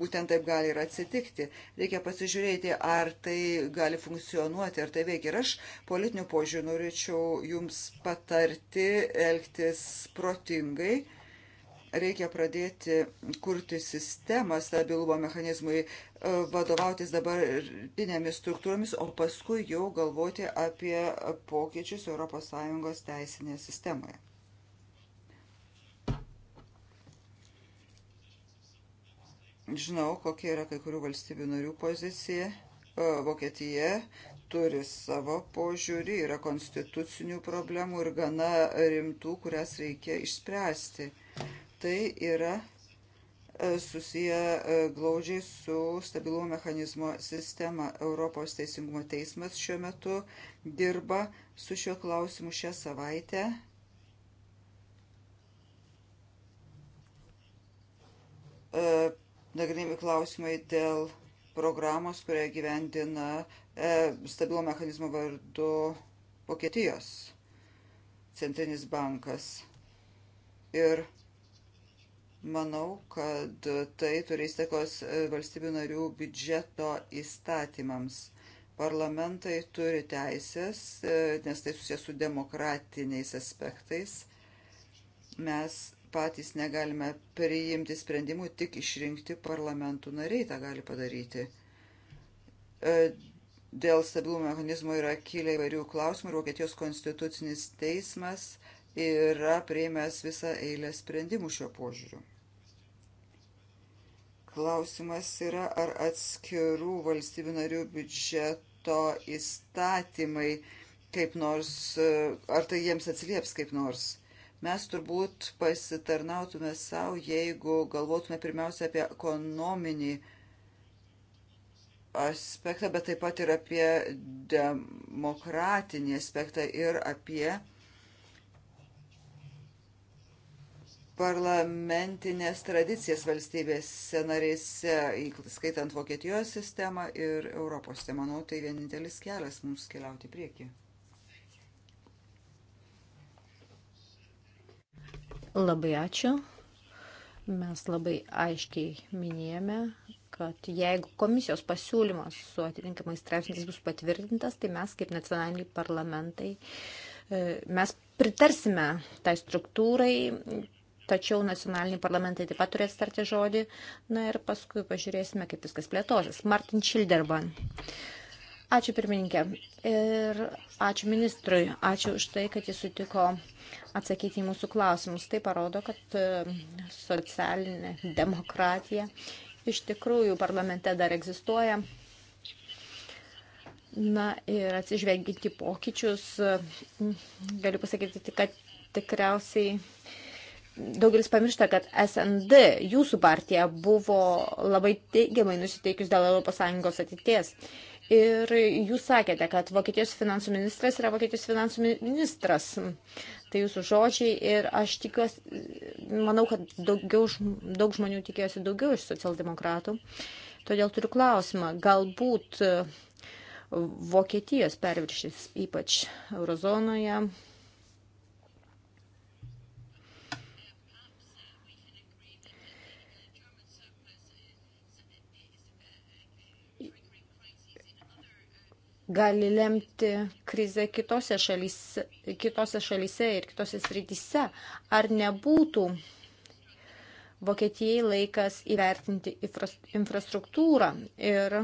būtent taip gali ir atsitikti. Reikia pasižiūrėti, ar tai gali funkcionuoti, ar tai veikia. Ir aš politiniu požiūriu norėčiau jums patarti elgtis protingai reikia pradėti kurti sistemą stabilumo mechanizmui, e, vadovautis dabartinėmis struktūromis, o paskui jau galvoti apie pokyčius ES teisinėje sistemoje. Žinau, kokia yra kai kurių valstybių narių pozicija. E, Vokietija turi savo požiūrį, yra konstitucinių problemų ir gana rimtų, kurias reikia išspręsti tai yra e, susiję e, glaudžiai su stabilumo mechanizmo sistema. Europos Teisingumo teismas šiuo metu dirba su šiuo klausimu šią savaitę. E, nagrinėjami klausimai dėl programos, kurią gyvendina stabilumo mechanizmo vardu Vokietijos centrinis bankas. Ir Manau, kad tai turės tekos e, valstybių narių biudžeto įstatymams. Parlamentai turi teisės, e, nes tai susijęs su demokratiniais aspektais. Mes patys negalime priimti sprendimų, tik išrinkti parlamentų nariai tą gali padaryti. E, dėl stabilumo mechanizmo yra kilę įvairių klausimų ir Vokietijos konstitucinis teismas yra prieimęs visą eilę sprendimų šiuo požiūriu. Klausimas yra, ar atskirų valstybių narių biudžeto įstatymai kaip nors, ar tai jiems atsilieps kaip nors. Mes turbūt pasitarnautume savo, jeigu galvotume pirmiausia apie ekonominį aspektą, bet taip pat ir apie demokratinį aspektą ir apie parlamentinės tradicijas valstybėse narėse, skaitant Vokietijos sistemą ir Europos sistemą. Manau, tai vienintelis kelias mums keliauti prieki. Labai ačiū. Mes labai aiškiai minėjome, kad jeigu komisijos pasiūlymas su atitinkamais straipsniais bus patvirtintas, tai mes kaip nacionaliniai parlamentai, e, mes pritarsime tai struktūrai, tačiau nacionaliniai parlamentai taip pat turės tarti žodį. Na ir paskui pažiūrėsime, kaip viskas plėtosis. Martin Schilderban. Ačiū pirmininkė ir ačiū ministrui, ačiū už tai, kad jis sutiko atsakyti į mūsų klausimus. Tai parodo, kad e, socialinė demokratija iš tikrųjų parlamente dar egzistuoja. Na ir atsižvelginti pokyčius, e, galiu pasakyti, kad tikriausiai uh, daugelis pamiršta, kad SND, jūsų partija, buvo labai teigiamai nusiteikius dėl ES ateities. Ir jūs sakėte, kad Vokietijos finansų ministras yra Vokietijos finansų ministras. Tai jūsų žodžiai ir aš tikiuosi, manau, kad daugiau, daug žmonių tikėjosi daugiau iš socialdemokratų. Todėl turiu klausimą. Galbūt e, Vokietijos perviršys, ypač eurozonoje, gali lemti krizę kitose šalyse, kitose šalyse ir kitose srityse. Ar nebūtų Vokietijai laikas įvertinti infrastruktūrą ir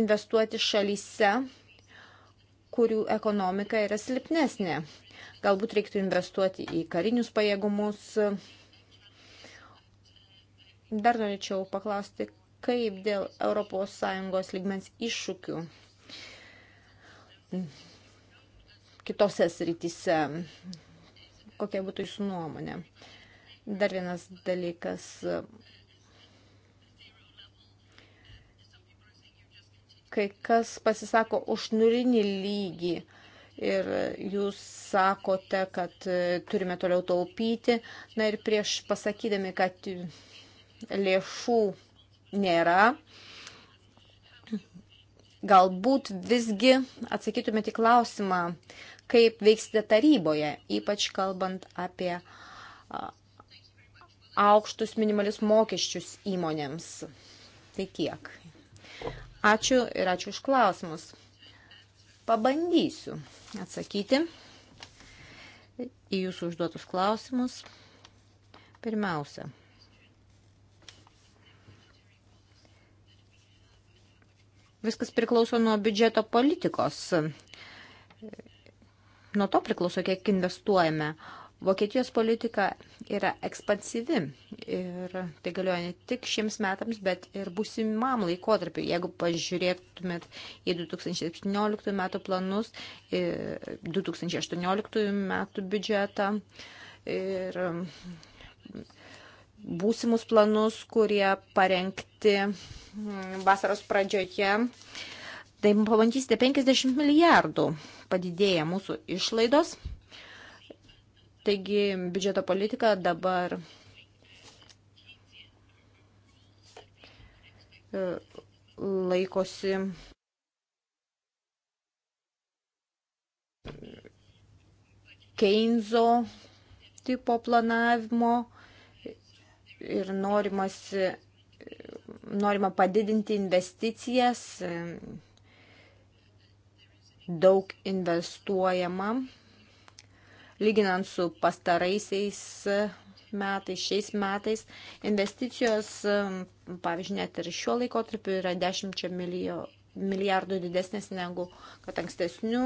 investuoti šalyse, kurių ekonomika yra silpnesnė. Galbūt reiktų investuoti į karinius pajėgumus. Dar norėčiau paklausti, kaip dėl ES lygmens iššūkių kitose srityse. Kokia būtų jūsų nuomonė? Dar vienas dalykas. Kai kas pasisako už nulinį lygį ir jūs sakote, kad turime toliau taupyti. Na ir prieš pasakydami, kad lėšų nėra, Galbūt visgi atsakytumėte į klausimą, kaip veiksite taryboje, ypač kalbant apie aukštus minimalius mokesčius įmonėms. Tai tiek. Ačiū ir ačiū už klausimus. Pabandysiu atsakyti į jūsų užduotus klausimus. Pirmiausia, Viskas priklauso nuo biudžeto politikos. Nuo to priklauso, kiek investuojame. Vokietijos politika yra ekspansyvi ir tai galioja ne tik šiems metams, bet ir busimam laikotarpiu. Jeigu pažiūrėtumėt į 2017 metų planus, 2018 metų biudžetą ir būsimus planus, kurie parengti mm, vasaros pradžioje. Tai pamatysite 50 milijardų padidėja mūsų išlaidos. Taigi biudžeto politika dabar e, laikosi Keinzo tipo planavimo ir norimas, norima padidinti investicijas, daug investuojama, lyginant su pastaraisiais metais, šiais metais investicijos, pavyzdžiui, net ir šiuo laikotarpiu yra 10 milijonų milijardų didesnės negu kad ankstesnių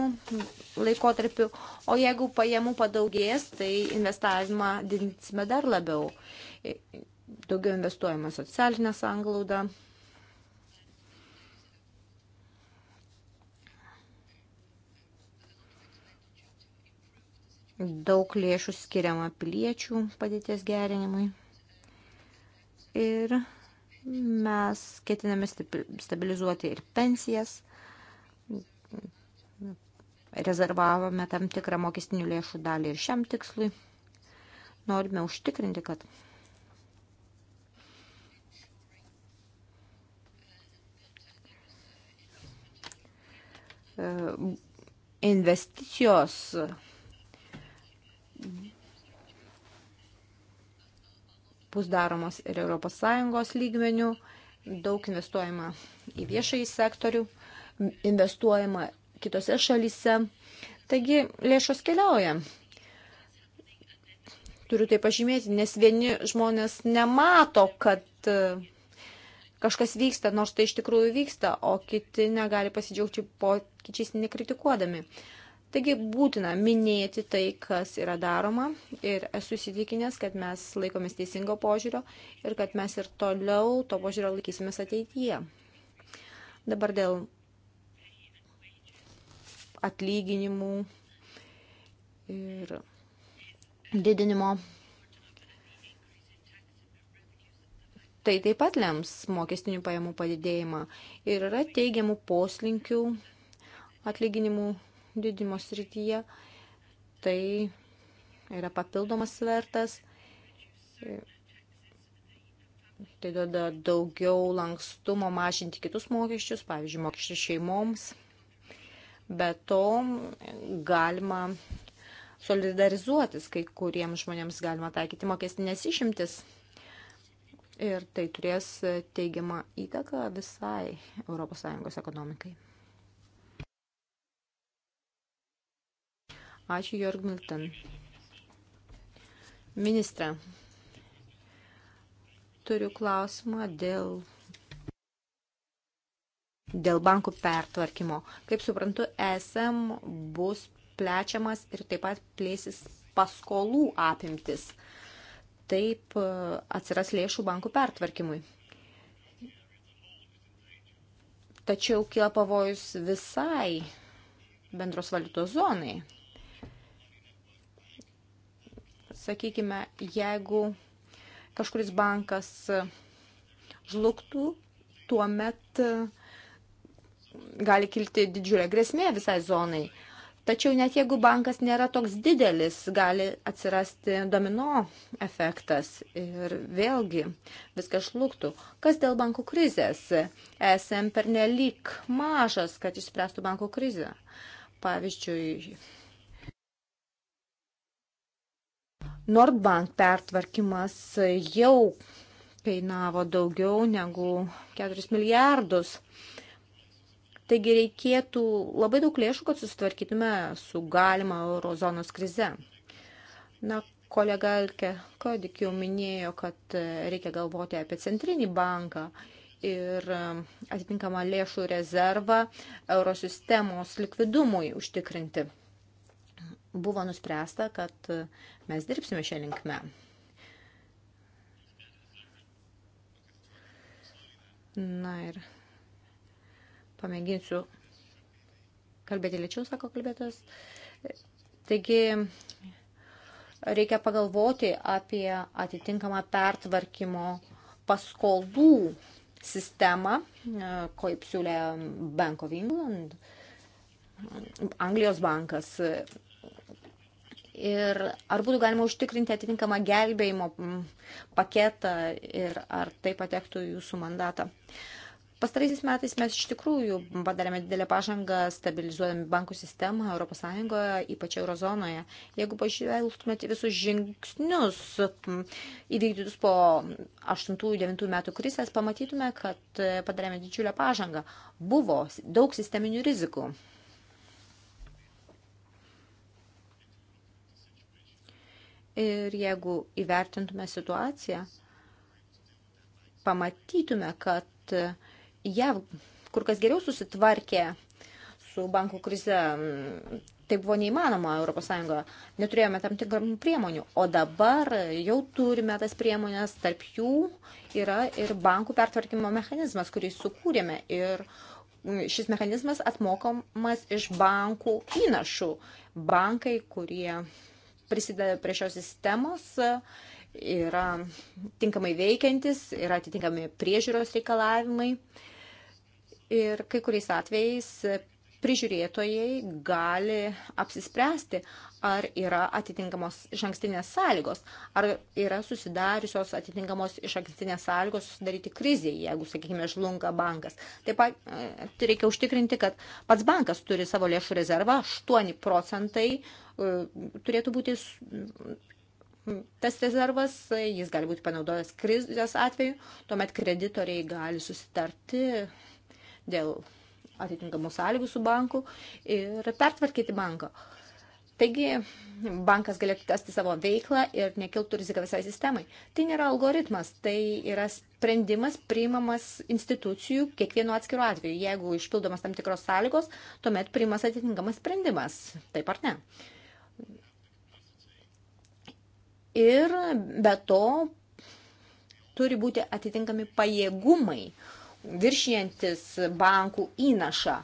laikotarpių. O jeigu pajamų padaugės, tai investavimą didinsime dar labiau. Daugiau investuojama socialinę sanglaudą. Daug lėšų skiriama piliečių padėties gerinimui. Ir Mes ketiname stabilizuoti ir pensijas. Rezervavome tam tikrą mokestinių lėšų dalį ir šiam tikslui. Norime užtikrinti, kad investicijos bus daromos ir ES lygmenių, daug investuojama į viešąjį sektorių, investuojama kitose šalyse. Taigi lėšos keliauja. Turiu tai pažymėti, nes vieni žmonės nemato, kad e, kažkas vyksta, nors tai iš tikrųjų vyksta, o kiti negali pasidžiaugti pokyčiais nekritikuodami. Uh, Taigi būtina minėti tai, kas yra daroma ir esu įsitikinęs, kad mes laikomės teisingo požiūrio ir kad mes ir toliau to požiūrio laikysimės ateityje. Dabar dėl atlyginimų ir didinimo. Tai taip pat lems mokestinių pajamų padidėjimą ir yra teigiamų poslinkių atlyginimų didimo srityje. Tai yra papildomas svertas. Tai duoda daugiau lankstumo mažinti kitus mokesčius, pavyzdžiui, mokesčius šeimoms. Be to galima solidarizuotis, kai kuriems žmonėms galima taikyti mokestinės išimtis. Ir tai turės teigiamą įtaką visai ES ekonomikai. Ačiū, Jorg Milton. Ministra, turiu klausimą dėl, dėl bankų pertvarkymo. Kaip suprantu, ESM bus plečiamas ir taip pat plėsis paskolų apimtis. Taip e, atsiras lėšų bankų pertvarkymui. Tačiau kila pavojus visai bendros valiutos zonai sakykime, jeigu kažkuris bankas žlugtų, tuomet e, gali kilti didžiulė grėsmė visai zonai. Tačiau net jeigu bankas nėra toks didelis, gali atsirasti domino efektas ir vėlgi viskas šluktų. Kas dėl bankų krizės? Esam pernelyg mažas, kad išspręstų bankų krizę. Pavyzdžiui, Nordbank pertvarkymas jau kainavo daugiau negu 4 milijardus. Taigi reikėtų labai daug lėšų, kad susitvarkytume su galima eurozonos krize. Na, kolega Elke Kodik jau minėjo, kad reikia galvoti apie centrinį banką ir um, atitinkamą lėšų rezervą eurosistemos likvidumui užtikrinti buvo nuspręsta, kad mes dirbsime šią linkmę. Na ir pamėginsiu kalbėti lėčiau, sako kalbėtas. Taigi reikia pagalvoti apie atitinkamą pertvarkymo paskolų sistemą, kaip siūlė Bank of England, Anglijos bankas ir ar būtų galima užtikrinti atitinkamą gelbėjimo paketą ir ar tai patektų į jūsų mandatą. Pastaraisiais metais mes iš tikrųjų padarėme didelę pažangą stabilizuodami bankų sistemą ES, ypač eurozonoje. Jeigu pažvelgtumėte visus žingsnius įvykdytus po 8-9 metų krizės, pamatytume, kad padarėme didžiulę pažangą. Buvo daug sisteminių rizikų. Ir jeigu įvertintume situaciją, pamatytume, kad jav kur kas geriau susitvarkė su bankų krize. Tai buvo neįmanoma ES, neturėjome tam tikrų priemonių, o dabar jau turime tas priemonės, tarp jų yra ir bankų pertvarkymo mechanizmas, kurį sukūrėme ir šis mechanizmas atmokamas iš bankų įnašų. Bankai, kurie prisideda prie šios sistemos, yra tinkamai veikiantis, yra atitinkami priežiūros reikalavimai. Ir kai kuriais atvejais prižiūrėtojai gali apsispręsti, ar yra atitinkamos išankstinės sąlygos, ar yra susidariusios atitinkamos išankstinės sąlygos susidaryti kriziai, jeigu, sakykime, žlunga bankas. Taip pat tai reikia užtikrinti, kad pats bankas turi savo lėšų rezervą, 8 procentai e, turėtų būti tas rezervas, e, jis gali būti panaudojęs krizės atveju, tuomet kreditoriai gali susitarti dėl atitinkamų sąlygų su banku ir pertvarkyti banką. Taigi bankas galėtų tęsti savo veiklą ir nekiltų rizika visai sistemai. Tai nėra algoritmas, tai yra sprendimas priimamas institucijų kiekvienu atskiru atveju. Jeigu išpildomas tam tikros sąlygos, tuomet priimas atitinkamas sprendimas, taip ar ne. Ir be to turi būti atitinkami pajėgumai, uh, viršijantis bankų įnašą.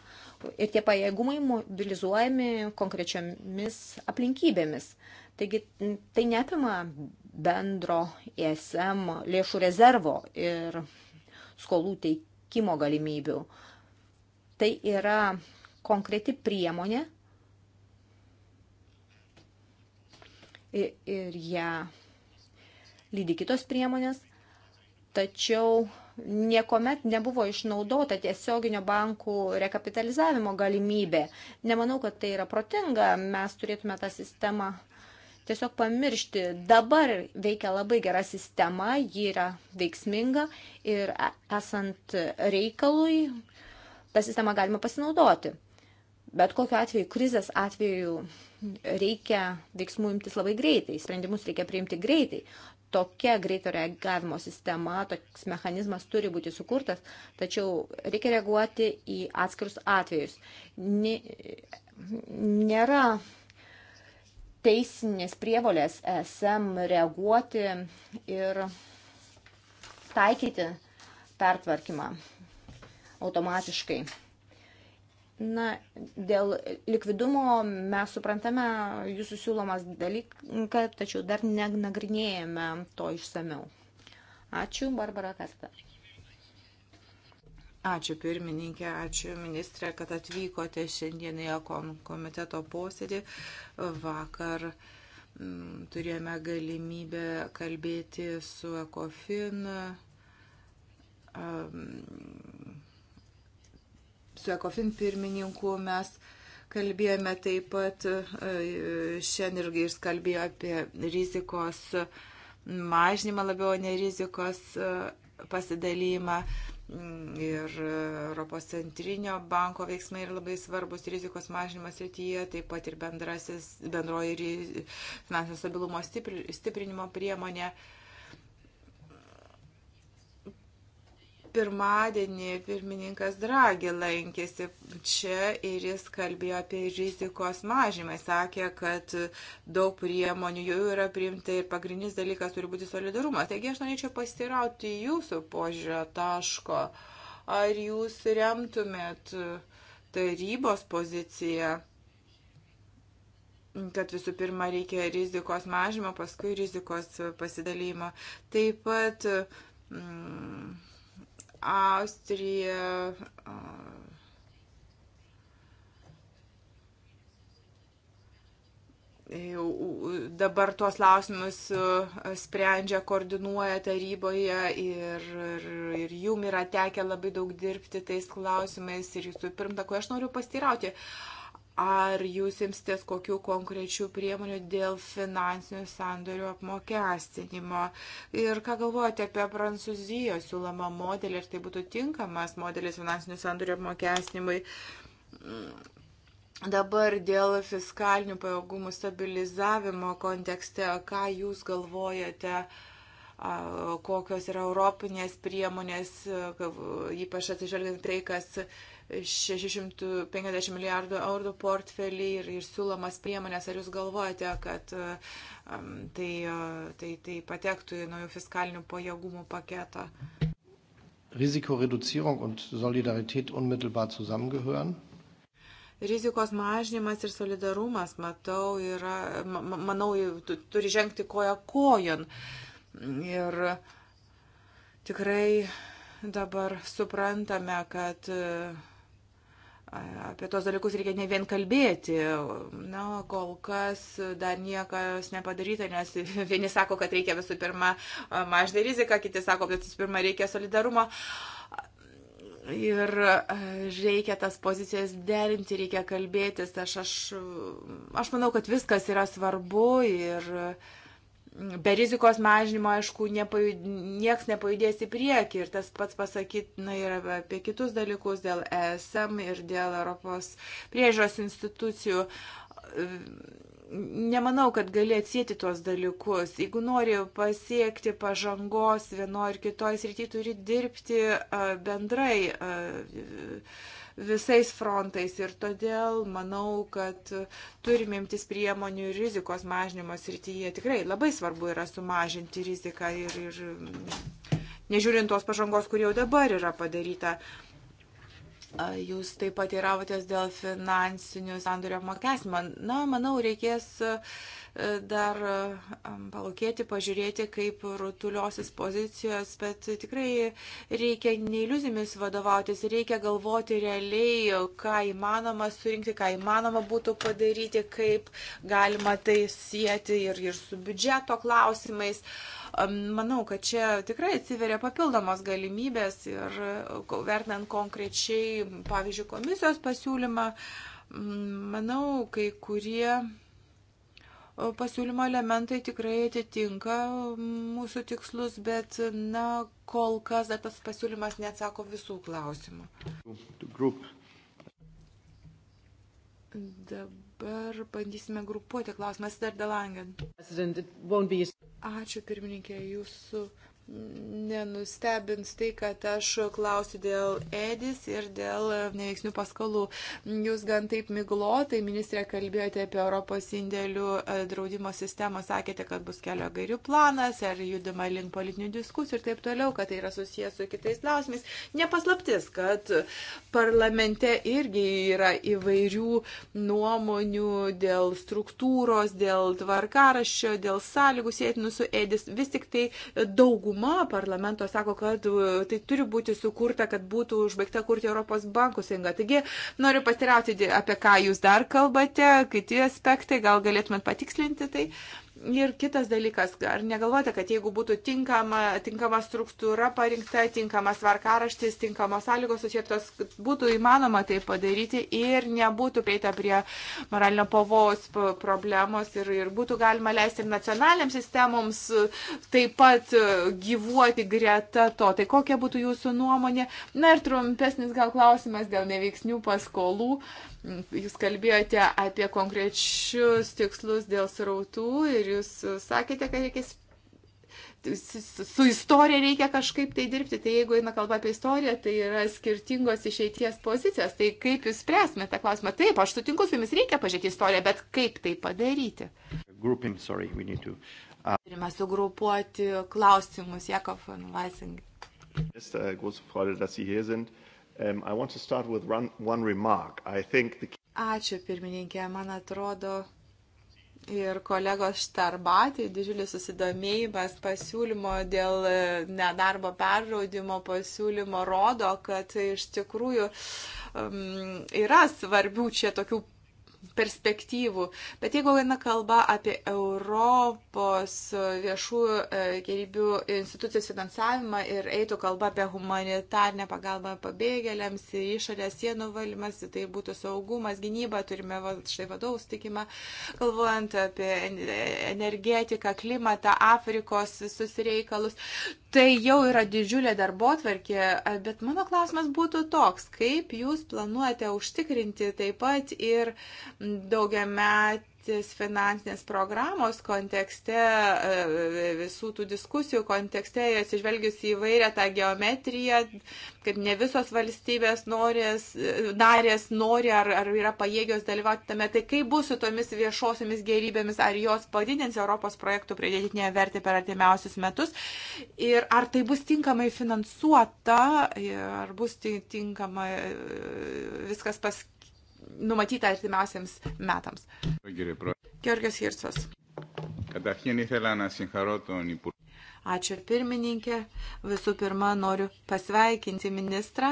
Ir tie pajėgumai mobilizuojami konkrečiomis aplinkybėmis. Taigi tai neapima bendro ESM lėšų rezervo ir skolų teikimo galimybių. Tai yra konkreti priemonė ir, ir ją lydi kitos priemonės, tačiau niekuomet nebuvo išnaudota tiesioginio bankų rekapitalizavimo galimybė. Nemanau, kad tai yra protinga, mes turėtume tą sistemą tiesiog pamiršti. Dabar veikia labai gera sistema, ji yra veiksminga ir e, esant reikalui, tą sistemą galima pasinaudoti. Bet kokiu atveju, krizės atveju reikia veiksmų imtis labai greitai, sprendimus reikia priimti greitai tokia greito reagavimo sistema, toks mechanizmas turi būti sukurtas, tačiau reikia reaguoti į atskirus atvejus. Nėra teisinės prievolės ESM reaguoti ir taikyti pertvarkymą automatiškai. Na, dėl likvidumo mes suprantame jūsų siūlomas dalyką, tačiau dar nagrinėjame to išsameu. Ačiū, Barbara Kasta. Ačiū pirmininkė, ačiū ministrė, kad atvykote šiandien į komiteto posėdį. Vakar m, mm, turėjome galimybę kalbėti su ECOFIN. Um, su ECOFIN pirmininku mes kalbėjome taip pat, e, šiandien irgi jis kalbėjo apie rizikos mažinimą labiau, ne rizikos e, pasidalymą. Ir Europos centrinio banko veiksmai yra labai svarbus rizikos mažinimas rytyje, taip pat ir bendrasis, bendroji finansinio stabilumo stiprinimo priemonė. Uh, Pirmadienį pirmininkas Dragi lankėsi čia ir jis kalbėjo apie rizikos mažymą. Sakė, kad daug priemonių jau yra priimta ir pagrindinis dalykas turi būti solidarumas. Taigi aš norėčiau pasirauti jūsų požiūrio taško. Ar jūs remtumėt tarybos poziciją, kad visų pirma reikia rizikos mažymą, paskui rizikos pasidalymo. Taip pat. Mm, Austrija. E, dabar tuos lausimus e, sprendžia, koordinuoja taryboje ir, ir, ir jum yra tekę labai daug dirbti tais klausimais ir jūsų pirmtakui. Aš noriu pastirauti, uh, Ar jūs imsitės kokių konkrečių priemonių dėl finansinių sandorių apmokestinimo? Ir ką galvojate apie Prancūzijos siūlomą modelį, ar tai būtų tinkamas modelis finansinių sandorių apmokestinimui? Mm, dabar dėl fiskalinių pajėgumų stabilizavimo kontekste, ką jūs galvojate? kokios yra europinės priemonės, ypač atsižvelgiant tai, kas 650 milijardų eurų portfelį ir, ir siūlomas priemonės. Ar jūs galvojate, kad um, tai, uh, tai, tai patektų į naujų fiskalinių pajėgumų paketą? Risikoreduzierung und Solidarität unmittelbar zusammengehören. Rizikos mažinimas ir solidarumas, matau, yra, manau, turi žengti koja kojon. Ir tikrai dabar suprantame, kad uh, Apie tos dalykus reikia ne vien kalbėti. Na, kol kas dar niekas nepadaryta, nes vieni sako, kad reikia visų pirma mažinti riziką, kiti sako, kad visų pirma reikia solidarumo. Ir reikia tas pozicijas derinti, reikia kalbėtis. Aš, aš, aš manau, kad viskas yra svarbu ir uh, be rizikos mažinimo, aišku, nepajud, nieks nepajudės į priekį ir tas pats pasakytina ir apie kitus dalykus dėl ESM ir dėl Europos priežos institucijų. Nemanau, kad gali atsėti tuos dalykus. Jeigu nori pasiekti pažangos vienoje ar kitoje srityje, turi dirbti bendrai visais frontais ir todėl manau, kad turime imtis priemonių rizikos mažinimo srityje. Tikrai labai svarbu yra sumažinti riziką ir, ir nežiūrint tos pažangos, kur jau dabar yra padaryta. Jūs taip pat įravotės dėl finansinių sandorio apmokestinimo. Man, na, manau, reikės uh, dar palaukėti, pažiūrėti, kaip rutuliosis pozicijos, bet tikrai reikia neiliuzijomis vadovautis, reikia galvoti realiai, ką įmanoma surinkti, ką įmanoma būtų padaryti, kaip galima tai sieti ir, ir su biudžeto klausimais manau, kad čia tikrai atsiveria papildomos galimybės ir vertinant konkrečiai, pavyzdžiui, komisijos pasiūlymą, manau, kai kurie pasiūlymo elementai tikrai atitinka mūsų tikslus, bet, na, kol kas dar tas pasiūlymas neatsako visų klausimų. Dabar bandysime grupuoti klausimas dar Delangen. Ačiū pirmininkė, jūsų nenustebins tai, kad aš klausiu dėl edis ir dėl neveiksnių paskolų. Jūs gan taip miglotai, ministrė, kalbėjote apie Europos indėlių e, draudimo sistemą, sakėte, kad bus kelio gairių planas, ar judama link politinių diskusijų ir taip toliau, kad tai yra susijęs su kitais klausimais. Nepaslaptis, kad parlamente irgi yra įvairių nuomonių dėl struktūros, dėl tvarkaraščio, dėl sąlygų sėtinų su edis. Vis tik tai daugumą dauguma parlamento sako, kad e, tai turi būti sukurta, kad būtų užbaigta kurti Europos bankų sąjungą. Taigi noriu pasirauti, apie ką jūs dar kalbate, kiti aspektai, gal galėtumėt patikslinti tai. Uh, Ir kitas dalykas, ar negalvojate, kad jeigu būtų tinkama, tinkama struktūra parinkta, tinkamas varkaraštis, tinkamos sąlygos susietos, būtų įmanoma tai padaryti ir nebūtų prieita prie moralinio pavojaus problemos ir, ir būtų galima leisti ir nacionaliniams sistemoms taip pat gyvuoti greta to. Tai kokia būtų jūsų nuomonė? Na ir trumpesnis gal klausimas dėl neveiksnių paskolų. Uh, Jūs kalbėjote apie konkrečius tikslus dėl srautų ir jūs sakėte, kad reikės su istorija reikia kažkaip tai dirbti. Tai jeigu eina kalba apie istoriją, tai yra skirtingos išeities pozicijos. Tai kaip jūs spręsime tą klausimą? Taip, aš sutinku su jumis, reikia pažiūrėti istoriją, bet kaip tai padaryti? Grouping, sorry, to, uh... Turime sugrupuoti klausimus, Jakov Vaising. Es ist äh, große Freude, dass Sie hier sind. Um, one, one remark. I think the... Ačiū pirmininkė, man atrodo, ir kolegos Štarbatė didžiulis susidomėjimas pasiūlymo dėl e, nedarbo perraudimo pasiūlymo rodo, kad iš tikrųjų um, yra svarbių čia tokių perspektyvų. Bet jeigu eina kalba apie Europos viešų e, gerybių institucijos finansavimą ir eitų kalba apie humanitarnę pagalbą pabėgėliams, išorės sienų valymas, tai būtų saugumas, gynyba, turime štai vadovų stikimą, galvojant apie e, energetiką, klimatą, Afrikos visus reikalus. Tai jau yra didžiulė darbo tvarkė, bet mano klausimas būtų toks, kaip jūs planuojate užtikrinti taip pat ir uh, daugiametės finansinės programos kontekste, e, visų tų diskusijų kontekste, atsižvelgius į vairią tą geometriją, kad ne visos valstybės norės, e, narės nori ar, ar yra pajėgios dalyvauti tame, tai kaip bus su tomis viešosiamis gerybėmis, ar jos padidins Europos projektų pridėtinę vertę per artimiausius metus ir ar tai bus tinkamai finansuota, ar bus tinkamai e, viskas paskirta numatyta artimiausiams metams. Georgios Hircos. Καταρχήν ήθελα να συγχαρώ τον Υπουργό. Ačiū pirmininkė. Visų pirma, noriu pasveikinti ministrą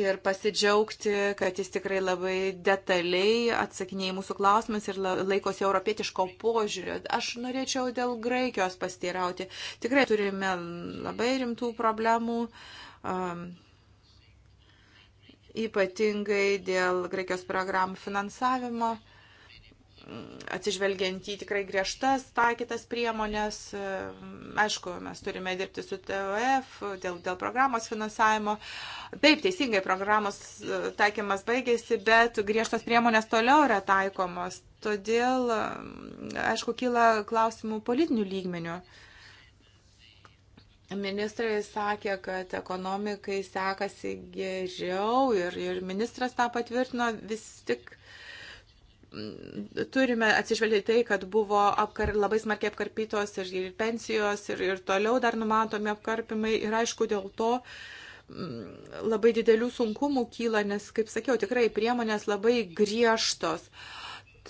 ir pasidžiaugti, kad jis tikrai labai detaliai atsakinėja mūsų klausimus ir laikosi europietiško požiūrio. Aš norėčiau dėl Graikijos pasteirauti. Tikrai turime labai rimtų problemų. Um, ypatingai dėl Graikijos programų finansavimo, atsižvelgiant į tikrai griežtas taikytas priemonės. Aišku, mes turime dirbti su TVF dėl, dėl programos finansavimo. Taip, teisingai, programos e, taikymas baigėsi, bet griežtas priemonės toliau yra taikomos. Todėl, e, aišku, kyla klausimų politinių lygmenių. Ministrai sakė, kad ekonomikai sekasi geriau ir, ir ministras tą patvirtino vis tik. Mm, turime atsižvelgti tai, kad buvo apkar, labai smarkiai apkarpytos ir, ir pensijos ir, ir toliau dar numatomi apkarpimai ir aišku dėl to mm, labai didelių sunkumų kyla, nes, kaip sakiau, tikrai priemonės labai griežtos.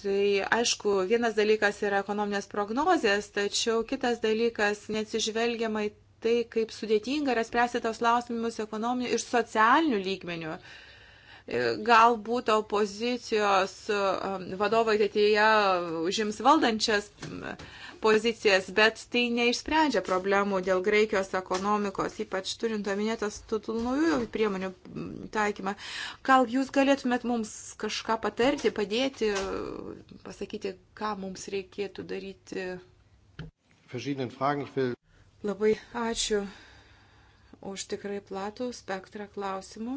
Tai aišku, vienas dalykas yra ekonominės prognozės, tačiau kitas dalykas neatsižvelgiamai tai, kaip sudėtinga yra spręsti tos klausimus ekonominių ir socialinių lygmenių. E, galbūt opozicijos e, vadovai ateityje užims valdančias pozicijas, bet tai neišsprendžia problemų dėl Graikijos ekonomikos, ypač turint omenėtas tų naujų priemonių taikymą. Gal jūs galėtumėt mums kažką patarti, padėti, pasakyti, ką mums reikėtų daryti? Verschiedenen Fragen. Ich will Labai ačiū už tikrai platų spektrą klausimų.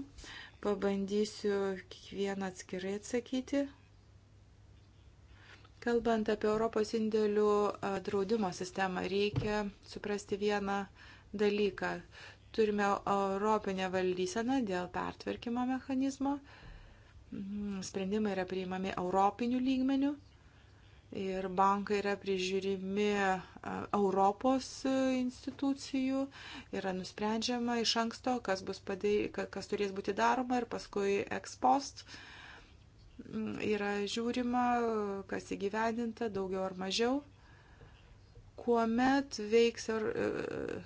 Pabandysiu kiekvieną atskirai atsakyti. Kalbant apie Europos indėlių draudimo sistemą, reikia suprasti vieną dalyką. Turime Europinę valdyseną dėl pertvarkymo mechanizmo. Mm, sprendimai yra priimami Europinių lygmenių ir bankai yra prižiūrimi Europos institucijų, yra nusprendžiama iš anksto, kas, bus padėj, kas turės būti daroma ir paskui ekspost mm, yra žiūrima, kas įgyvendinta daugiau ar mažiau, kuomet veiks ar, e,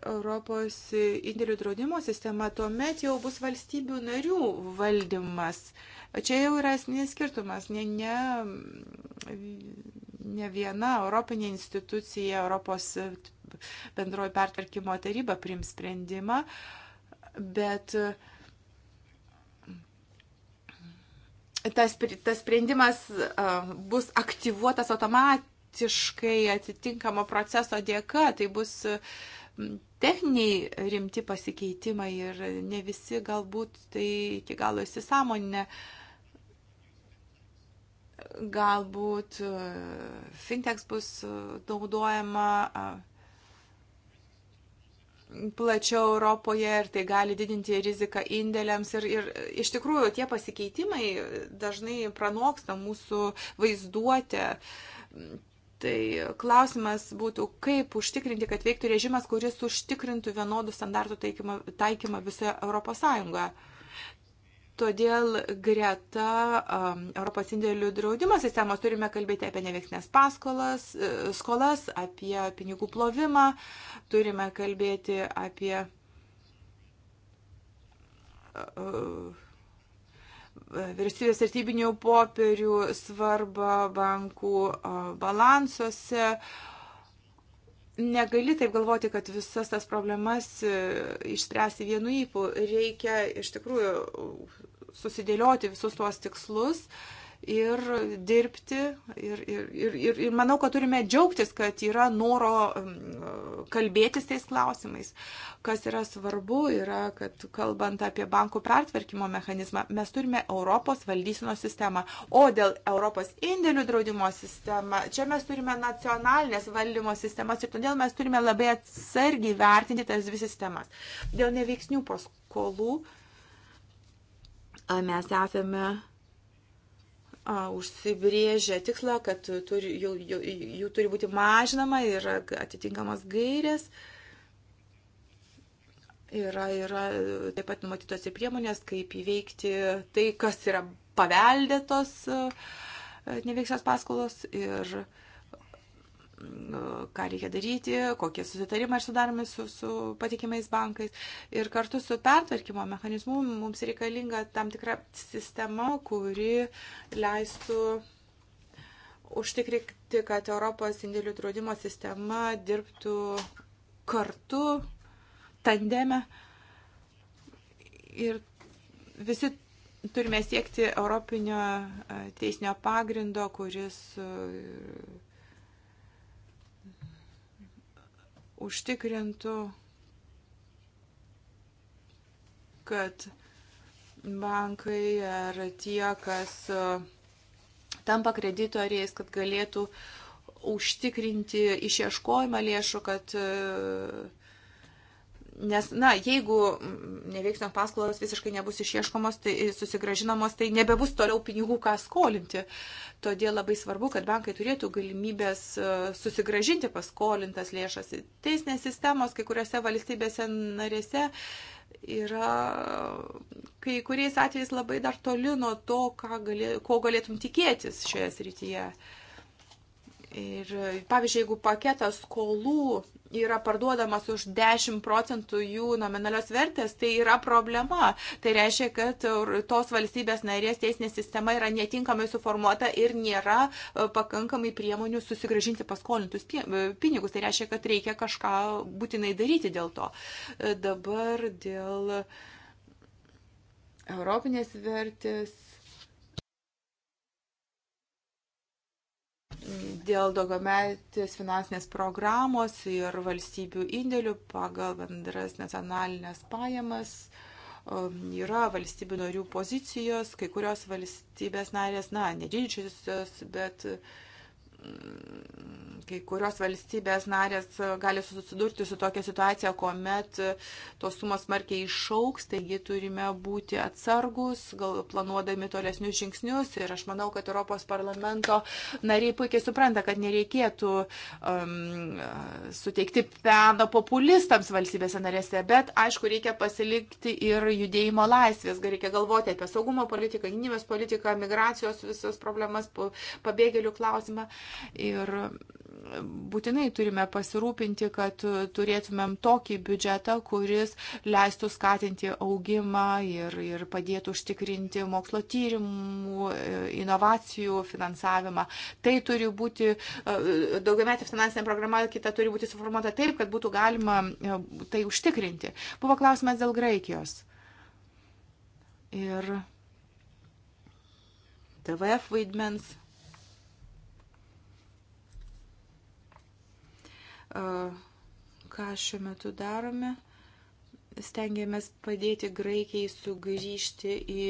Europos indėlių draudimo sistema, tuomet jau bus valstybių narių valdymas. Uh, Čia jau yra esminis skirtumas. Ne, ne, ne viena Europinė institucija, Europos bendroji pertvarkymo taryba prims sprendimą, bet tas, tas sprendimas bus aktyvuotas automatiškai atitinkamo proceso dėka. Tai bus techniniai rimti pasikeitimai ir ne visi galbūt tai iki galo įsisamonė. Ne galbūt e, fintechs bus e, naudojama plačiau Europoje ir tai gali didinti riziką indėliams. Ir, ir iš tikrųjų tie pasikeitimai dažnai pranoksta mūsų vaizduotę. Tai klausimas būtų, kaip užtikrinti, kad veiktų režimas, kuris užtikrintų vienodų standartų taikymą, taikymą visoje Europos Sąjungoje. Todėl greta um, Europos indėlių draudimo sistemos turime kalbėti apie neveiksnės paskolas, e, skolas, apie pinigų plovimą, turime kalbėti apie uh, vyriausybės vertybinių popierių svarbą bankų uh, balansuose. Negali taip galvoti, kad visas tas problemas e, išspręsi vienu įpū. Reikia iš tikrųjų susidėlioti visus tuos tikslus ir dirbti. Ir, ir, ir, ir, ir manau, kad turime džiaugtis, kad yra noro kalbėtis tais klausimais. Kas yra svarbu, yra, kad kalbant apie bankų pertvarkymo mechanizmą, mes turime Europos valdysino sistemą. O dėl Europos indėlių draudimo sistemą, čia mes turime nacionalinės valdymo sistemas ir todėl mes turime labai atsargiai vertinti tas dvi sistemas. Dėl neveiksnių paskolų. Kolų, mes esame užsibrėžę tikslą, kad turi, jų, jų, jų turi būti mažinama ir atitinkamas gairės. Yra, yra taip pat numatytos ir priemonės, kaip įveikti tai, kas yra paveldėtos neveiksios paskolos. Ir uh, Nu, ką reikia daryti, kokie susitarimai sudaromi su, su patikimais bankais. Ir kartu su pertvarkymo mechanizmu mums reikalinga tam tikra sistema, kuri leistų užtikrinti, kad Europos indėlių draudimo sistema dirbtų kartu, tandeme. Ir visi turime siekti Europinio e, teisinio pagrindo, kuris e, užtikrintų, kad bankai ar tie, kas e, tampa kreditoriais, kad galėtų užtikrinti išieškojimą lėšų, kad uh, Nes, na, jeigu neveiksnios paskolos visiškai nebus išieškomos, tai susigražinamos, tai nebebus toliau pinigų, ką skolinti. Todėl labai svarbu, kad bankai turėtų galimybės e, susigražinti paskolintas lėšas. Teisinės sistemos kai kuriuose valstybėse narėse yra kai kuriais atvejais labai dar toli nuo to, galė, ko galėtum tikėtis šioje srityje. Uh, Ir pavyzdžiui, jeigu paketas skolų yra parduodamas už 10 procentų jų nominalios vertės, tai yra problema. Tai reiškia, kad tos valstybės narės teisinė sistema yra netinkamai suformuota ir nėra e, pakankamai priemonių susigražinti paskolintus e, pinigus. Tai reiškia, kad reikia kažką būtinai daryti dėl to. E, dabar dėl europinės vertės dėl daugiametės finansinės programos ir valstybių indėlių pagal bendras nacionalinės pajamas yra valstybių narių pozicijos, kai kurios valstybės narės, na, nedidžiosios, bet uh, kai kurios valstybės narės gali susidurti su tokia situacija, kuomet tos sumos smarkiai išauks, taigi turime būti atsargus, gal planuodami tolesnius žingsnius. Ir aš manau, kad Europos parlamento nariai puikiai supranta, kad nereikėtų um, suteikti peno populistams valstybėse narėse, bet aišku, reikia pasilikti ir judėjimo laisvės, reikia galvoti apie saugumo politiką, gynybės politiką, migracijos visas problemas, pabėgėlių klausimą. Uh, Ir būtinai turime pasirūpinti, kad turėtumėm tokį biudžetą, kuris leistų skatinti augimą ir, ir padėtų užtikrinti mokslo tyrimų, inovacijų finansavimą. Tai turi būti, daugiametė finansinė programa kita turi būti suformuota taip, kad būtų galima e, tai užtikrinti. Buvo klausimas dėl Graikijos. Ir TVF vaidmens ką šiuo metu darome stengiamės padėti Graikijai sugrįžti į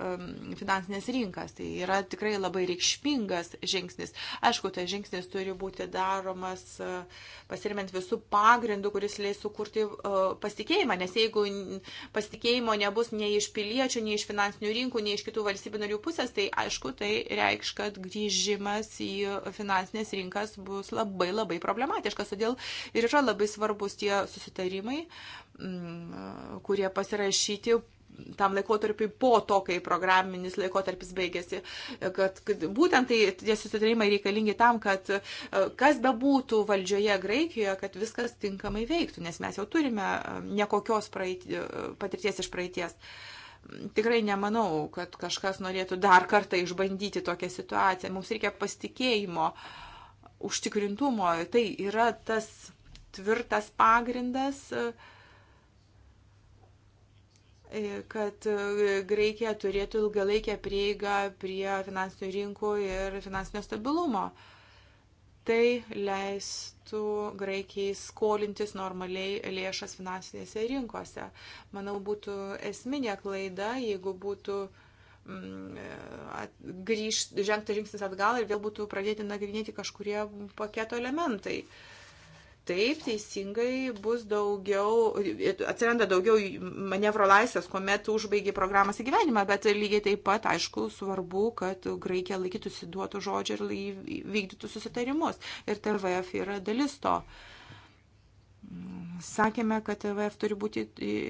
um, finansinės rinkas. Tai yra tikrai labai reikšmingas žingsnis. Aišku, tas žingsnis turi būti daromas uh, e, pasirimant visų pagrindų, kuris leis sukurti uh, pasitikėjimą, nes jeigu pasitikėjimo nebus nei iš piliečių, nei iš finansinių rinkų, nei iš kitų valstybių narių pusės, tai aišku, tai reikš, kad grįžimas į finansinės rinkas bus labai labai problematiškas. Todėl ir yra labai svarbus tie susitarimai. Uh, Mm, kurie pasirašyti tam laikotarpiu po to, kai programinis laikotarpis baigėsi, kad, kad būtent tai tie susitarimai reikalingi tam, kad e, kas bebūtų valdžioje Graikijoje, kad viskas tinkamai veiktų, nes mes jau turime e, nekokios praeitį, e, patirties iš praeities. Tikrai nemanau, kad kažkas norėtų dar kartą išbandyti tokią situaciją. Mums reikia pasitikėjimo, užtikrintumo. Tai yra tas tvirtas pagrindas, uh, E, kad e, Graikija turėtų ilgalaikę prieigą prie finansinių rinkų ir finansinio stabilumo. Tai leistų Graikijai skolintis normaliai lėšas finansinėse rinkose. Manau, būtų esminė klaida, jeigu būtų mm, grįžti, žengti žingsnis atgal ir vėl būtų pradėti nagrinėti kažkurie paketo elementai. Uh, Taip, teisingai bus daugiau, atsiranda daugiau manevro laisvės, kuomet užbaigi programos įgyvenimą, bet lygiai taip pat, aišku, svarbu, kad Graikija laikytųsi duotų žodžių ir vykdytų susitarimus. Ir TVF yra dalis to. Sakėme, kad TVF turi būti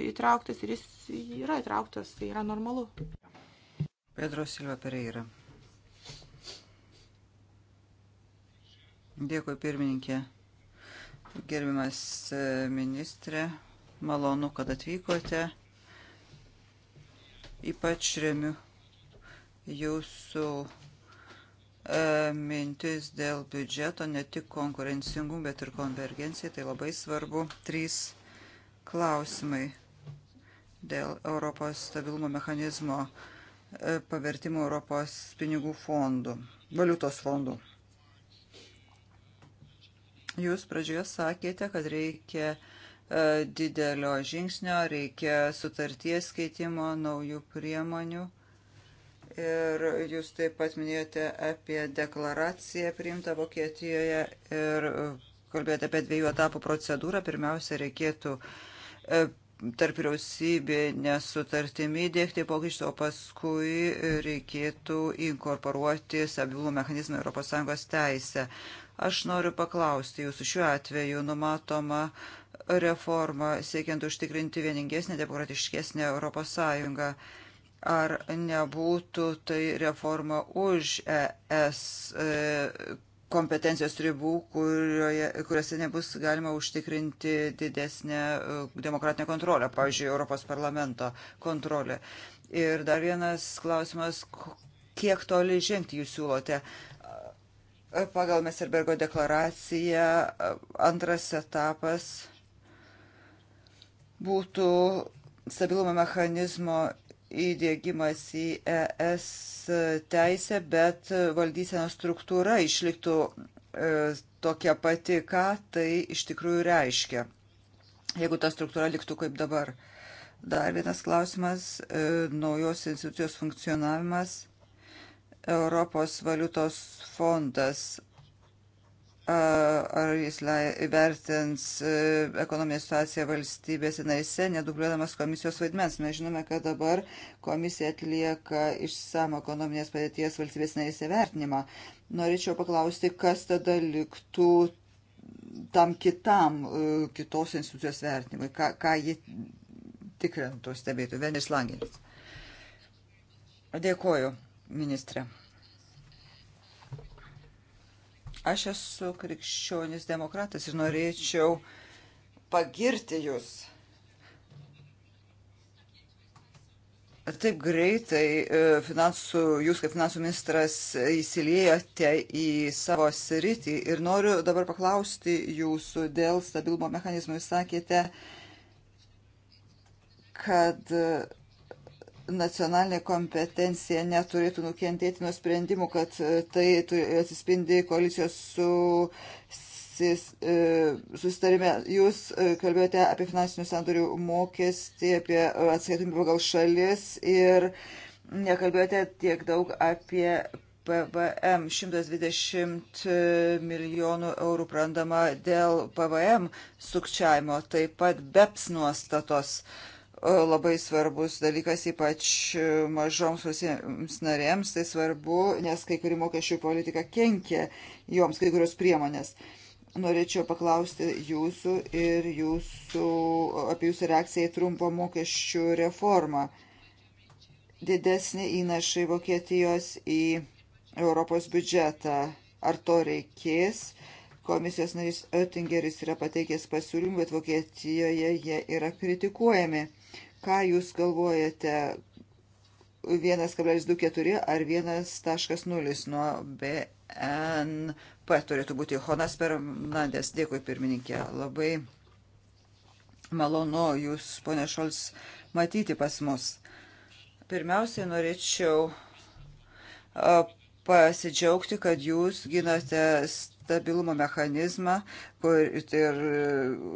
įtrauktas ir jis yra įtrauktas, tai yra normalu. Pedro Silva Pereira. Dėkui, pirmininkė. Gerbiamas e, ministrė, malonu, kad atvykote. Ypač remiu jūsų e, mintis dėl biudžeto, ne tik konkurencingumų, bet ir konvergencijai, tai labai svarbu. Trys klausimai dėl Europos stabilumo mechanizmo e, pavertimo Europos pinigų fondų, valiutos fondų. Jūs pradžioje sakėte, kad reikia e, didelio žingsnio, reikia sutarties keitimo, naujų priemonių. Ir jūs taip pat minėjote apie deklaraciją priimtą Vokietijoje ir kalbėjote apie dviejų etapų procedūrą. Pirmiausia, reikėtų e, tarp vyriausybė nesutartimi dėkti pokyčius, o paskui reikėtų inkorporuoti stabilų mechanizmą ES teisę. Aš noriu paklausti jūsų šiuo atveju numatoma reforma siekiant užtikrinti vieningesnę, demokratiškesnę Europos Sąjungą. Ar nebūtų tai reforma už ES e, kompetencijos ribų, kurioje, kuriuose nebus galima užtikrinti didesnę e, demokratinę kontrolę, pavyzdžiui, Europos parlamento kontrolę. Ir dar vienas klausimas, kiek toli žengti jūs siūlote? pagal Meserbergo deklaraciją antras etapas būtų stabilumo mechanizmo įdėgymas į ES teisę, bet valdysenos struktūra išliktų e, tokia pati, ką tai iš tikrųjų reiškia, jeigu ta struktūra liktų kaip dabar. Dar vienas klausimas e, - naujos institucijos funkcionavimas Europos valiutos fondas, ar jis vertins e, ekonominę situaciją valstybėse narise, nedubliuodamas komisijos vaidmens. Mes žinome, kad dabar komisija atlieka išsamą ekonominės padėties valstybės narise vertinimą. Norėčiau paklausti, kas tada liktų tam kitam e, kitos institucijos vertinimui, ką, ką ji tikrintų, stebėtų. Venis Langelis. Dėkuoju ministrė. Aš esu krikščionis demokratas ir norėčiau pagirti jūs. Taip greitai e, finansų, jūs kaip finansų ministras įsiliejote į savo sritį ir noriu dabar paklausti jūsų dėl stabilumo mechanizmų. Jūs sakėte, kad nacionalinė kompetencija neturėtų nukentėti nuo sprendimų, kad e, tai atsispindi koalicijos su e, susitarime. Jūs e, kalbėjote apie finansinių sandorių mokestį, apie atskaitomybę pagal šalis ir nekalbėjote tiek daug apie PVM 120 milijonų eurų prarandama dėl PVM sukčiavimo, taip pat BEPS nuostatos. Uh, E, labai svarbus dalykas, ypač e, mažoms visiems narėms, tai svarbu, nes kai kuri mokesčių politika kenkia joms kai kurios priemonės. Norėčiau paklausti jūsų ir jūsų, apie jūsų reakciją į trumpo mokesčių reformą. Didesnį įnašai Vokietijos į Europos biudžetą. Ar to reikės? Komisijos narys Oettingeris yra pateikęs pasiūlymų, bet Vokietijoje jie yra kritikuojami Ką Jūs galvojate, 1,24 ar 1,0 nuo BNP turėtų būti? Honas Fernandės, dėkui pirmininkė, labai malonu Jūs, ponė Šols, matyti pas mus. Pirmiausiai norėčiau pasidžiaugti, kad Jūs ginate stabilumo mechanizmą kur, ir e,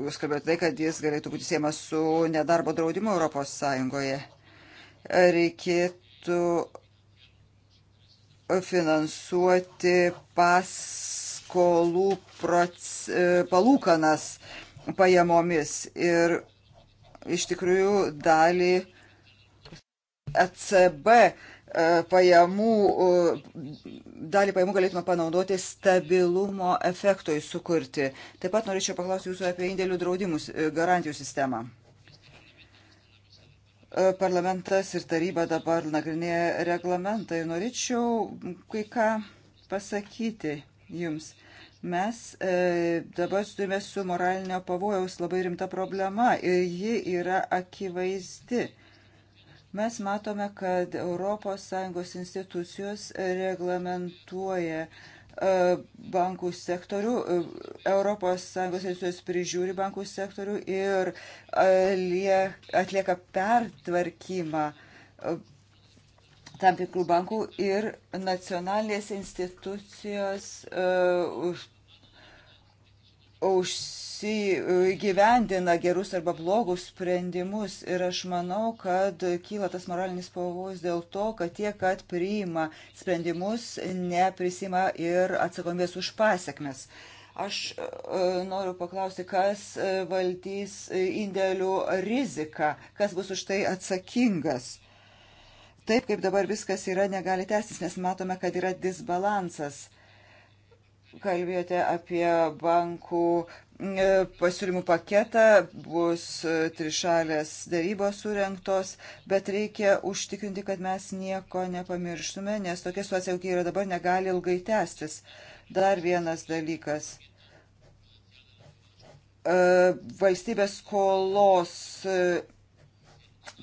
jūs kalbėjote tai, kad jis galėtų būti siemas su nedarbo draudimu Europos Sąjungoje. Reikėtų finansuoti paskolų proc, e, palūkanas pajamomis ir iš tikrųjų dalį ECB E, pajamų, e, dalį pajamų galėtume panaudoti stabilumo efektoj sukurti. Taip pat norėčiau paklausti jūsų apie indėlių draudimus, e, garantijų sistemą. Parlamentas ir taryba dabar nagrinėja reglamentą ir norėčiau kai ką pasakyti jums. Mes e, dabar turime su moralinio pavojaus labai rimta problema ir ji yra akivaizdi Mes matome, kad ES institucijos reglamentuoja e, bankų sektorių, e, ES institucijos prižiūri bankų sektorių ir e, atlieka pertvarkymą tam tikrų bankų ir nacionalinės institucijos uh, užsigyvendina gerus arba blogus sprendimus ir aš manau, kad kyla tas moralinis pavojus dėl to, kad tie, kad priima sprendimus, neprisima ir atsakomės už pasiekmes. Aš e, noriu paklausti, kas e, valdys e, indėlių riziką, kas bus už tai atsakingas taip kaip dabar viskas yra, negali tęstis, nes matome, kad yra disbalansas kalbėjote apie bankų e, pasiūlymų paketą, bus e, trišalės darybos surinktos, bet reikia užtikrinti, kad mes nieko nepamirštume, nes tokia situacija, kokia yra dabar, negali ilgai tęstis. Dar vienas dalykas. E, valstybės skolos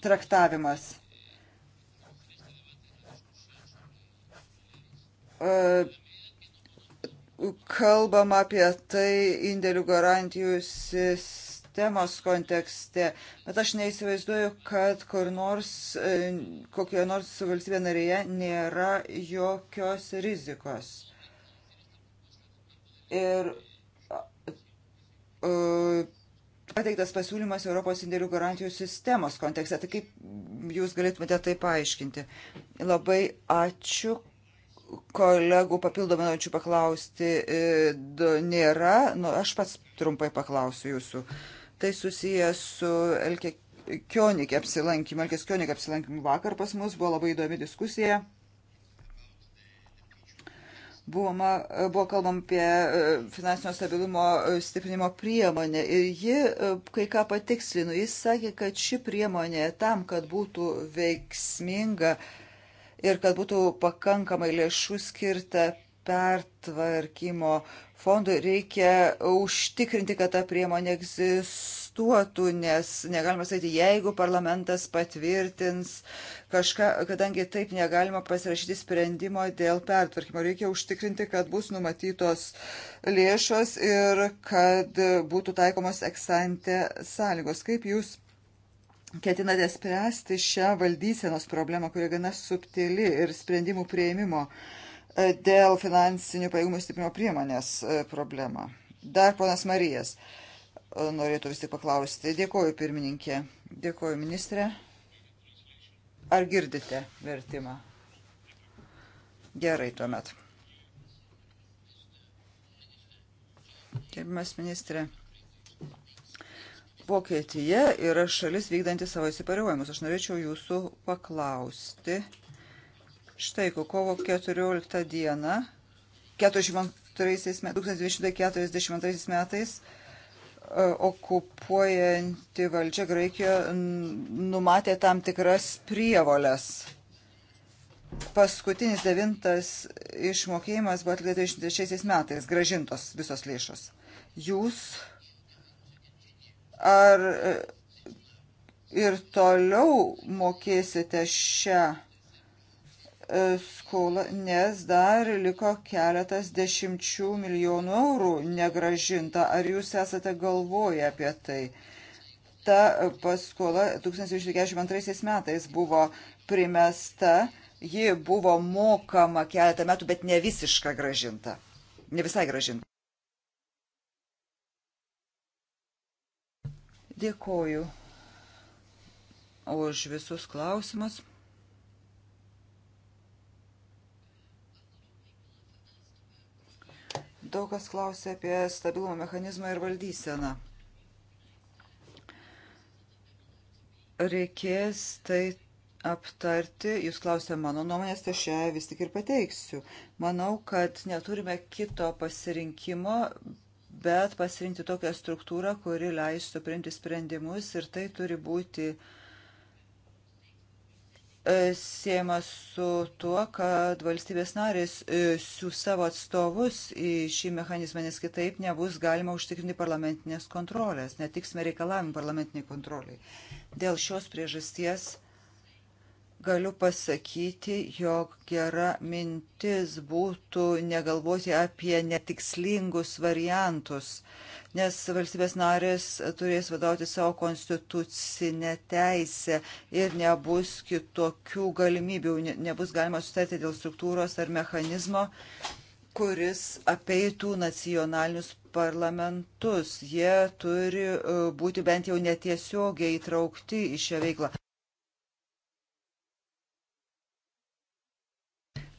traktavimas. Uh, kalbama apie tai indėlių garantijų sistemos kontekste, bet aš neįsivaizduoju, kad kur nors, e, kokioje nors valstybė narėje nėra jokios rizikos. Ir e, pateiktas pasiūlymas Europos indėlių garantijų sistemos kontekste. Tai kaip jūs galėtumėte tai paaiškinti? Labai ačiū, kolegų papildomai norinčių paklausti e, nėra. Nu, aš pats trumpai paklausiu jūsų. Tai susijęs su Elke Kionik apsilankymu. Elkės Kionik apsilankymu vakar pas mus buvo labai įdomi diskusija. Buvoma, e, buvo kalbam apie e, finansinio stabilumo stiprinimo priemonę ir ji kai ką patikslino. Jis sakė, kad ši priemonė tam, kad būtų veiksminga, ir kad būtų pakankamai lėšų skirta pertvarkymo fondui, reikia užtikrinti, kad ta priemonė egzistuotų, nes negalima sakyti, jeigu parlamentas patvirtins kažką, kadangi taip negalima pasirašyti sprendimo dėl pertvarkymo, reikia užtikrinti, kad bus numatytos lėšos ir kad būtų taikomos eksante sąlygos. Kaip jūs ketinate spręsti šią valdysenos problemą, kuri gana subtili ir sprendimų prieimimo e, dėl finansinių pajėgumų stiprimo priemonės e, problemą. Dar ponas Marijas e, norėtų vis tik paklausti. Dėkoju pirmininkė, dėkoju ministrė. Ar girdite vertimą? Gerai tuomet. Gerbimas ministrė. Vokietija yra šalis vykdanti savo įsipareigojimus. Aš norėčiau jūsų paklausti. Štai, kovo 14 dieną, 1942 metais, e, okupuojanti valdžia Graikijoje numatė tam tikras prievolės. Paskutinis devintas išmokėjimas buvo atliktas 26 metais, gražintos visos lėšos. Jūs Ar e, ir toliau mokėsite šią e, skolą, nes dar liko keletas dešimčių milijonų eurų negražinta. Ar jūs esate galvoję apie tai? Ta e, paskola 1942 metais buvo primesta, ji buvo mokama keletą metų, bet ne visiška gražinta. Ne visai gražinta. Dėkoju už visus klausimus. Daug kas klausė apie stabilumo mechanizmą ir valdyseną. Reikės tai aptarti, jūs klausė mano nuomonės, tai aš ją vis tik ir pateiksiu. Manau, kad neturime kito pasirinkimo, bet pasirinkti tokią struktūrą, kuri leistų priimti sprendimus ir tai turi būti e, siejama su tuo, kad valstybės narės e, siūs savo atstovus į šį mechanizmą, nes kitaip nebus galima užtikrinti parlamentinės kontrolės, netiksime reikalavimų parlamentiniai kontroliai. Dėl šios priežasties galiu pasakyti, jog gera mintis būtų negalvoti apie netikslingus variantus, nes valstybės narės turės vadovauti savo konstitucinę teisę ir nebus kitokių galimybių, nebus galima sutarti dėl struktūros ar mechanizmo, kuris apeitų nacionalinius parlamentus. Jie turi e, būti bent jau netiesiogiai įtraukti į šią veiklą.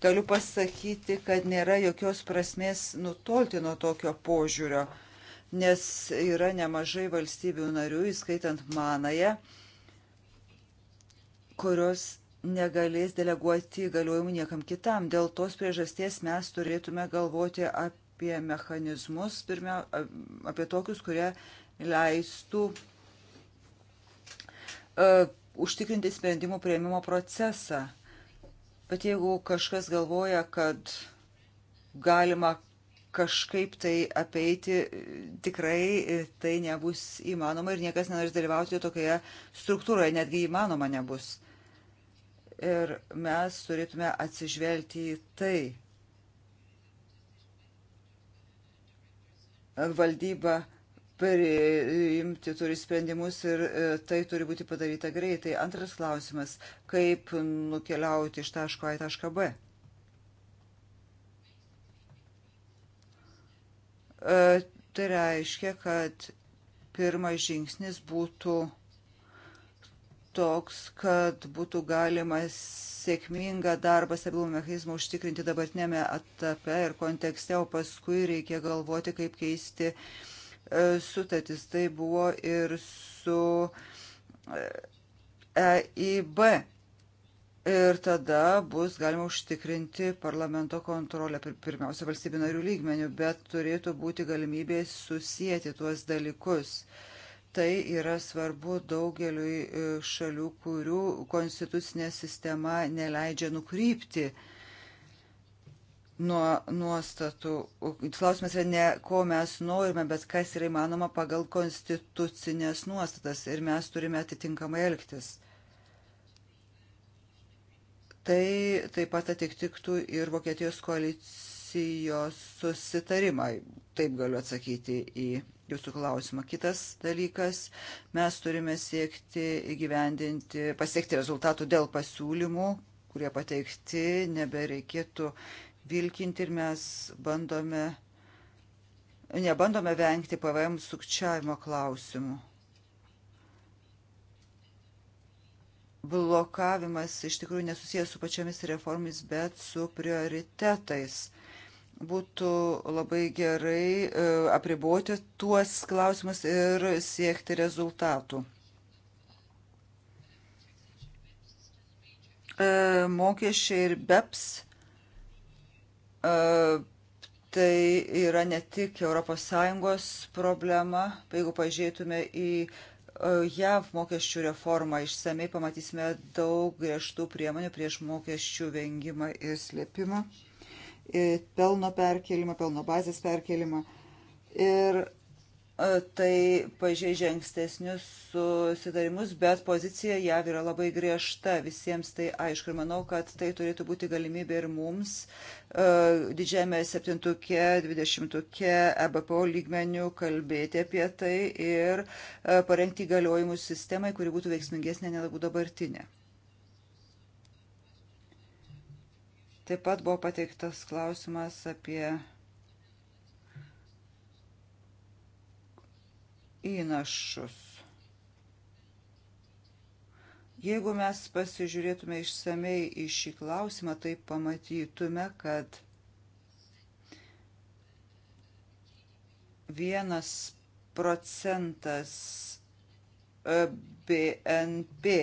Galiu pasakyti, kad nėra jokios prasmės nutolti nuo tokio požiūrio, nes yra nemažai valstybių narių, įskaitant manąją, kurios negalės deleguoti įgaliojimų niekam kitam. Dėl tos priežasties mes turėtume galvoti apie mechanizmus, pirmia, apie tokius, kurie leistų uh, užtikrinti sprendimų prieimimo procesą. Bet jeigu kažkas galvoja, kad galima kažkaip tai apeiti, tikrai tai nebus įmanoma ir niekas nenorės dalyvauti tokioje struktūroje, netgi įmanoma nebus. Ir mes turėtume atsižvelgti į tai. Valdyba priimti turi sprendimus ir e, tai turi būti padaryta greitai. Antras klausimas - kaip nukeliauti iš taško A į tašką B? E, tai reiškia, kad pirmas žingsnis būtų toks, kad būtų galima sėkmingą darbą stabilumo mechanizmą užtikrinti dabartinėme etape ir kontekste, o paskui reikia galvoti, kaip keisti uh, E, sutartis. Tai buvo ir su EIB. E ir tada bus galima užtikrinti parlamento kontrolę, pirmiausia, valstybių narių lygmenių, bet turėtų būti galimybė susijęti tuos dalykus. Tai yra svarbu daugeliui e, šalių, kurių konstitucinė sistema neleidžia nukrypti uh, nuo nuostatų. Klausimas yra ne, ko mes norime, bet kas yra įmanoma pagal konstitucinės nuostatas ir mes turime atitinkamai elgtis. Tai taip pat atitiktų ir Vokietijos koalicijos susitarimą. Taip galiu atsakyti į jūsų klausimą. Kitas dalykas, mes turime siekti įgyvendinti, pasiekti rezultatų dėl pasiūlymų, kurie pateikti, nebereikėtų uh, vilkinti ir mes bandome, nebandome vengti PVM sukčiavimo klausimų. blokavimas iš tikrųjų nesusijęs su pačiomis reformis, bet su prioritetais. Būtų labai gerai e, apriboti tuos klausimus ir siekti rezultatų. E, mokesčiai ir BEPS tai yra ne tik ES problema, jeigu pažiūrėtume į JAV mokesčių reformą išsamei, pamatysime daug griežtų priemonių prieš mokesčių vengimą ir slėpimą, pelno perkelimą, pelno bazės perkelimą. Ir tai pažeidžia ankstesnius susitarimus, bet pozicija jav yra labai griežta, visiems tai aišku. Ir manau, kad tai turėtų būti galimybė ir mums e, didžiame septintuke, dvidešimtuke EBPO lygmenių kalbėti apie tai ir e, parengti galiojimų sistemai, kuri būtų veiksmingesnė negu dabartinė. Taip pat buvo pateiktas klausimas apie įnašus. Jeigu mes pasižiūrėtume išsamei į šį klausimą, tai pamatytume, kad vienas procentas e, BNP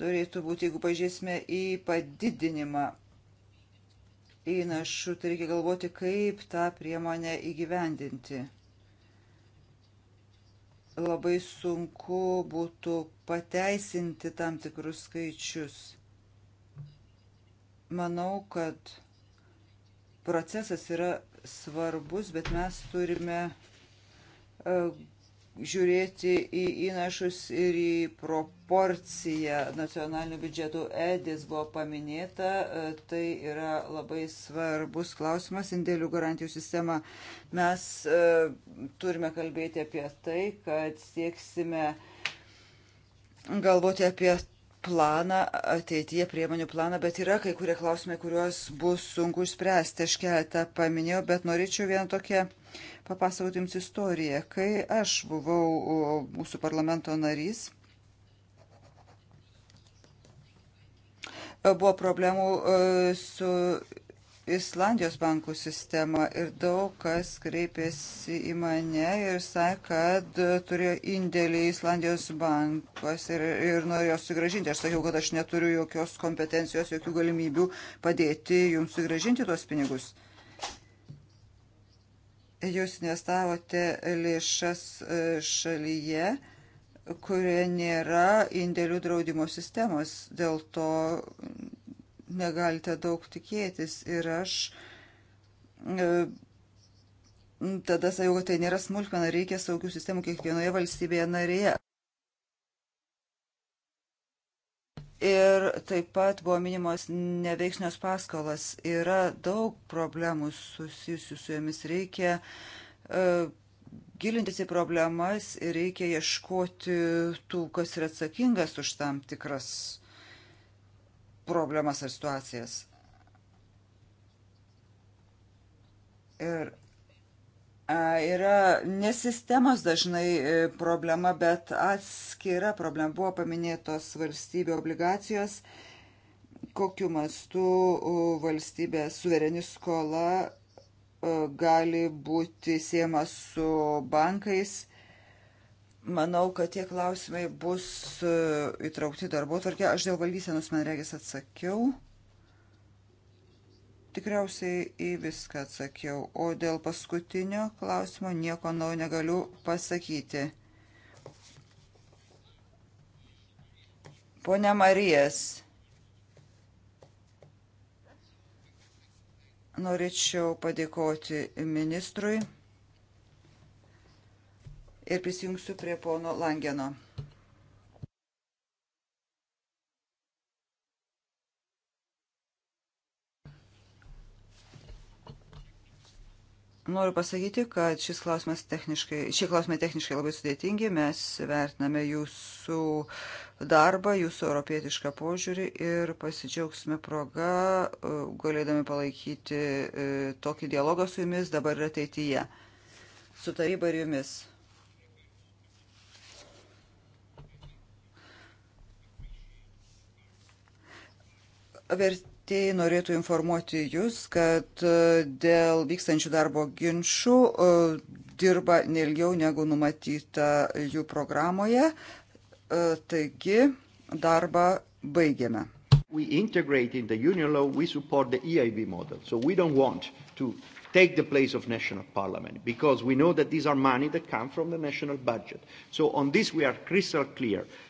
turėtų būti, jeigu pažiūrėsime į padidinimą įnašų, tai reikia galvoti, kaip tą priemonę įgyvendinti labai sunku būtų pateisinti tam tikrus skaičius. Manau, kad procesas yra svarbus, bet mes turime e, žiūrėti į įnašus ir į proporciją nacionalinių biudžetų. Edis buvo paminėta, e, tai yra labai svarbus klausimas, indėlių garantijų sistema. Mes e, turime kalbėti apie tai, kad sieksime galvoti apie planą, ateityje priemonių planą, bet yra kai kurie klausimai, kuriuos bus sunku išspręsti. Aš keletą paminėjau, bet norėčiau vieną tokią papasakoti jums istoriją. Kai aš buvau mūsų parlamento narys, buvo problemų e, su Islandijos bankų sistema ir daug kas kreipėsi į mane ir sakė, kad turėjo indėlį Islandijos bankos ir, ir norėjo sugražinti. Aš sakiau, kad aš neturiu jokios kompetencijos, jokių galimybių padėti jums sugražinti tuos pinigus jūs investavote lėšas e, šalyje, kurioje nėra indėlių draudimo sistemos, dėl to negalite daug tikėtis. Ir aš e, tada sakiau, kad tai nėra smulkmena, reikia saugių sistemų kiekvienoje valstybėje narėje. Ir taip pat buvo minimos neveiksnios paskolas. Yra daug problemų susijusių su jomis. Reikia uh, gilintis į problemas ir reikia ieškoti tų, kas yra atsakingas už tam tikras problemas ar situacijas. Ir yra ne sistemos dažnai e, problema, bet atskira problema. Buvo paminėtos valstybių obligacijos, kokiu mastu valstybės suvereni skola e, gali būti siema su bankais. Manau, kad tie klausimai bus e, įtraukti darbo tvarkė. Aš dėl valdysenos, man regis, atsakiau. Tikriausiai į viską atsakiau, o dėl paskutinio klausimo nieko naujo negaliu pasakyti. Pone Marijas, norėčiau padėkoti ministrui ir prisijungsiu prie pono Langeno. Noriu pasakyti, kad šis klausimas techniškai, šie klausimai techniškai labai sudėtingi, mes vertiname jūsų darbą, jūsų europietišką požiūrį ir pasidžiaugsime progą, e, galėdami palaikyti e, tokį dialogą su jumis dabar ir ateityje. Su taryba ir jumis. Verti Vertėjai norėtų informuoti Jūs, kad e, dėl vykstančių darbo ginčių e, dirba nelgiau negu numatyta jų programoje. E, taigi, darbą baigiame. We integrate in the union law, we support the EIB model. So we don't want to take the place of national parliament because we know that these are money that come from the national budget. So on this we are crystal clear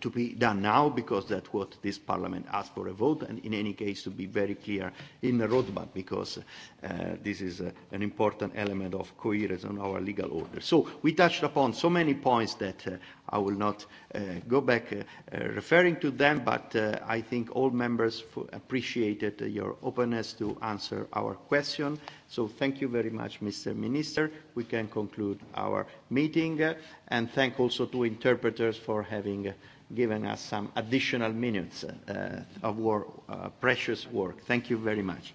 to be done now because that's what this parliament asked for a vote and in any case to be very clear in the roadmap because uh, this is a, uh, an important element of coherence on our legal order. So we touched upon so many points that uh, I will not uh, go back uh, uh, referring to them but uh, I think all members f appreciated uh, your openness to answer our question. Uh, So thank you very much, Mr. Minister. We can conclude our meeting uh, and thank also to interpreters for having uh, given us some additional minutes uh, of work, uh, precious work. Thank you very much.